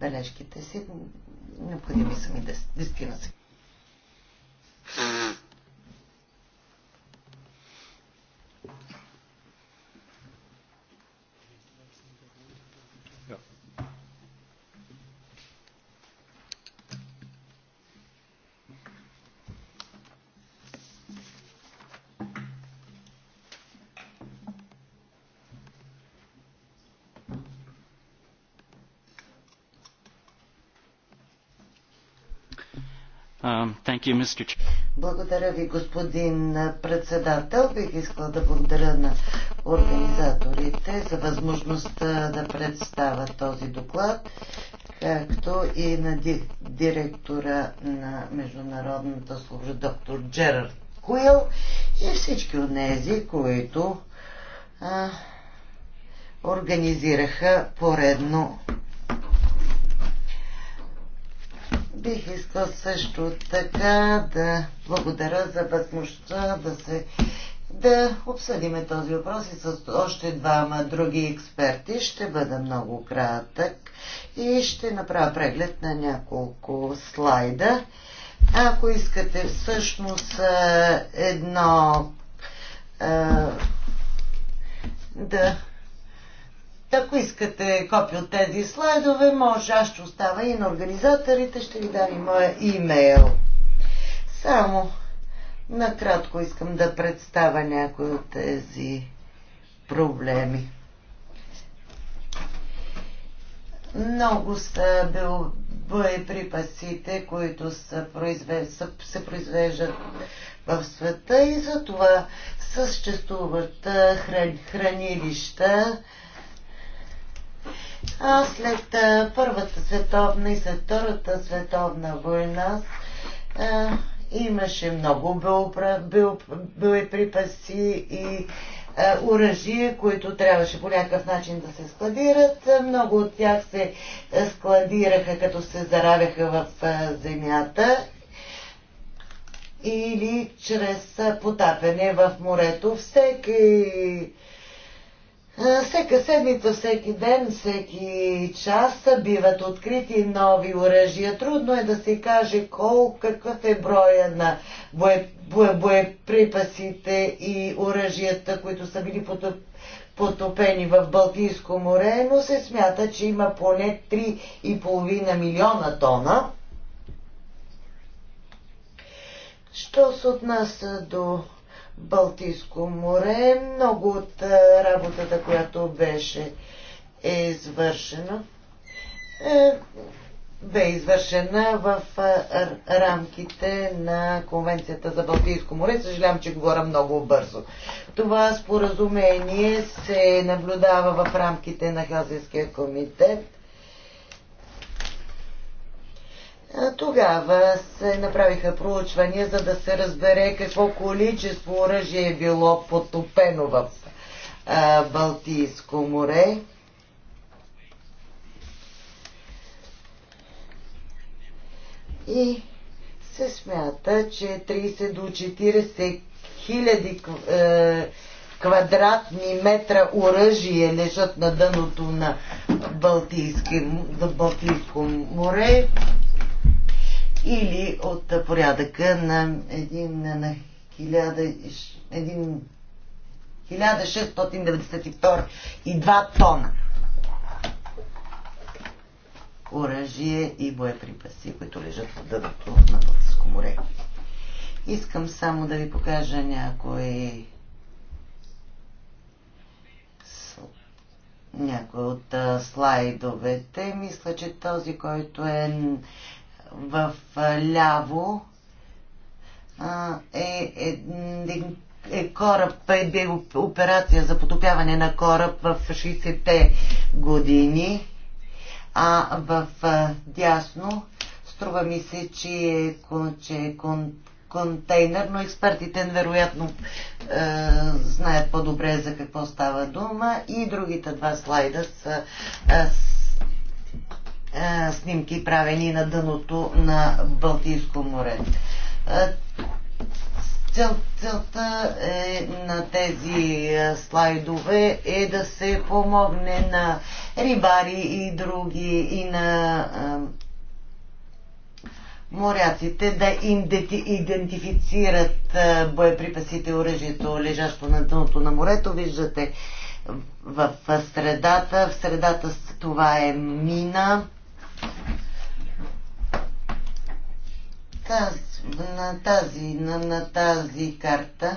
бележките си. Необходими са ми 10 на секунди. Mm-hmm. Um, благодаря ви, господин председател. Бих искала да благодаря на организаторите за възможността да представя този доклад, както и на директора на Международната служба, доктор Джерард Куил и всички от нези, които а, организираха поредно Бих искал също така да благодаря за възможността да се да обсъдиме този въпрос и с още двама други експерти. Ще бъда много кратък и ще направя преглед на няколко слайда. Ако искате всъщност едно да ако искате копия от тези слайдове, може, аз ще остава и на организаторите, ще ви дам и моя имейл. Само накратко искам да представя някои от тези проблеми. Много са бил боеприпасите, които са произвеж... са, се произвеждат в света и за това съществуват хран... хранилища, а след Първата световна и след Втората световна война а, имаше много боеприпаси и оръжие, които трябваше по някакъв начин да се складират. Много от тях се складираха, като се заравяха в земята или чрез потапяне в морето. Всеки е, всека седмица, всеки ден, всеки час биват открити нови оръжия. Трудно е да се каже колко, какъв е броя на бое, боеприпасите и оръжията, които са били потопени в Балтийско море, но се смята, че има поне 3,5 милиона тона. Що се отнася до Балтийско море. Много от е, работата, която беше е извършена, е, бе извършена в е, рамките на Конвенцията за Балтийско море. Съжалявам, че говоря много бързо. Това споразумение се наблюдава в рамките на Хелзинския комитет Тогава се направиха проучвания, за да се разбере какво количество оръжие е било потопено в Балтийско море. И се смята, че 30 до 40 хиляди е, квадратни метра оръжие лежат на дъното на Балтийско море или от порядъка на един на 1692 и 2 тона оръжие и боеприпаси, които лежат в дъното на Балтийско море. Искам само да ви покажа някои някои от слайдовете. Мисля, че този, който е в ляво е е, е кораб, е операция за потопяване на кораб в 60-те години, а в дясно струва ми се, че е, че е кон, контейнер, но експертите вероятно е, знаят по-добре за какво става дума и другите два слайда са а, е, снимки правени на дъното на Балтийско море. Е, целта е на тези е, слайдове е да се помогне на рибари и други и на а, моряците да идентифицират боеприпасите и оръжието, лежащо на дъното на морето. Виждате в средата. В средата това е мина. Таз, на, тази, на, на тази карта,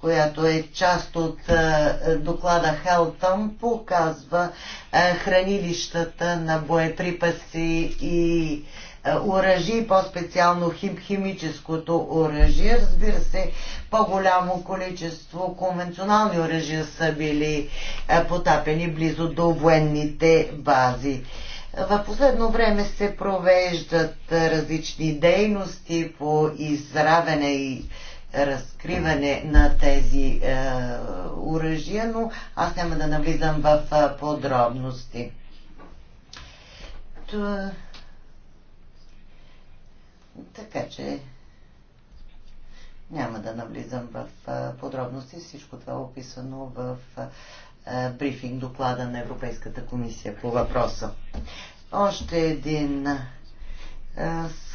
която е част от а, доклада Хелтън, показва а, хранилищата на боеприпаси и е, оръжие, по-специално хим, химическото оръжие. Разбира се, по-голямо количество конвенционални оръжия са били е, потапени близо до военните бази. В последно време се провеждат различни дейности по изравене и разкриване на тези е, оръжия, но аз няма да навлизам в е, подробности. Това така че няма да навлизам в подробности. Всичко това е описано в брифинг доклада на Европейската комисия по въпроса. Още един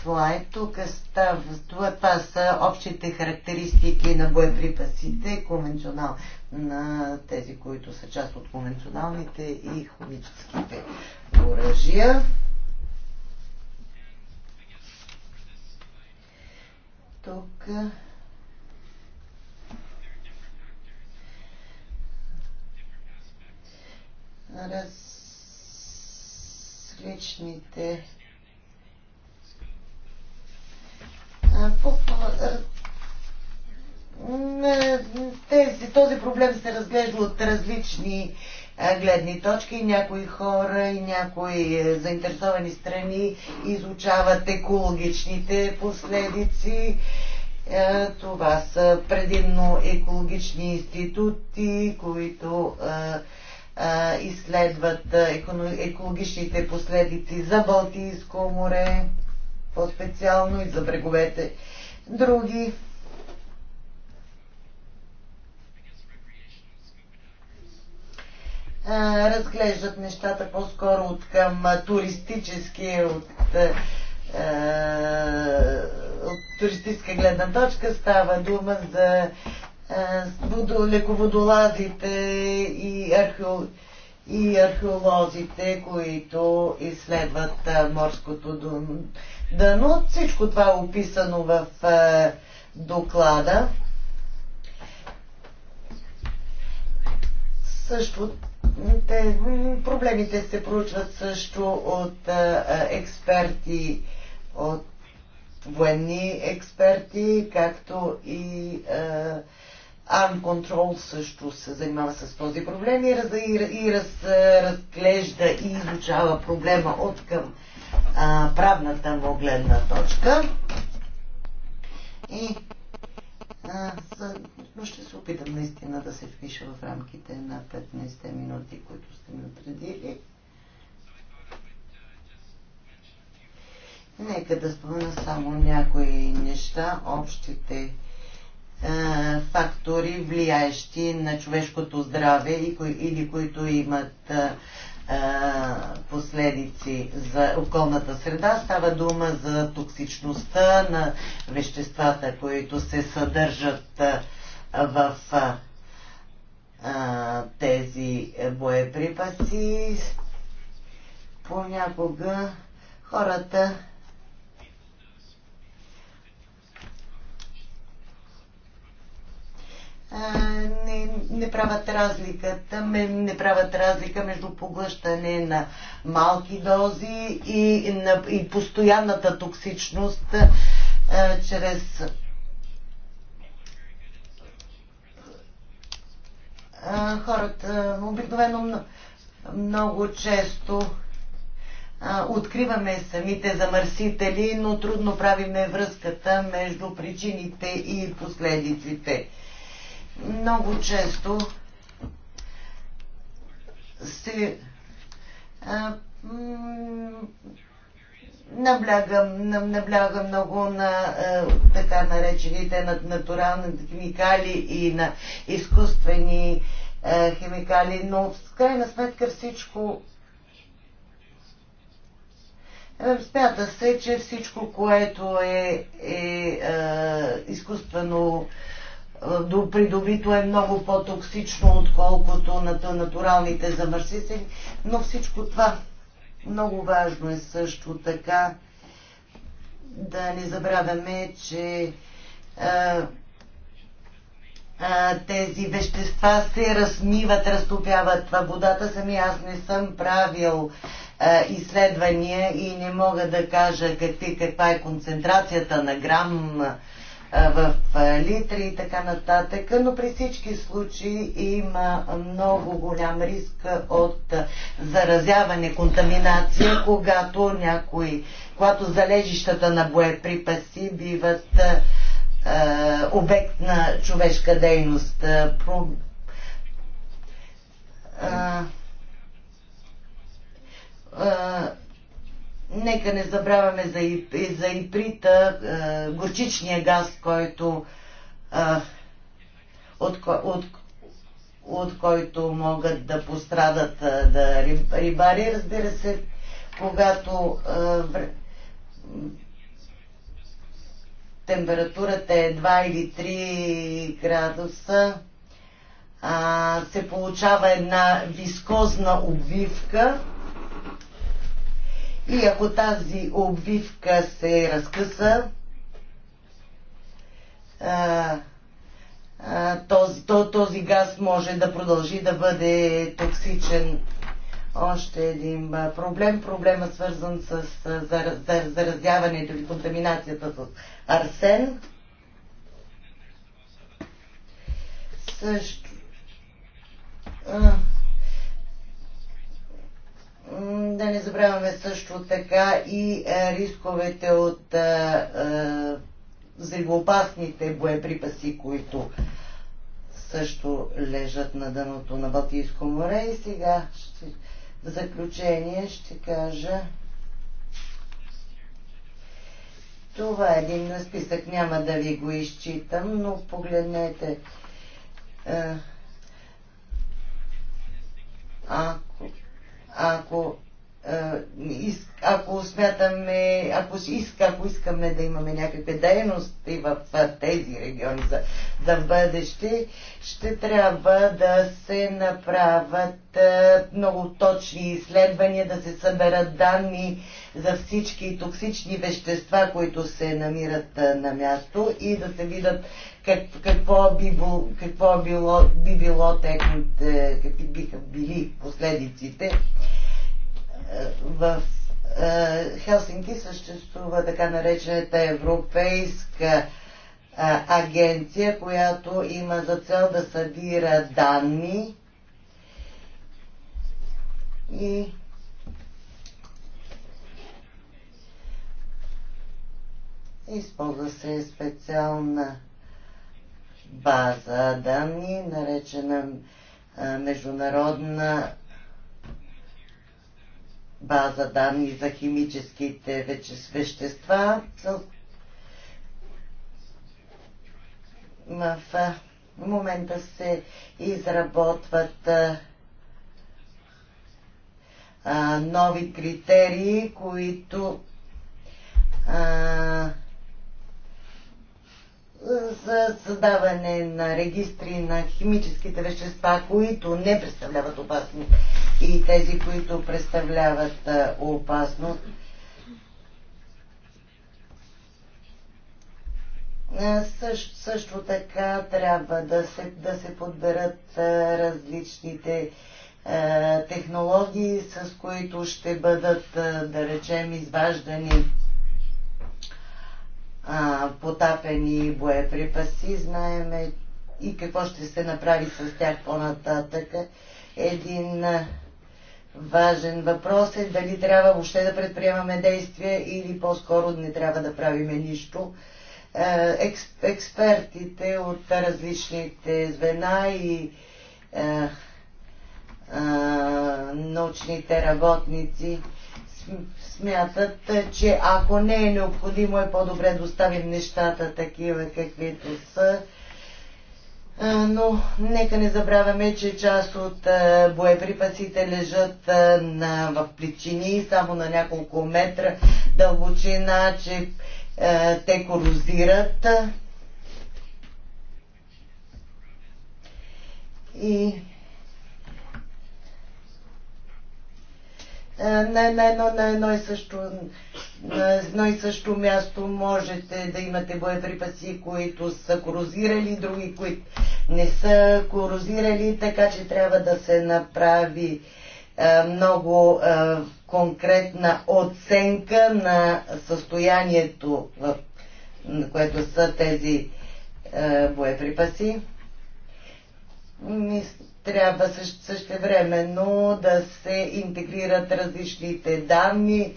слайд. Тук е става, това са общите характеристики на боеприпасите, конвенционал, на тези, които са част от конвенционалните и химическите оръжия. Тук различните е, тези, този проблем се разглежда от различни гледни точки. Някои хора и някои е, заинтересовани страни изучават екологичните последици. Е, това са предимно екологични институти, които е, изследват екологичните последици за Балтийско море, по-специално и за бреговете. Други разглеждат нещата по-скоро от към туристически, от, от туристическа гледна точка. Става дума за леководолазите и, архео, и археолозите, които изследват морското дъно. Всичко това е описано в доклада. Също те, проблемите се проучват също от експерти, от военни експерти, както и Arm Control също се занимава с този проблем и, раз, и, и раз, разглежда и изучава проблема от към а, правната му гледна точка. И но ще се опитам наистина да се впиша в рамките на 15 минути, които сте ми отредили. Нека да спомена само някои неща, общите а, фактори, влияещи на човешкото здраве и кои, или които имат последици за околната среда. Става дума за токсичността на веществата, които се съдържат в тези боеприпаси. Понякога хората не, не правят разликата, не правят разлика между поглъщане на малки дози и, на, и постоянната токсичност а, чрез а, хората обикновено много често откриваме самите замърсители, но трудно правиме връзката между причините и последиците много често се а, наблягам, наблягам много на а, така наречените на натурални химикали и на изкуствени а, химикали, но в крайна сметка всичко Смята се, че всичко, което е, е, е изкуствено придобито е много по-токсично, отколкото на натуралните замърсители, но всичко това много важно е също така да не забравяме, че а, а, тези вещества се размиват, разтопяват във водата. Сами аз не съм правил а, изследвания и не мога да кажа какви, каква е концентрацията на грам а, в литри и така нататък, но при всички случаи има много голям риск от заразяване, контаминация, когато някой, когато залежищата на боеприпаси биват е, обект на човешка дейност. Про, е, е, Нека не забравяме за, и, за иприта, е, горчичния газ, който, е, от, от, от който могат да пострадат е, да рибари. Разбира се, когато е, температурата е 2 или 3 градуса, се получава една вискозна обвивка и ако тази обвивка се разкъса, а, а, този, то, този газ може да продължи да бъде токсичен. Още един проблем. Проблема свързан с зар, заразяването или контаминацията с арсен. Също. А, да не забравяме също така и е, рисковете от е, е, взривоопасните боеприпаси, които също лежат на дъното на Балтийско море. И сега ще, в заключение ще кажа. Това е един списък, няма да ви го изчитам, но погледнете. А, ако е, ако смятаме, ако, иска, ако искаме да имаме някакви дейности в тези региони за, за бъдеще, ще трябва да се направят е, много точни изследвания, да се съберат данни за всички токсични вещества, които се намират е, на място и да се видят как, какво, би, било, какво било, би било техните, какви биха били последиците. В е, Хелсинки съществува така наречената Европейска е, агенция, която има за цел да събира данни и използва се специална база данни, наречена Международна база данни за химическите вече вещества. В момента се изработват нови критерии, които за създаване на регистри на химическите вещества, които не представляват опасност и тези, които представляват опасност. Също, също така трябва да се, да се подберат различните технологии, с които ще бъдат, да речем, изваждани а, потапени боеприпаси. Знаеме и какво ще се направи с тях по-нататък. Един важен въпрос е дали трябва въобще да предприемаме действия или по-скоро не трябва да правиме нищо. Експертите от различните звена и научните работници смятат, е, че ако не е необходимо, е по-добре да оставим нещата такива, каквито са. Е, но нека не забравяме, че част от е, боеприпасите лежат на, в плечини, само на няколко метра дълбочина, че е, те корозират. И Е, на, на, едно, на, едно и също, на едно и също място можете да имате боеприпаси, които са корозирали, други, които не са корозирали, така че трябва да се направи е, много е, конкретна оценка на състоянието, в което са тези боеприпаси. Мисля, трябва същевременно да се интегрират различните данни, е,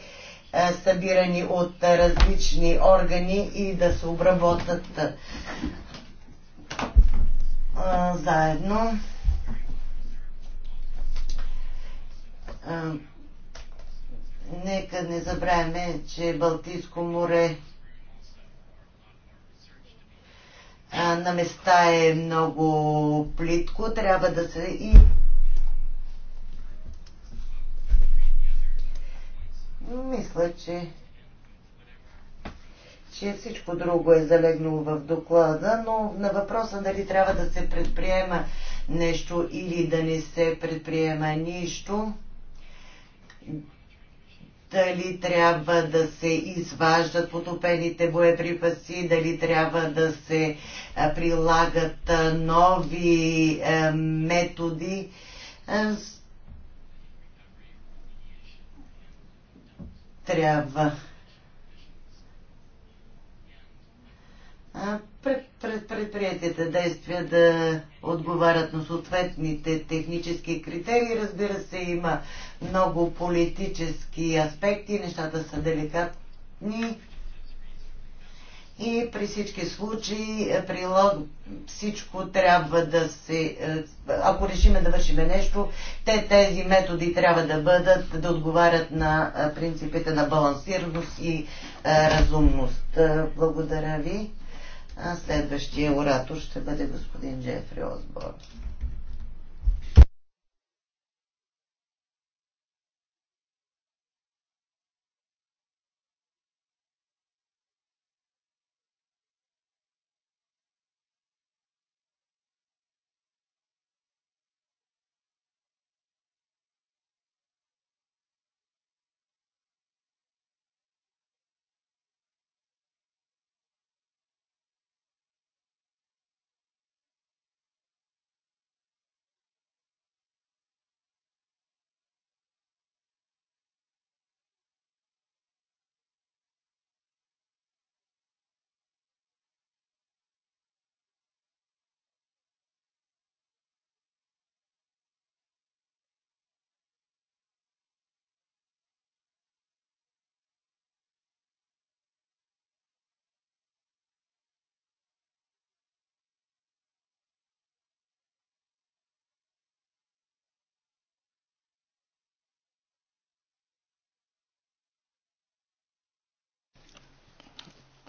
събирани от различни органи и да се обработват е, заедно. Е, нека не забравяме, че Балтийско море на места е много плитко, трябва да се и мисля, че че всичко друго е залегнало в доклада, но на въпроса дали трябва да се предприема нещо или да не се предприема нищо, дали трябва да се изваждат потопените боеприпаси, дали трябва да се прилагат нови методи. Трябва предприятията действия да отговарят на съответните технически критерии. Разбира се, има много политически аспекти, нещата са деликатни и при всички случаи прилог, всичко трябва да се... Е, ако решиме да вършиме нещо, те тези методи трябва да бъдат, да отговарят на е, принципите на балансираност и е, разумност. Благодаря ви. А следващия оратор ще бъде господин Джефри Осборн.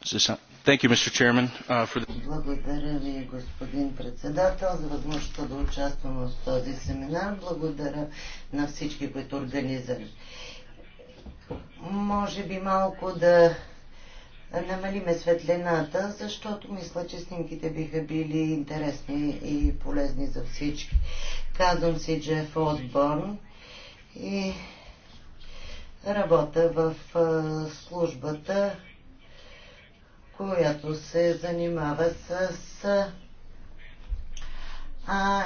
Uh, Благодаря ви, господин председател, за възможността да участвам в този семинар. Благодаря на всички, които организират. Може би малко да намалиме светлината, защото мисля, че снимките биха били интересни и полезни за всички. Казвам си Джеф Отборн и работя в службата която се занимава с а, е,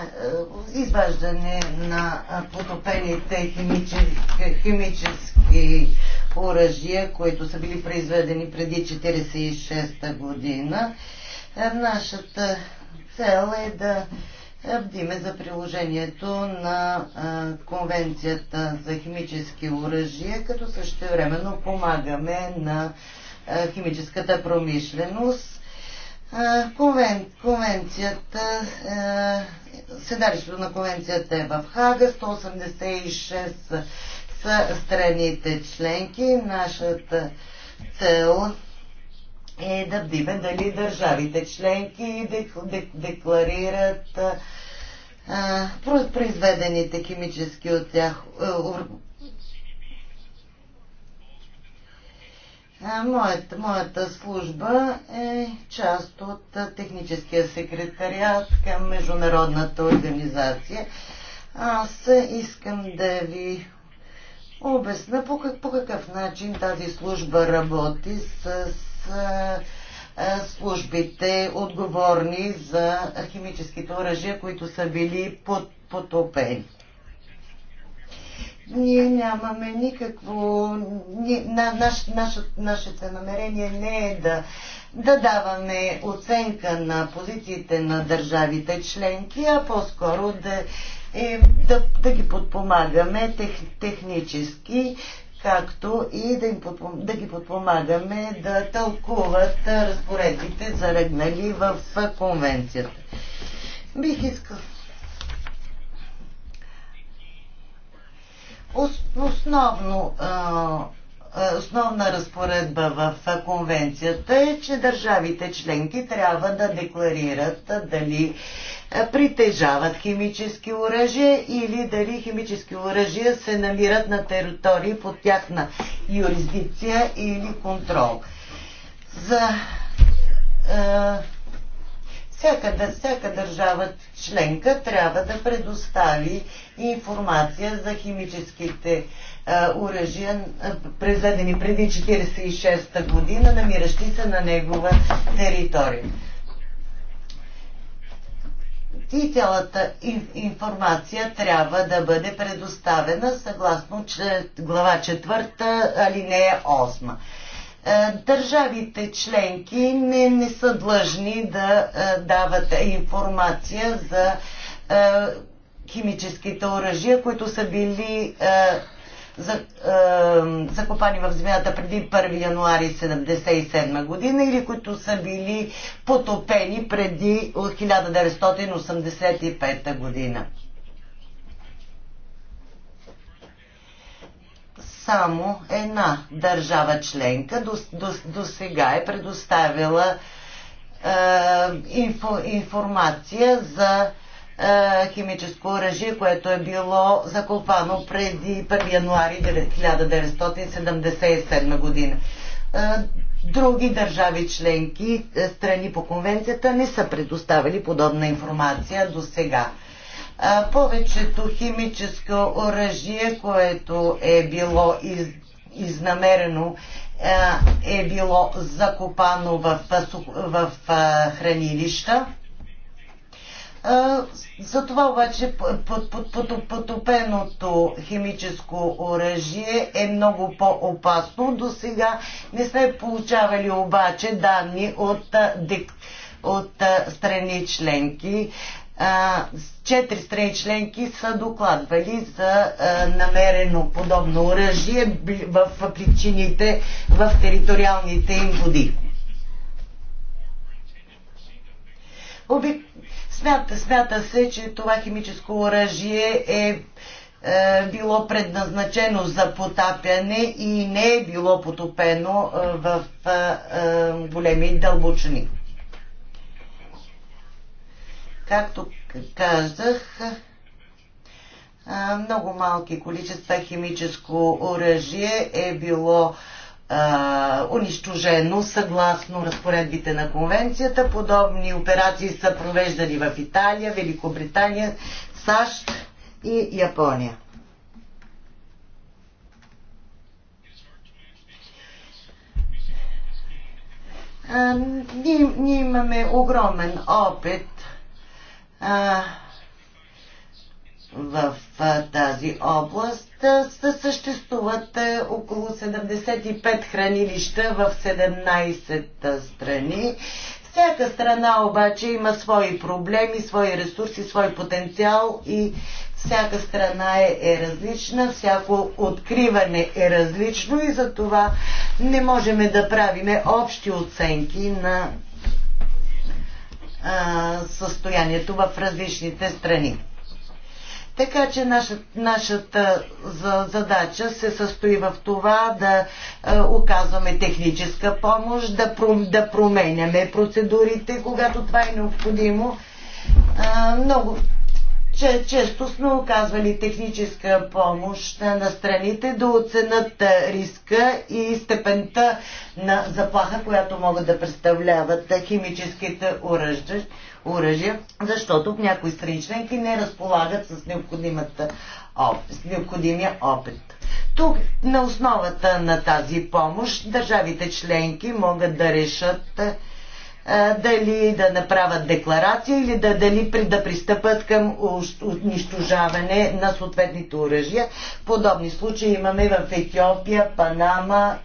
изваждане на потопените химически, химически оръжия, които са били произведени преди 1946 година. Е, нашата цел е да бдиме за приложението на Конвенцията за химически оръжия, като същевременно помагаме на е, химическата промишленост. Е, конвен, конвенцията, е, седалището на конвенцията е в Хага, 186 са страните членки. Нашата цел е да видим дали държавите членки декларират произведените химически от тях, Моята, моята служба е част от техническия секретариат към Международната организация. Аз искам да ви обясна по, как, по какъв начин тази служба работи с, с службите, отговорни за химическите оръжия, които са били под, потопени ние нямаме никакво... На, наш, наш, намерение не е да, да даваме оценка на позициите на държавите членки, а по-скоро да, е, да, да ги подпомагаме тех, технически, както и да, им подпом... да ги подпомагаме да тълкуват разпоредите, зарегнали в конвенцията. Бих искал основно, основна разпоредба в конвенцията е, че държавите членки трябва да декларират дали притежават химически оръжия или дали химически оръжия се намират на територии под тяхна юрисдикция или контрол. За всяка, всяка държава членка трябва да предостави информация за химическите оръжия, произведени преди 1946-та година, намиращи се на негова територия. И цялата информация трябва да бъде предоставена съгласно глава 4, алинея е, държавите членки не, не са длъжни да е, дават информация за е, химическите оръжия, които са били закопани в земята преди 1 януари 1977 година или които са били потопени преди 1985 година. само една държава членка до, до, до сега е предоставила е, инфо, информация за е, химическо оръжие, което е било закопано преди 1 януари 1977 година. Е, други държави членки, е, страни по конвенцията, не са предоставили подобна информация до сега повечето химическо оръжие, което е било из, изнамерено, е било закопано в, в, в хранилища. Затова обаче потопеното химическо оръжие е много по-опасно. До сега не сме получавали обаче данни от, от страни членки четири страни членки са докладвали за намерено подобно оръжие в причините в териториалните им води. Смята, смята се, че това химическо оръжие е, е, било предназначено за потапяне и не е било потопено в големи дълбочини. Както казах, много малки количества химическо оръжие е било а, унищожено съгласно разпоредбите на конвенцията. Подобни операции са провеждани в Италия, Великобритания, САЩ и Япония. А, ние, ние имаме огромен опит а, в а, тази област съществуват а, около 75 хранилища в 17 страни. Всяка страна обаче има свои проблеми, свои ресурси, свой потенциал и всяка страна е, е различна, всяко откриване е различно и за това не можем да правиме общи оценки на състоянието в различните страни. Така че нашата, нашата задача се състои в това да е, оказваме техническа помощ, да, пром, да променяме процедурите, когато това е необходимо. Е, много, че често сме оказвали техническа помощ на страните да оценят риска и степента на заплаха, която могат да представляват химическите оръжия, защото защото някои страни членки не разполагат с необходимата опит, с необходимия опит. Тук на основата на тази помощ държавите членки могат да решат дали да направят декларация или да, дали при, да пристъпат към унищожаване на съответните оръжия. Подобни случаи имаме в Етиопия, Панама.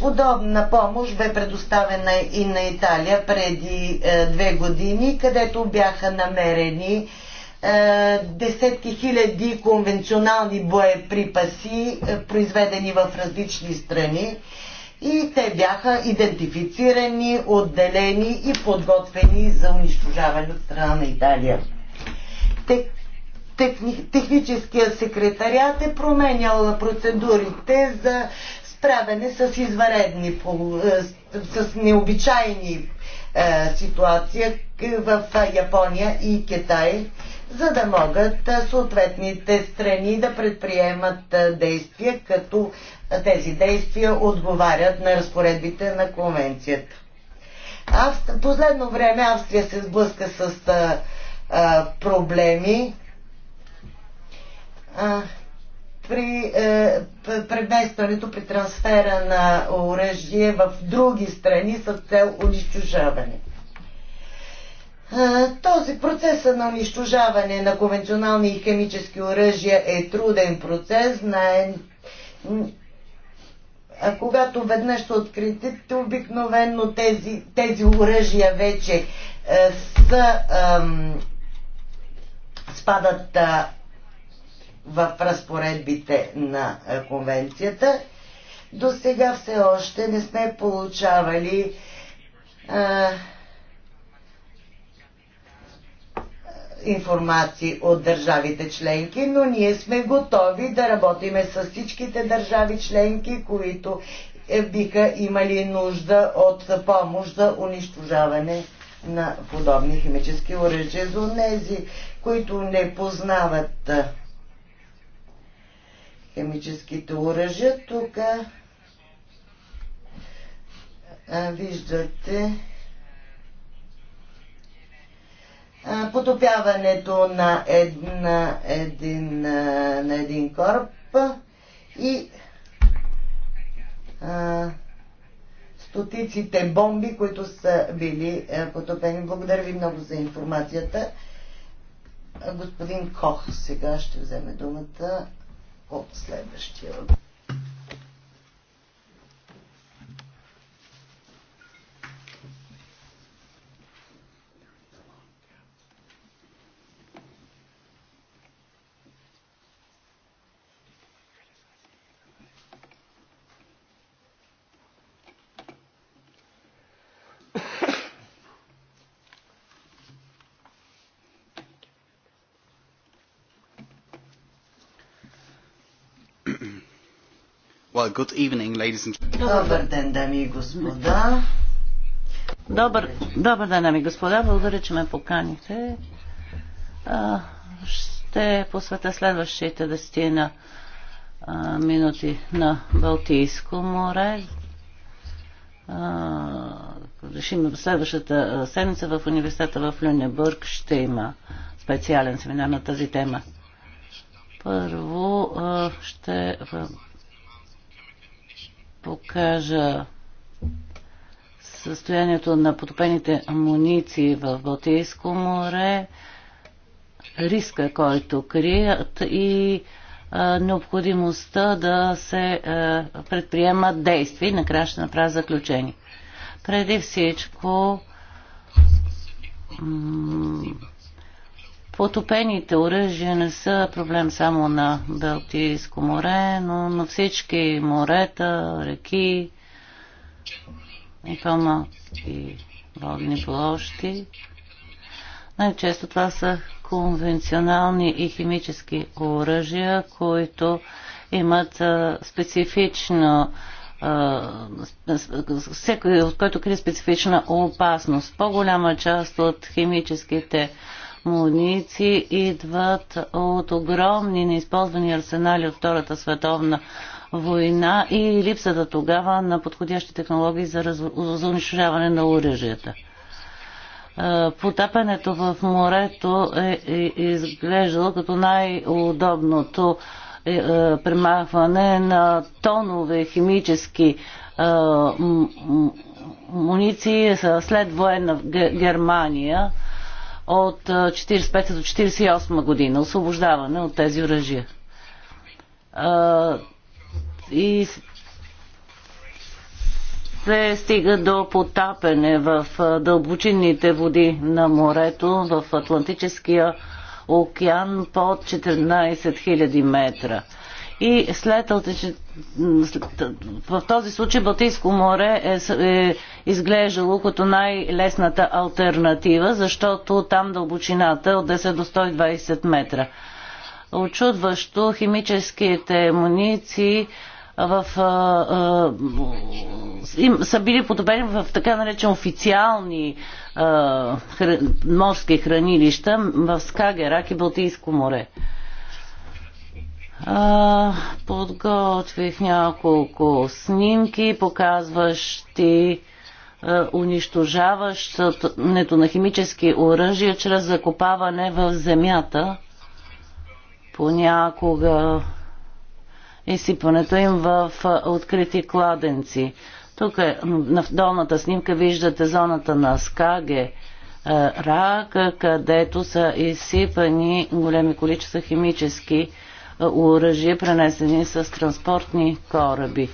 Подобна помощ бе предоставена и на Италия преди две години, където бяха намерени десетки хиляди конвенционални боеприпаси, произведени в различни страни и те бяха идентифицирани, отделени и подготвени за унищожаване от страна на Италия. Те, техническия секретариат е променял процедурите за справяне с изваредни, е, с необичайни е, ситуация в Япония и Китай, за да могат е, съответните страни да предприемат действия, като тези действия отговарят на разпоредбите на конвенцията. В Последно време Австрия се сблъска с а, а, проблеми а, при е, преместването, при трансфера на оръжие в други страни с цел унищожаване. Този процес на унищожаване на конвенционални и химически оръжия е труден процес. Знаем, а когато веднъж са откритите, обикновено тези, тези оръжия вече е, са, е, спадат е, в разпоредбите на е, конвенцията. До сега все още не сме получавали е, информации от държавите членки, но ние сме готови да работиме с всичките държави членки, които е, биха имали нужда от помощ за унищожаване на подобни химически оръжия. За тези, които не познават е, химическите оръжия, тук е, виждате потопяването на, на, един, на един кораб и а, стотиците бомби, които са били потопени. Благодаря ви много за информацията. Господин Кох сега ще вземе думата от следващия въпрос. Well, evening, добър ден, дами и господа. Добър, добър ден, дами и господа. Благодаря, че ме поканите. А, ще посвета следващите дестина минути на Балтийско море. решим следващата седмица в университета в Люнебург ще има специален семинар на тази тема. Първо ще покажа състоянието на потопените амуниции в Балтийско море, риска, който крият и а, необходимостта да се а, предприемат действия. и Накрая ще направя заключение. Преди всичко, Потопените оръжия не са проблем само на Балтийско море, но на всички морета, реки и по-малки водни площи. Най-често това са конвенционални и химически оръжия, които имат специфично всеки от който крие специфична опасност. По-голяма част от химическите муници идват от огромни неизползвани арсенали от Втората световна война и липсата тогава на подходящи технологии за, раз... за унищожаване на оръжията. Е, потапянето в морето е, е изглеждало като най-удобното е, премахване на тонове химически муниции след военна Германия от 1945 до 1948 година. Освобождаване от тези оръжия. И се стига до потапене в дълбочинните води на морето в Атлантическия океан под 14 000 метра и след В този случай Балтийско море е, е изглеждало като най-лесната альтернатива, защото там дълбочината е от 10 до 120 метра. Очудващо химическите муниции в, а, а, им, са били подобени в така наречен официални а, хр... морски хранилища в Скагерак и Балтийско море а, подготвих няколко снимки, показващи а, унищожаването на химически оръжия чрез закопаване в земята. Понякога изсипването им в открити кладенци. Тук е, на долната снимка виждате зоната на Скаге, рак, където са изсипани големи количества химически оръжия, пренесени с транспортни кораби.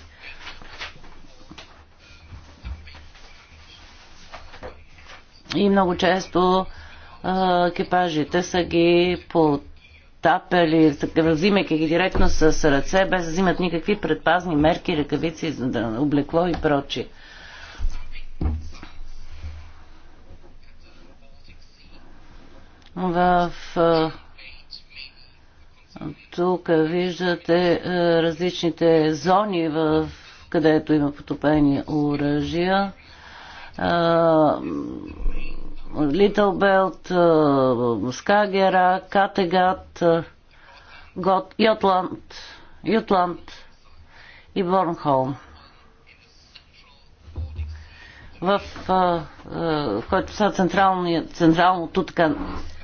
И много често екипажите са ги потапели, взимайки ги директно с ръце, без да взимат никакви предпазни мерки, ръкавици, облекло и прочие. в тук е, виждате е, различните зони, в където има потопени оръжия. Литъл е, Белт, Скагера, Категат, Гот, Йотланд, и Борнхолм. В, а, а, който са централното така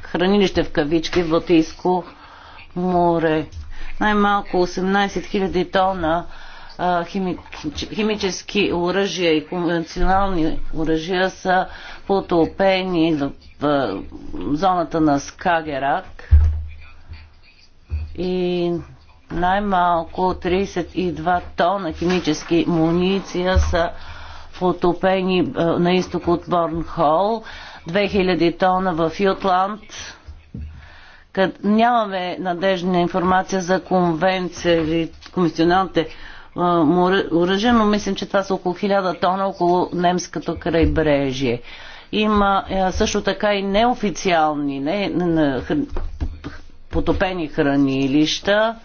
хранилище в кавички в Балтийско море. Най-малко 18 000 тона а, хими, химически оръжия и конвенционални оръжия са потопени в, в, в зоната на Скагерак и най-малко 32 тона химически муниция са потопени на изток от Борнхол, 2000 тона в Ютланд, къд нямаме надежна информация за конвенция или комисионалните оръжия, но мислим, че това са около 1000 тона около немското крайбрежие. Има е, също така и неофициални не, не, хр... потопени хранилища.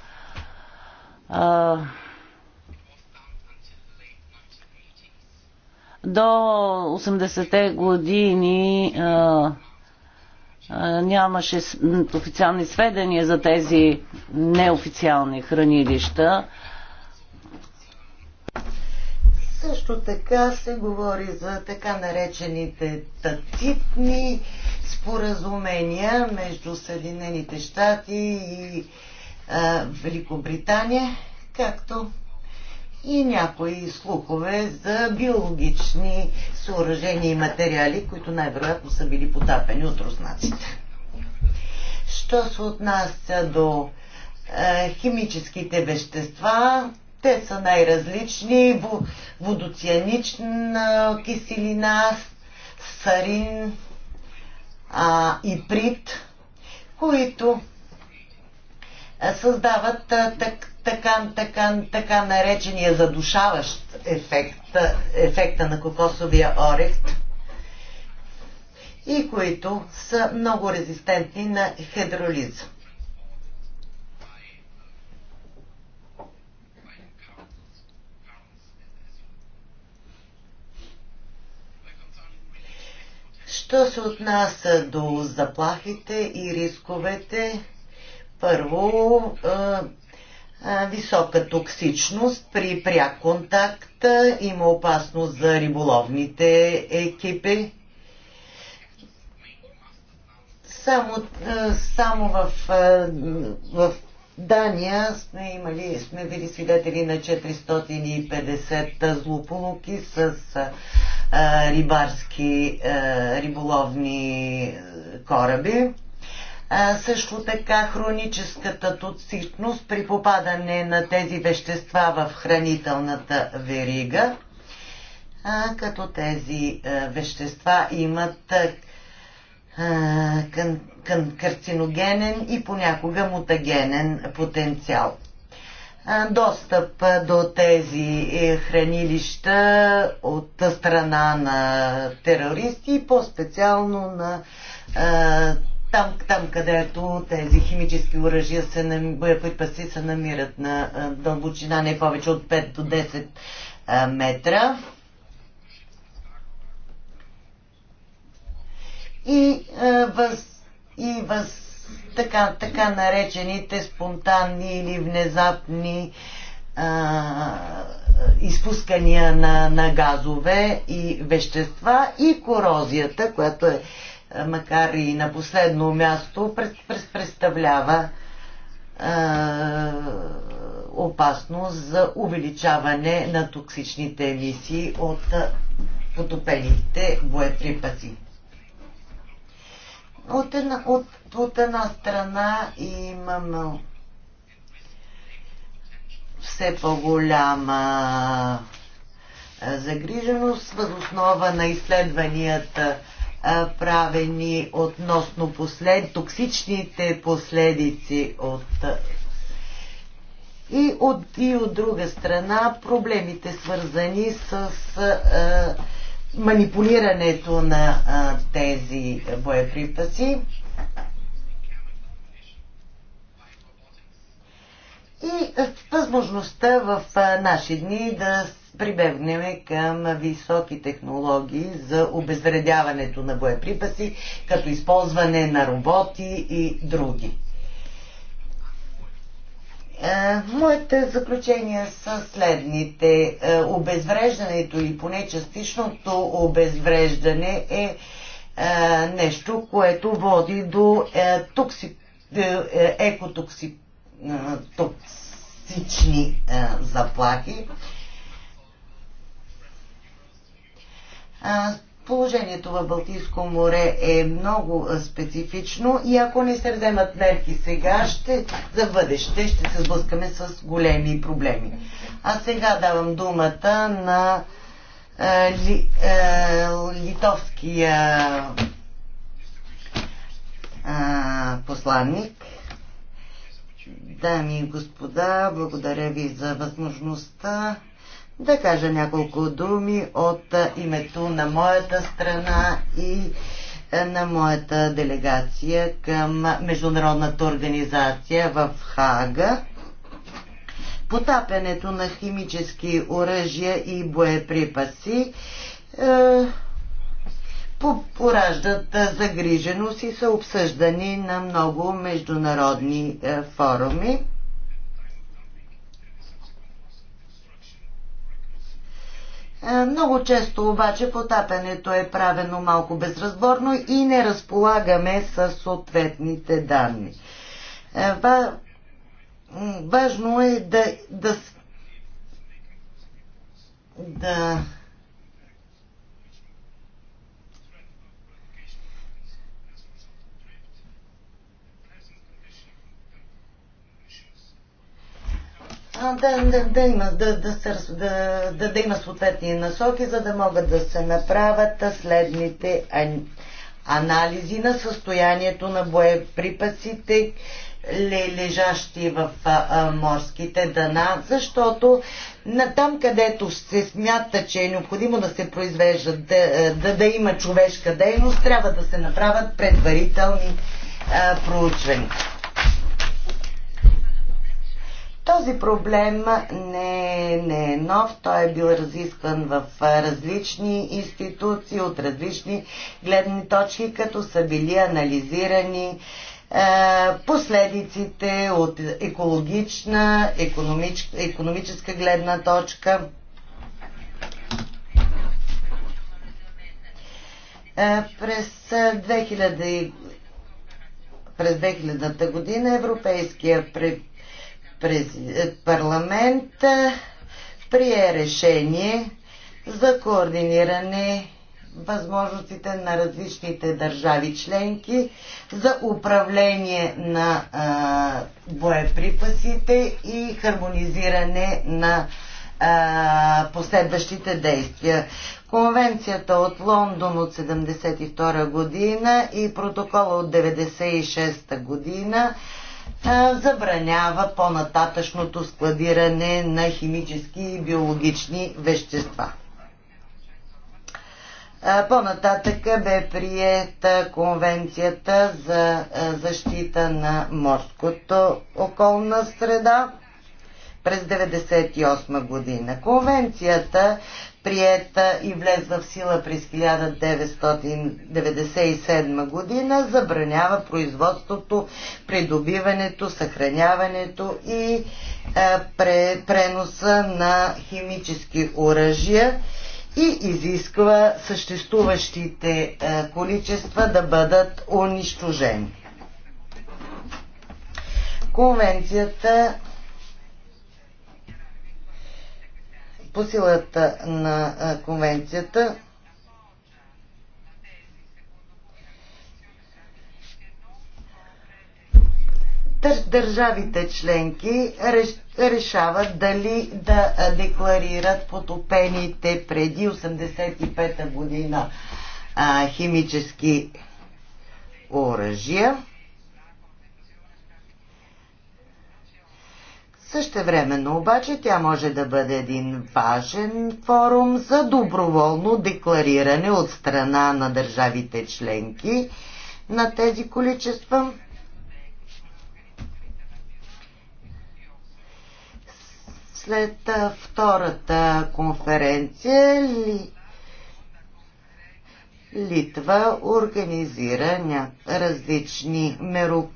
А... До 80-те години а нямаше официални сведения за тези неофициални хранилища. Също така се говори за така наречените татитни споразумения между Съединените щати и а, Великобритания, както и някои слухове за биологични съоръжения и материали, които най-вероятно са били потапени от руснаците. Що се отнася до е, химическите вещества, те са най-различни. Водоцианична киселина, сарин а, и прит, които е, създават е, так, така, така, така наречения задушаващ ефект, ефекта на кокосовия орех и които са много резистентни на хидролиза. Що се отнася до заплахите и рисковете, първо висока токсичност при пряк контакт, има опасност за риболовните екипи. Само, само в, в Дания сме имали, сме били свидетели на 450 злополуки с а, рибарски а, риболовни кораби също така хроническата токсичност при попадане на тези вещества в хранителната верига, като тези вещества имат карциногенен и понякога мутагенен потенциал. Достъп до тези е, хранилища от страна на терористи и по-специално на там, там където тези химически оръжия, се, боеприпаси се намират на дълбочина не повече от 5 до 10 метра. И, въз, и въз, така, така наречените спонтанни или внезапни а, изпускания на, на газове и вещества и корозията, която е е, макар и на последно място, представлява е, опасност за увеличаване на токсичните емисии от е, потопените боеприпаси. От една, от, от една страна имаме все по-голяма загриженост възоснова на изследванията правени относно послед, токсичните последици от и от, и от друга страна проблемите свързани с а, манипулирането на а, тези боеприпаси. И възможността в а, наши дни да прибегнем към високи технологии за обезвредяването на боеприпаси, като използване на роботи и други. Е, моите заключения са следните. Е, обезвреждането или поне частичното обезвреждане е, е нещо, което води до токсик, екотоксични заплахи Положението в Балтийско море е много специфично и ако не се вземат мерки сега, ще, за бъдеще ще се сблъскаме с големи проблеми. А сега давам думата на е, ли, е, литовския е, посланник. Дами и господа, благодаря ви за възможността да кажа няколко думи от името на моята страна и е, на моята делегация към Международната организация в Хага. Потапянето на химически оръжия и боеприпаси е, пораждат загриженост и са обсъждани на много международни е, форуми. Е, много често обаче потапянето е правено малко безразборно и не разполагаме с съответните данни. Е, важно е да, да, да да, да, да, има, да, да, се, да, да, да има съответни насоки, за да могат да се направят следните анализи на състоянието на боеприпасите, лежащи в морските дъна, защото на там, където се смята, че е необходимо да се произвеждат, да, да, да има човешка дейност, трябва да се направят предварителни а, проучвания. Този проблем не, е, не е нов, той е бил разискван в различни институции от различни гледни точки, като са били анализирани последиците от екологична, економич, економическа гледна точка. През 2000 през 2000-та година Европейския е, парламент прие решение за координиране възможностите на различните държави членки за управление на а, боеприпасите и хармонизиране на а, последващите действия. Конвенцията от Лондон от 1972 година и протокола от 1996 година забранява по-нататъчното складиране на химически и биологични вещества. По-нататък бе приета конвенцията за защита на морското околна среда през 1998 година. Конвенцията приета и влезла в сила през 1997 година, забранява производството, придобиването, съхраняването и е, преноса на химически оръжия и изисква съществуващите е, количества да бъдат унищожени. Конвенцията по силата на конвенцията държавите членки решават дали да декларират потопените преди 85-та година химически оръжия. Същевременно обаче тя може да бъде един важен форум за доброволно деклариране от страна на държавите членки на тези количества. След втората конференция ли Литва организира различни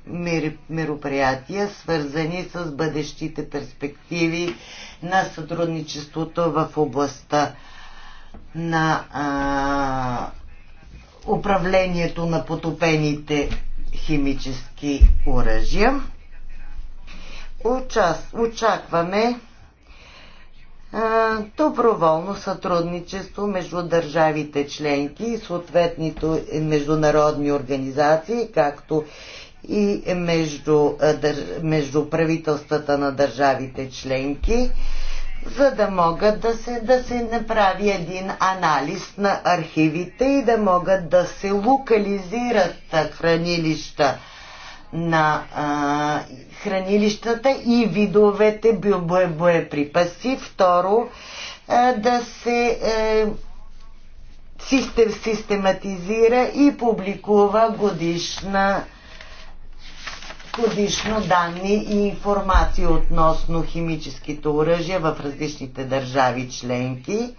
мер... мероприятия, свързани с бъдещите перспективи на сътрудничеството в областта на а... управлението на потопените химически оръжия. Очакваме доброволно сътрудничество между държавите членки и съответните международни организации, както и между, между правителствата на държавите членки, за да могат да се, да се направи един анализ на архивите и да могат да се локализират хранилища на а, хранилищата и видовете боеприпаси. Второ, да се е, систематизира и публикува годишна годишно данни и информация относно химическите оръжия в различните държави членки,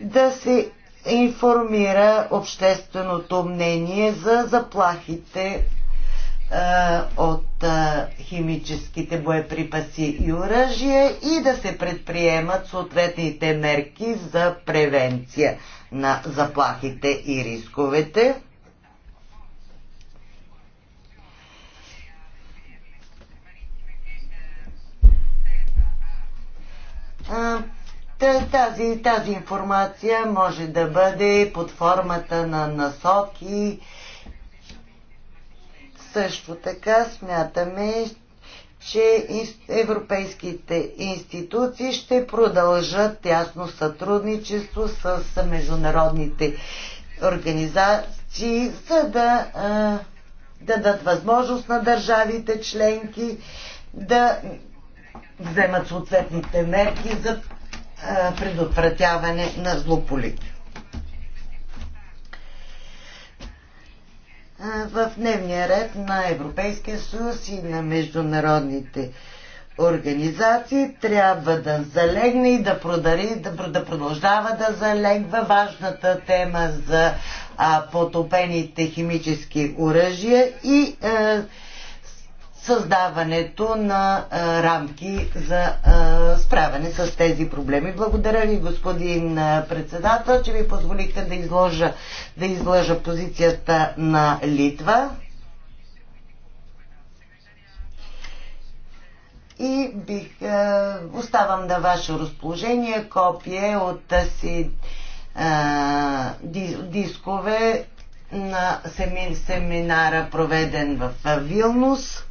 да се информира общественото мнение за заплахите е, от е, химическите боеприпаси и оръжие и да се предприемат съответните мерки за превенция на заплахите и рисковете. Е, тази, тази информация може да бъде под формата на насоки, също така смятаме, че европейските институции ще продължат тясно сътрудничество с международните организации, за да, дадат възможност на държавите членки да вземат съответните мерки за предотвратяване на злополитика. в дневния ред на Европейския съюз и на международните организации трябва да залегне и да, продари, да, да продължава да залегва важната тема за а, потопените химически оръжия и а, е, създаването на рамки за справяне с тези проблеми. Благодаря ви, господин председател, че ви позволихте да изложа, да изложа позицията на Литва. И бих, е, оставам на ваше разположение копие от си а, дискове на семинара, проведен в Вилнус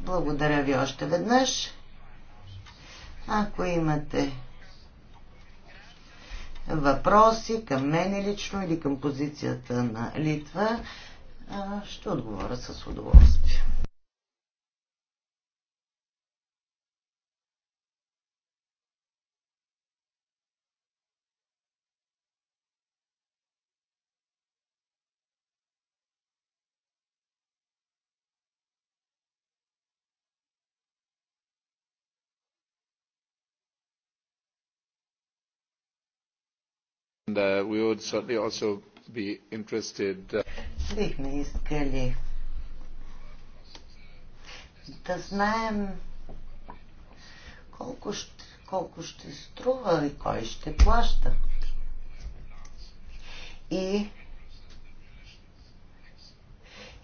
Благодаря ви още веднъж. Ако имате въпроси към мене лично или към позицията на Литва, ще отговоря с удоволствие. Uh, we would certainly also be interested. Uh, Бихме искали да знаем колко ще, колко ще струва и кой ще плаща. И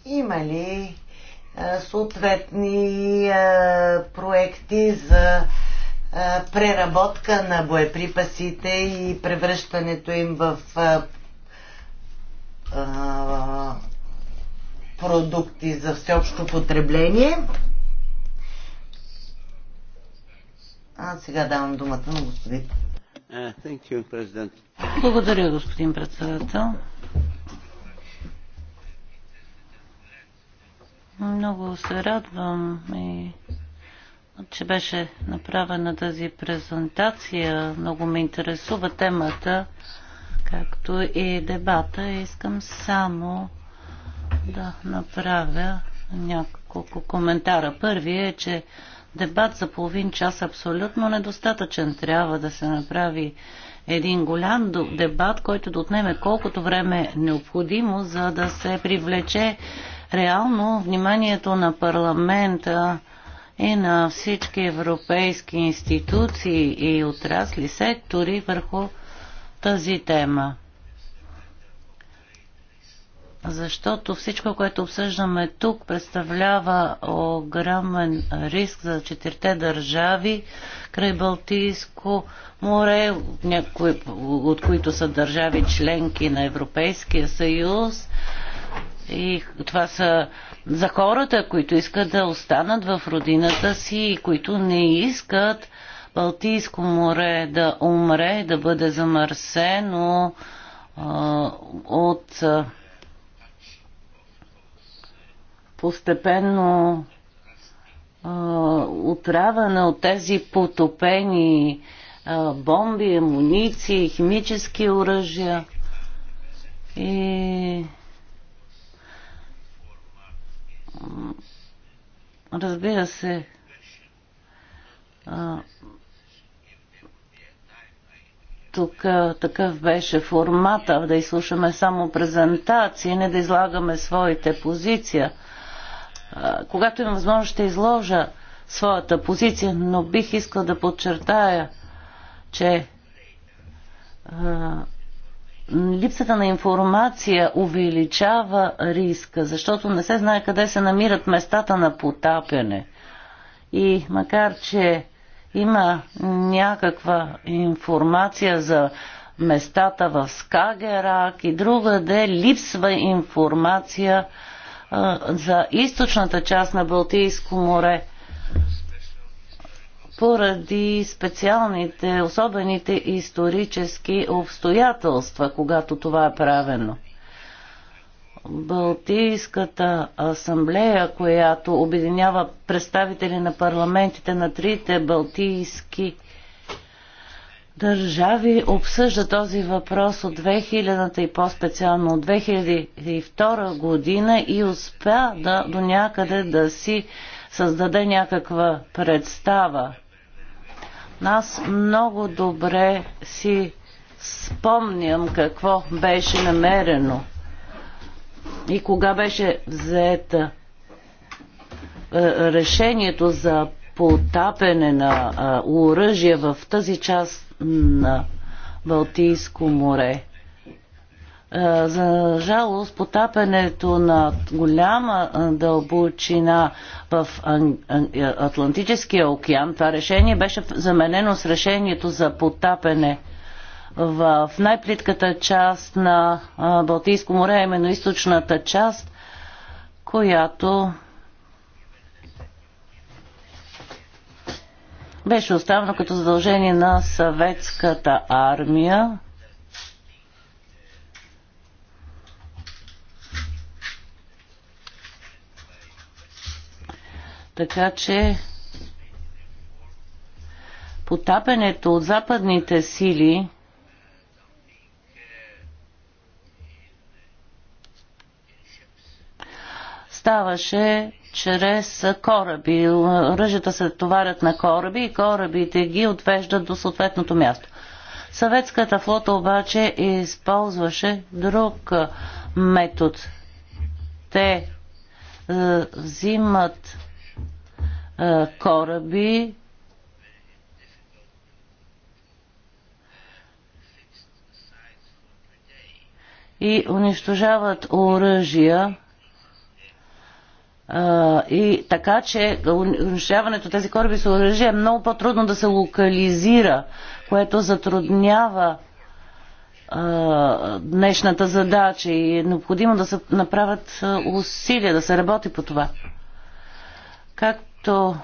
има ли съответни проекти за преработка на боеприпасите и превръщането им в продукти за всеобщо потребление. А сега давам думата на господин. You, Благодаря, господин председател. Много се радвам и че беше направена тази презентация. Много ме интересува темата, както и дебата. Искам само да направя няколко коментара. Първият е, че дебат за половин час е абсолютно недостатъчен. Трябва да се направи един голям дебат, който да отнеме колкото време е необходимо, за да се привлече реално вниманието на парламента и на всички европейски институции и отрасли сектори върху тази тема. Защото всичко, което обсъждаме тук, представлява огромен риск за четирите държави край Балтийско море, някои от които са държави членки на Европейския съюз. И това са за хората, които искат да останат в родината си и които не искат Балтийско море да умре, да бъде замърсено а, от а, постепенно а, отравяне от тези потопени а, бомби, амуниции, химически оръжия. И Разбира се, тук такъв беше формата, да изслушаме само презентации, не да излагаме своите позиция. когато имам възможност, ще изложа своята позиция, но бих искал да подчертая, че липсата на информация увеличава риска, защото не се знае къде се намират местата на потапяне. И макар, че има някаква информация за местата в Скагерак и другаде, липсва информация а, за източната част на Балтийско море поради специалните, особените исторически обстоятелства, когато това е правено. Балтийската асамблея, която обединява представители на парламентите на трите балтийски държави, обсъжда този въпрос от 2000-та и по-специално от 2002 година и успя да, до някъде да си създаде някаква представа аз много добре си спомням какво беше намерено и кога беше взета е, решението за потапене на е, оръжие в тази част на Балтийско море. Е, за жалост, потапенето на голяма е, дълбочина в е, Атлантическия океан, това решение беше заменено с решението за потапене в най-плитката част на Балтийско море, именно източната част, която беше оставена като задължение на съветската армия Така че потапенето от западните сили ставаше чрез кораби. Ръжата се товарят на кораби и корабите ги отвеждат до съответното място. Съветската флота обаче използваше друг метод. Те взимат кораби. И унищожават оръжия. И така, че унищожаването тези кораби с оръжия е много по-трудно да се локализира, което затруднява днешната задача и е необходимо да се направят усилия, да се работи по това. Как то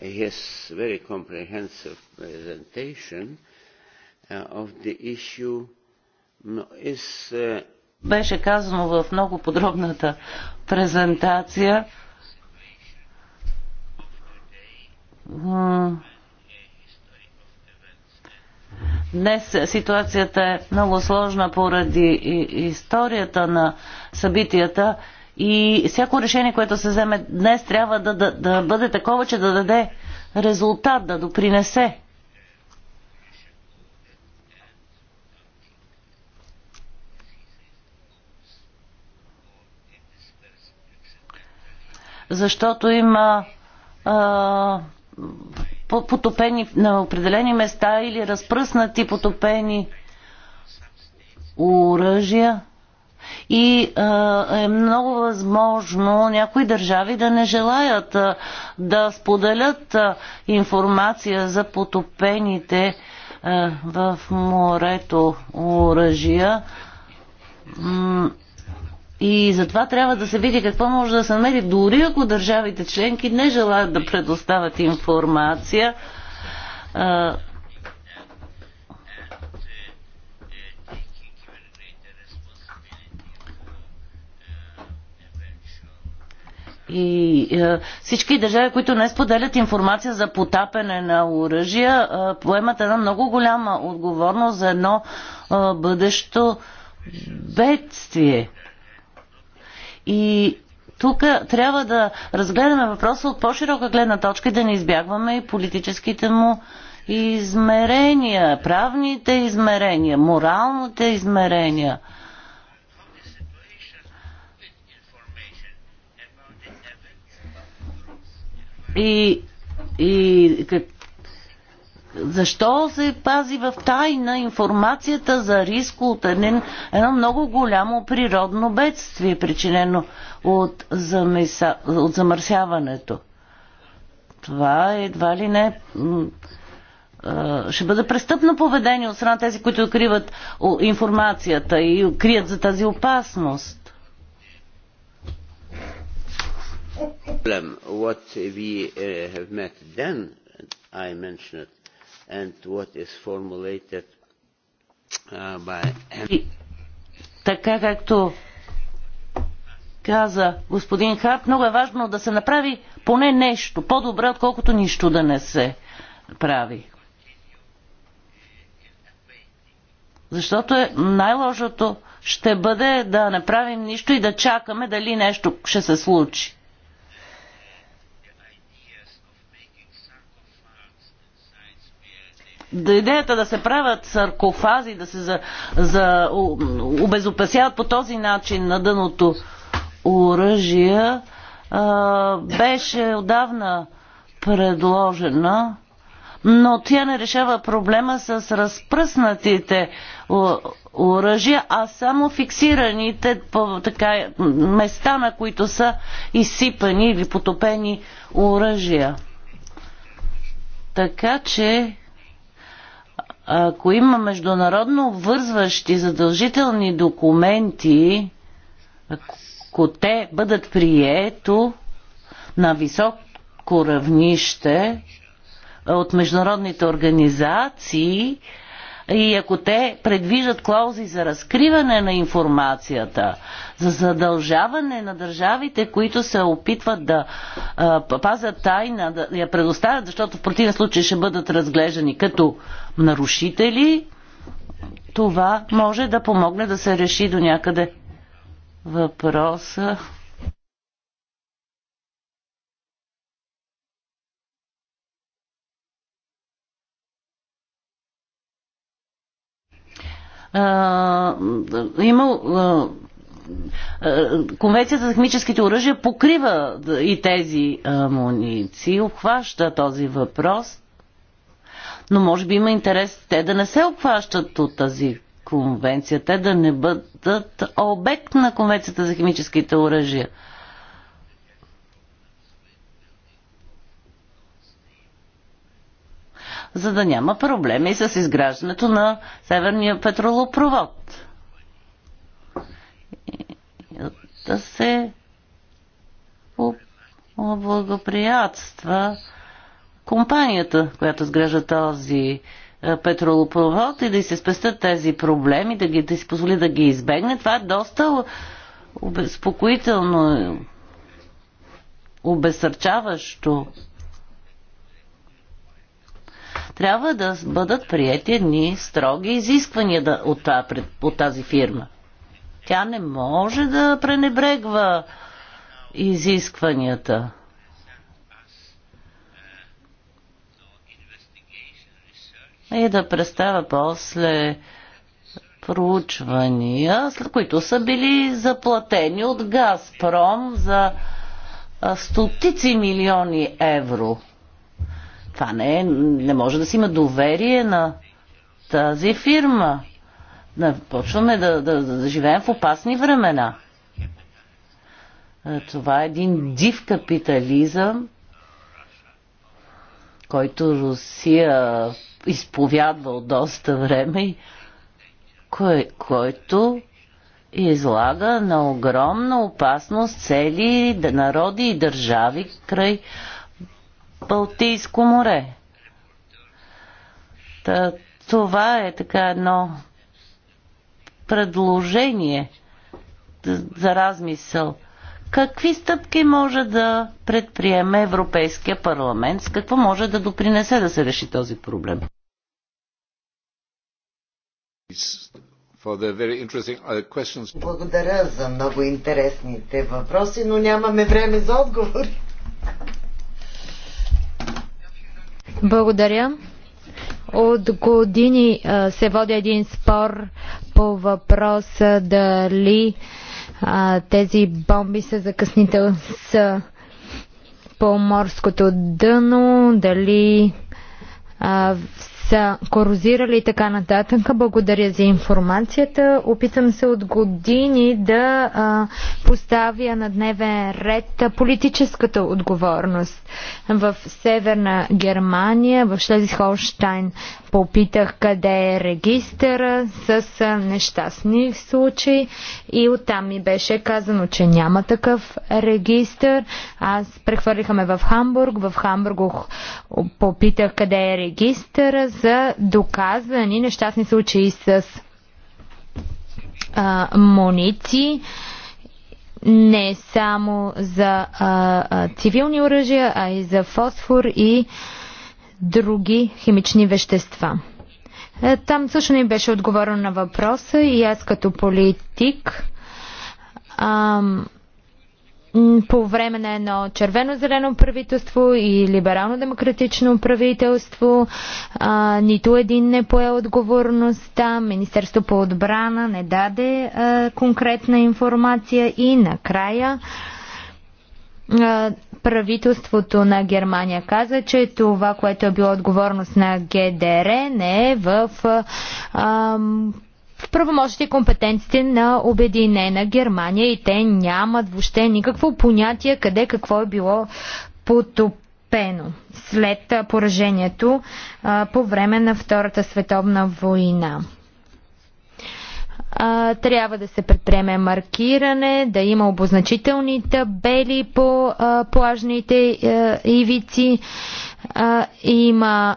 his very comprehensive presentation uh, of the issue is uh... беше казано в много подробната презентация Днес ситуацията е много сложна поради историята на събитията и всяко решение, което се вземе днес, трябва да, да, да бъде такова, че да даде резултат, да допринесе. Защото има а, потопени на определени места или разпръснати потопени оръжия и е много възможно някои държави да не желаят да споделят информация за потопените в морето оръжия. И затова трябва да се види какво може да се намери, дори ако държавите членки не желаят да предоставят информация. И е, всички държави, които не споделят информация за потапене на оръжия, е, поемат една много голяма отговорност за едно е, бъдещо бедствие. И тук трябва да разгледаме въпроса от по-широка гледна точка и да не избягваме и политическите му измерения, правните измерения, моралните измерения – И, и как, защо се пази в тайна информацията за риск от едно, едно много голямо природно бедствие, причинено от, замеса, от замърсяването? Това едва ли не ще бъде престъпно поведение от страна тези, които откриват информацията и крият за тази опасност. problem what we uh, have met then, I mentioned, and what is formulated uh, by... така както каза господин Харт, много е важно да се направи поне нещо, по-добре, отколкото нищо да не се прави. Защото е най-лошото ще бъде да не правим нищо и да чакаме дали нещо ще се случи. идеята да се правят саркофази, да се за, за, обезопасяват по този начин на дъното оръжия, беше отдавна предложена, но тя не решава проблема с разпръснатите оръжия, а само фиксираните по, така, места, на които са изсипани или потопени оръжия. Така че ако има международно обвързващи задължителни документи, ако те бъдат прието на високо равнище от международните организации, и ако те предвиждат клаузи за разкриване на информацията, за задължаване на държавите, които се опитват да а, пазят тайна, да я предоставят, защото в противен случай ще бъдат разглеждани като нарушители, това може да помогне да се реши до някъде въпроса. Uh, има uh, Конвенцията за химическите оръжия покрива и тези амуниции, обхваща този въпрос но може би има интерес те да не се обхващат от тази конвенция, те да не бъдат обект на конвенцията за химическите оръжия. За да няма проблеми с изграждането на Северния петролопровод. Да се благоприятства компанията, която сгражда този е, петролопровод и да се спестят тези проблеми, да, ги, да си позволи да ги избегне. Това е доста обезпокоително, обесърчаващо. Трябва да бъдат приети едни строги изисквания да, от, това, от тази фирма. Тя не може да пренебрегва изискванията. И да представя после проучвания, които са били заплатени от Газпром за стотици милиони евро. Това не, е, не може да си има доверие на тази фирма. Да, почваме да, да, да, да живеем в опасни времена. Е, това е един див капитализъм, който Русия изповядвал доста време, кой, който излага на огромна опасност цели народи и държави край Балтийско море. Та, това е така едно предложение за размисъл. Какви стъпки може да предприеме Европейския парламент? С какво може да допринесе да се реши този проблем? Uh, Благодаря за много интересните въпроси, но нямаме време за отговори. Благодаря. От години а, се води един спор по въпроса дали а, тези бомби са закъснител с по морското дъно, дали а, са корозирали и така нататък. Благодаря за информацията. Опитам се от години да а, поставя на дневен ред политическата отговорност. В Северна Германия, в Шлезихолштайн, попитах къде е регистъра с нещастни случаи и оттам ми беше казано, че няма такъв регистър. Аз прехвърлиха ме в Хамбург. В Хамбург попитах къде е регистъра за доказани нещастни случаи с а, муници, не само за а, а, цивилни оръжия, а и за фосфор и други химични вещества. Е, там също ни беше отговорено на въпроса и аз като политик ам, по време на едно червено-зелено правителство и либерално-демократично правителство. А, нито един не пое отговорността. Министерство по отбрана не даде а, конкретна информация и накрая а, правителството на Германия каза, че това, което е било отговорност на ГДР, не е в а, в правомощите и компетенциите на Обединена Германия и те нямат въобще никакво понятие къде какво е било потопено след поражението а, по време на Втората световна война. А, трябва да се предприеме маркиране, да има обозначителни табели по а, плажните ивици. Има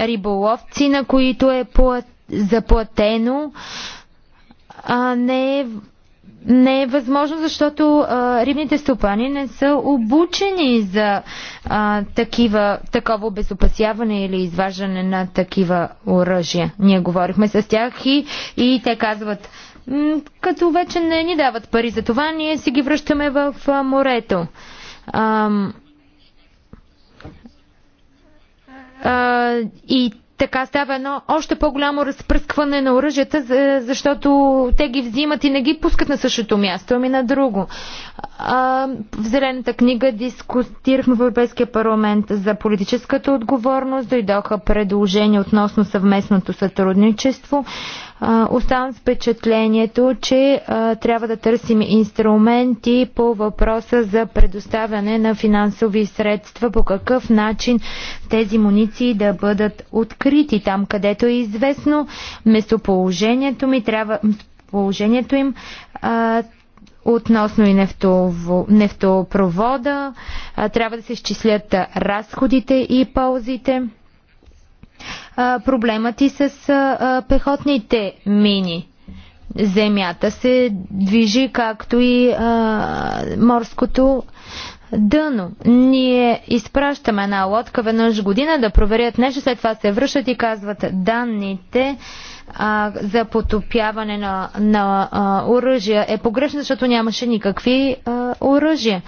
риболовци, на които е плат заплатено, а, не е не е възможно, защото а, рибните стопани не са обучени за а, такива, такова обезопасяване или изваждане на такива оръжия. Ние говорихме с тях и, и те казват, като вече не ни дават пари за това, ние си ги връщаме в а, морето. А, а, и така става едно още по-голямо разпръскване на оръжията, защото те ги взимат и не ги пускат на същото място, ами на друго. А, в Зелената книга дискутирахме в Европейския парламент за политическата отговорност, дойдоха предложения относно съвместното сътрудничество. Оставам с впечатлението, че трябва да търсим инструменти по въпроса за предоставяне на финансови средства, по какъв начин тези муниции да бъдат открити там, където е известно местоположението ми, трябва положението им относно и нефтово, нефтопровода. Трябва да се изчислят разходите и ползите проблемът и с пехотните мини. Земята се движи както и морското дъно. Ние изпращаме една лодка веднъж година да проверят нещо, след това се връщат и казват данните а, за потопяване на, на а, оръжия е погрешна, защото нямаше никакви а, оръжия.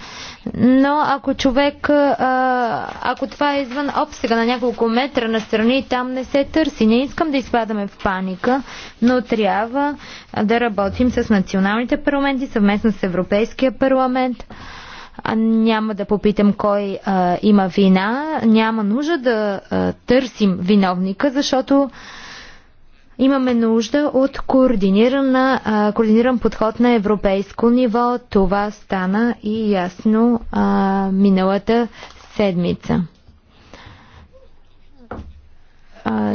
Но ако човек, а, ако това е извън обсега на няколко метра настрани, там не се търси. Не искам да изпадаме в паника, но трябва да работим с националните парламенти, съвместно с Европейския парламент. А, няма да попитам кой а, има вина, няма нужда да а, търсим виновника, защото а, Имаме нужда от координиран подход на европейско ниво. Това стана и ясно а, миналата седмица. А,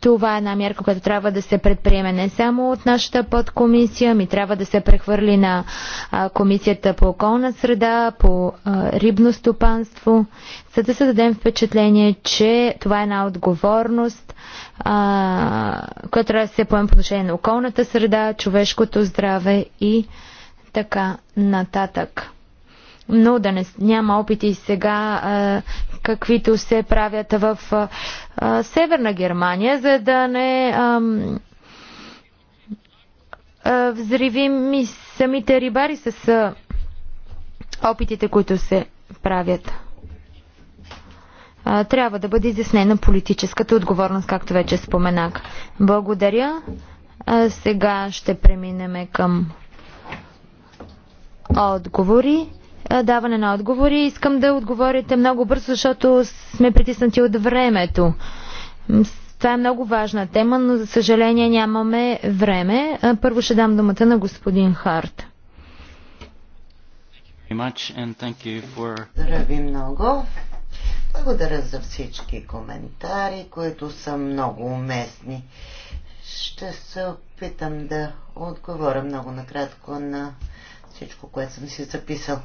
това е една мярка, която трябва да се предприеме не само от нашата подкомисия, ми трябва да се прехвърли на а, комисията по околна среда, по а, рибно стопанство, за да създадем впечатление, че това е една отговорност, а, която трябва да се поема по отношение на околната среда, човешкото здраве и така нататък. Но да не, няма опити сега, а, каквито се правят в а, Северна Германия, за да не а, а, взривим и самите рибари с а, опитите, които се правят трябва да бъде изяснена политическата отговорност, както вече споменах. Благодаря. А, сега ще преминем към отговори. А, даване на отговори. Искам да отговорите много бързо, защото сме притиснати от времето. Това е много важна тема, но за съжаление нямаме време. Първо ще дам думата на господин Харт. Благодаря ви много. Благодаря за всички коментари, които са много уместни. Ще се опитам да отговоря много накратко на всичко, което съм си записал.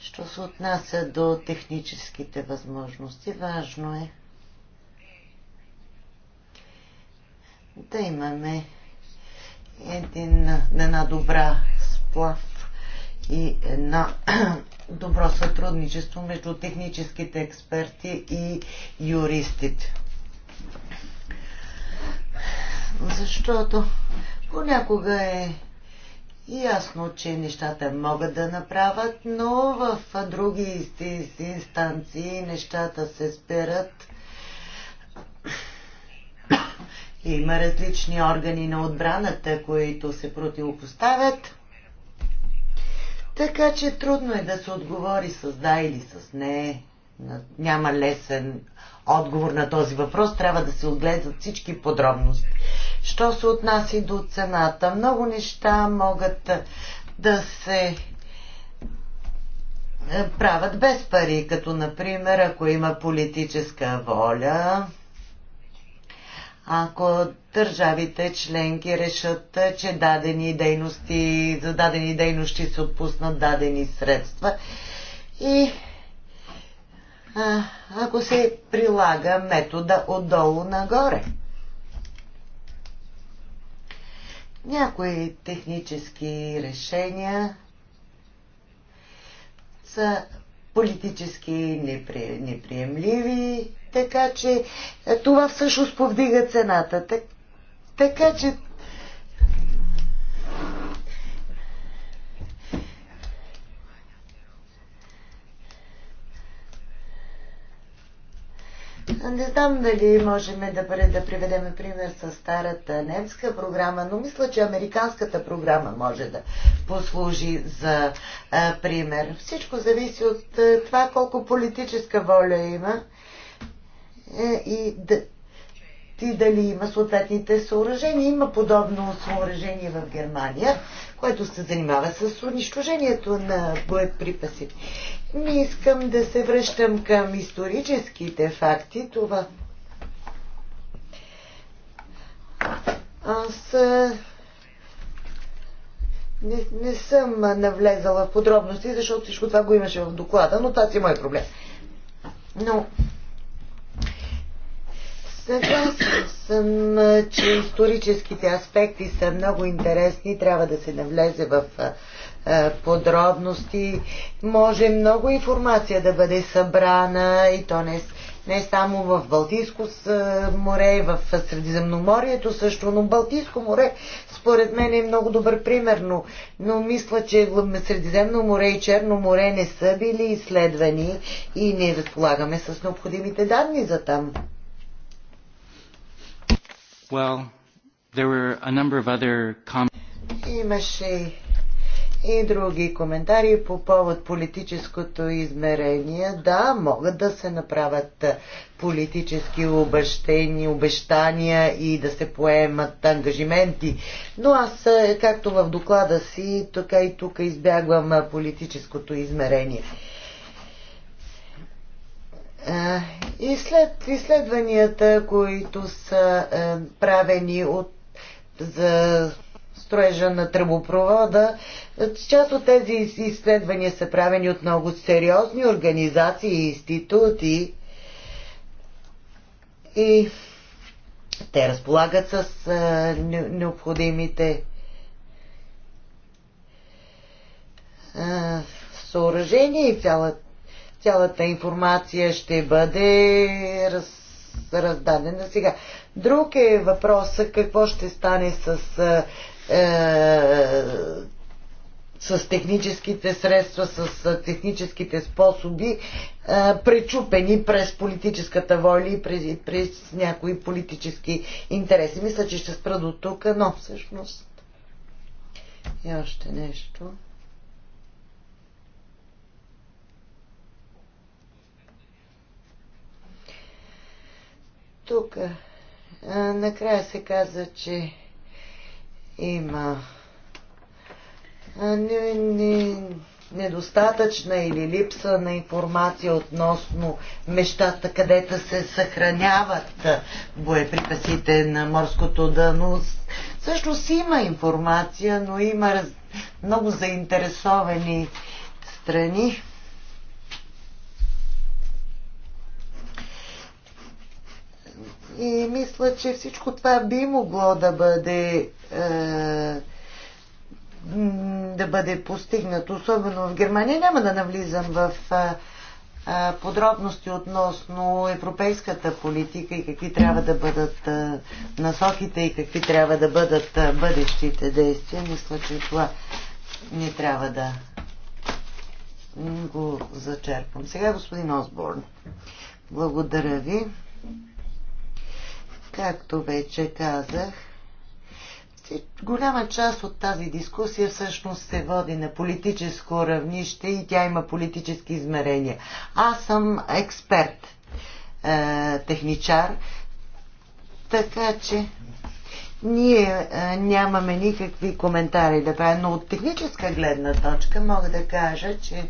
Що се отнася до техническите възможности, важно е да имаме един, една добра сплав и едно добро сътрудничество между техническите експерти и юристите. Защото понякога е ясно, че нещата могат да направят, но в други инстанции нещата се спират. Има различни органи на отбраната, които се противопоставят така че трудно е да се отговори с да или с не. Няма лесен отговор на този въпрос. Трябва да се отгледат всички подробности. Що се отнася до цената? Много неща могат да се е, правят без пари, като например, ако има политическа воля, ако държавите членки решат, че дадени дейности, за дадени дейности се отпуснат дадени средства. И а, ако се прилага метода отдолу нагоре. Някои технически решения са политически непри... неприемливи, така че е, това всъщност повдига цената. Так, така че Не знам дали можем да, да приведем пример с старата немска програма, но мисля, че американската програма може да послужи за а, е, пример. Всичко зависи от а, е, това колко политическа воля има е, и, и дали има съответните съоръжения. Има подобно съоръжение в Германия, което се занимава с унищожението на боеприпаси. Не искам да се връщам към историческите факти. Това Аз е, не, не съм навлезала в подробности, защото всичко това го имаше в доклада, но това си е мой проблем. Но Съгласна съм, че историческите аспекти са много интересни, трябва да се навлезе в подробности. Може много информация да бъде събрана и то не, не само в Балтийско море, в Средиземноморието също, но Балтийско море според мен е много добър пример, но, но мисля, че Средиземно море и Черно море не са били изследвани и не разполагаме с необходимите данни за там well. There were a number of other Имаше и други коментари по повод политическото измерение. Да, могат да се направят политически обещения, обещания и да се поемат ангажименти. Но аз, е, както в доклада си, така и тук избягвам политическото измерение. И след изследванията, които са правени от, за строежа на тръбопровода, част от тези изследвания са правени от много сериозни организации и институти. И те разполагат с необходимите съоръжения и цялата Цялата информация ще бъде раз, раздадена сега. Друг е въпросът какво ще стане с, е, е с техническите средства, с техническите способи, е, пречупени през политическата воля и през, през някои политически интереси. Мисля, че ще спра до тук, но всъщност. И още нещо. Тук накрая се каза, че има не, не, недостатъчна или липса на информация относно местата, където се съхраняват боеприпасите на морското дъно. Всъщност има информация, но има много заинтересовани страни. И мисля, че всичко това би могло да бъде е, да бъде постигнато, особено в Германия. Няма да навлизам в е, е, подробности относно европейската политика и какви трябва да бъдат насоките и какви трябва да бъдат бъдещите действия. Мисля, че това не трябва да го зачерпвам. Сега господин Осборн. Благодаря ви. Както вече казах, голяма част от тази дискусия всъщност се води на политическо равнище и тя има политически измерения. Аз съм експерт, е, техничар, така че ние е, нямаме никакви коментари да правим, но от техническа гледна точка мога да кажа, че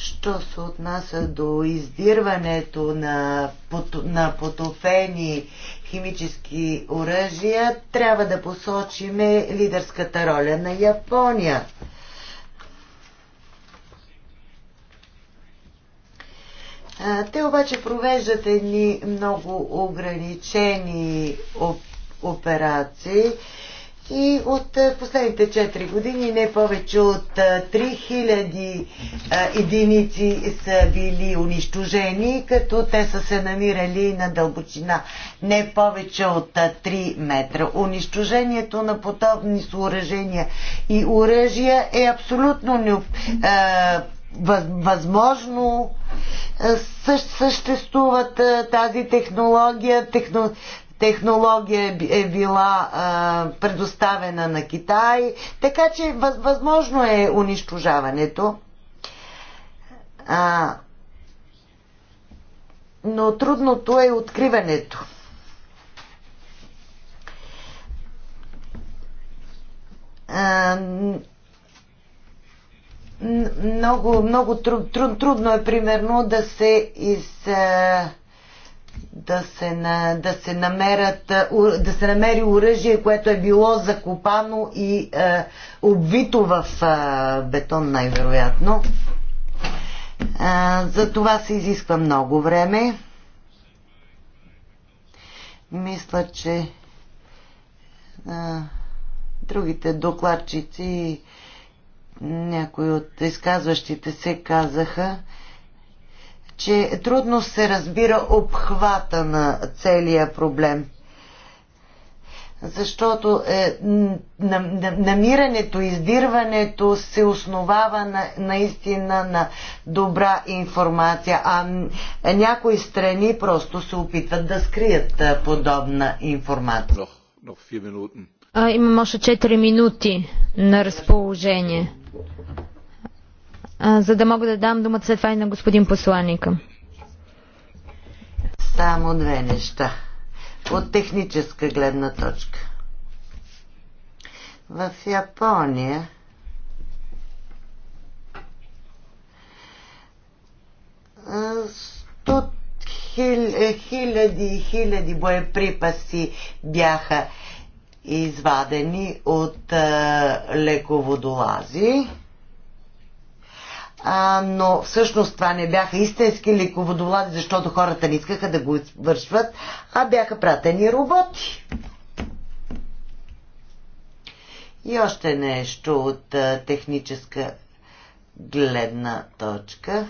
Що се отнася до издирването на, на потофени химически оръжия, трябва да посочим лидерската роля на Япония. Те обаче провеждат едни много ограничени операции и от е, последните 4 години не повече от 3000 е, е, единици са били унищожени, като те са се намирали на дълбочина не повече от 3 метра. Унищожението на подобни съоръжения и оръжия е абсолютно възможно съществуват тази технология, техно, технология е, е била а, предоставена на Китай, така че въз, възможно е унищожаването. А, но трудното е откриването. А, много, много труд, труд, трудно е примерно да се из. А, да се, на, да се, намерят, да се намери оръжие, което е било закопано и е, обвито в е, бетон, най-вероятно. Е, за това се изисква много време. Мисля, че е, другите докладчици, някои от изказващите се казаха, че трудно се разбира обхвата на целия проблем. Защото е, намирането, издирването се основава на, наистина на добра информация, а някои страни просто се опитват да скрият е, подобна информация. А, имам още 4 минути на разположение за да мога да дам думата след това и на господин посланника. Само две неща. От техническа гледна точка. В Япония сто е, хиляди и хиляди боеприпаси бяха извадени от леководолази но всъщност това не бяха истински лиководовлади, защото хората не искаха да го извършват, а бяха пратени роботи. И още нещо от а, техническа гледна точка.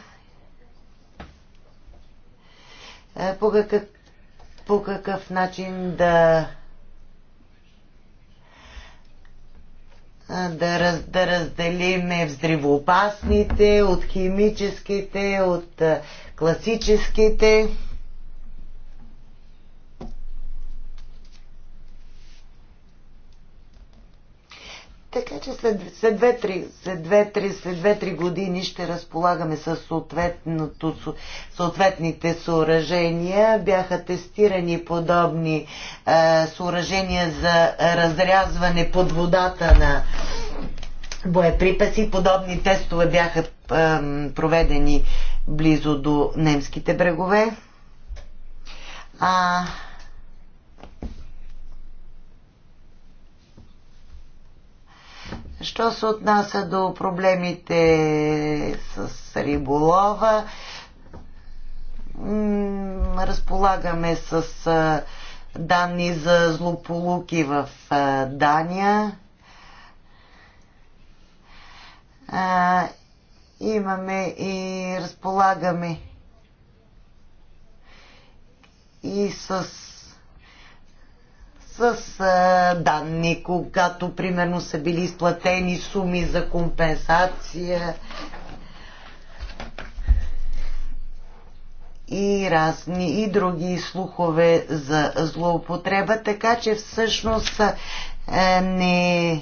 Е, по какъв, по какъв начин да да, раз, да разделиме взривоопасните от химическите, от класическите. Така че след 2-3 след 2 след години ще разполагаме с съответните съоръжения. Бяха тестирани подобни е, съоръжения за разрязване под водата на боеприпаси. Подобни тестове бяха е, проведени близо до немските брегове. А, Що се отнася до проблемите с риболова, разполагаме с данни за злополуки в Дания. Имаме и разполагаме и с с а, данни, когато примерно са били изплатени суми за компенсация и разни и други слухове за злоупотреба, така че всъщност не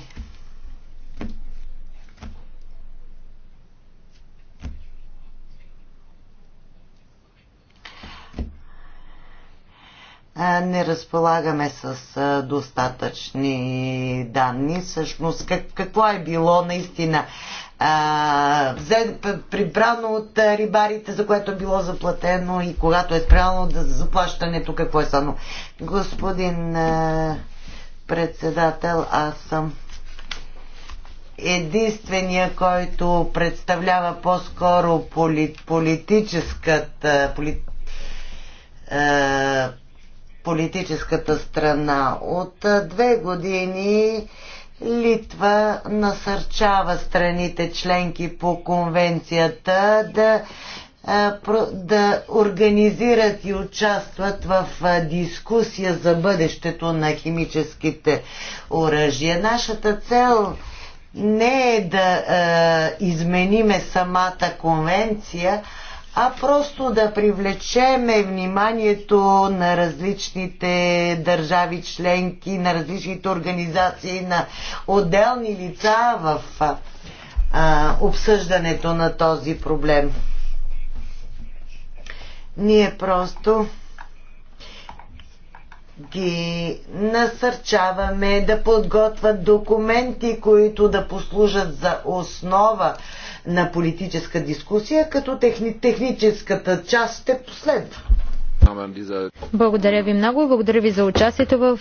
не разполагаме с достатъчни данни. Всъщност, как, какво е било наистина а, прибрано от рибарите, за което е било заплатено и когато е спрямо да заплащането, какво е само. Господин а, председател, аз съм единствения, който представлява по-скоро полит, политическата полит, а, политическата страна. От две години Литва насърчава страните членки по конвенцията да, да организират и участват в дискусия за бъдещето на химическите оръжия. Нашата цел не е да е, измениме самата конвенция, а просто да привлечеме вниманието на различните държави членки, на различните организации, на отделни лица в а, обсъждането на този проблем. Ние просто ги насърчаваме да подготвят документи, които да послужат за основа на политическа дискусия, като техни, техническата част ще последва. Благодаря ви много. и Благодаря ви за участието в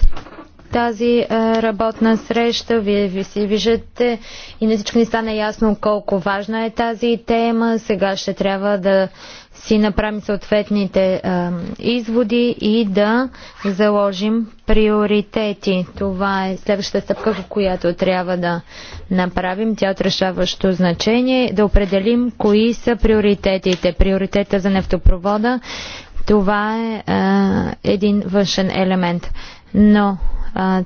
тази е, работна среща. Вие ви си виждате и на всички ни стана ясно колко важна е тази тема. Сега ще трябва да си направим съответните а, изводи и да заложим приоритети. Това е следващата стъпка, която трябва да направим. Тя от решаващо значение е да определим кои са приоритетите. Приоритета за нефтопровода това е а, един външен елемент. Но а,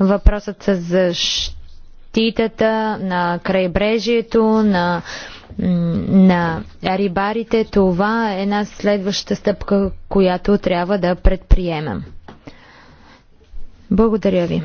въпросът за защитата на крайбрежието, на на рибарите, това е една следваща стъпка, която трябва да предприемем. Благодаря ви.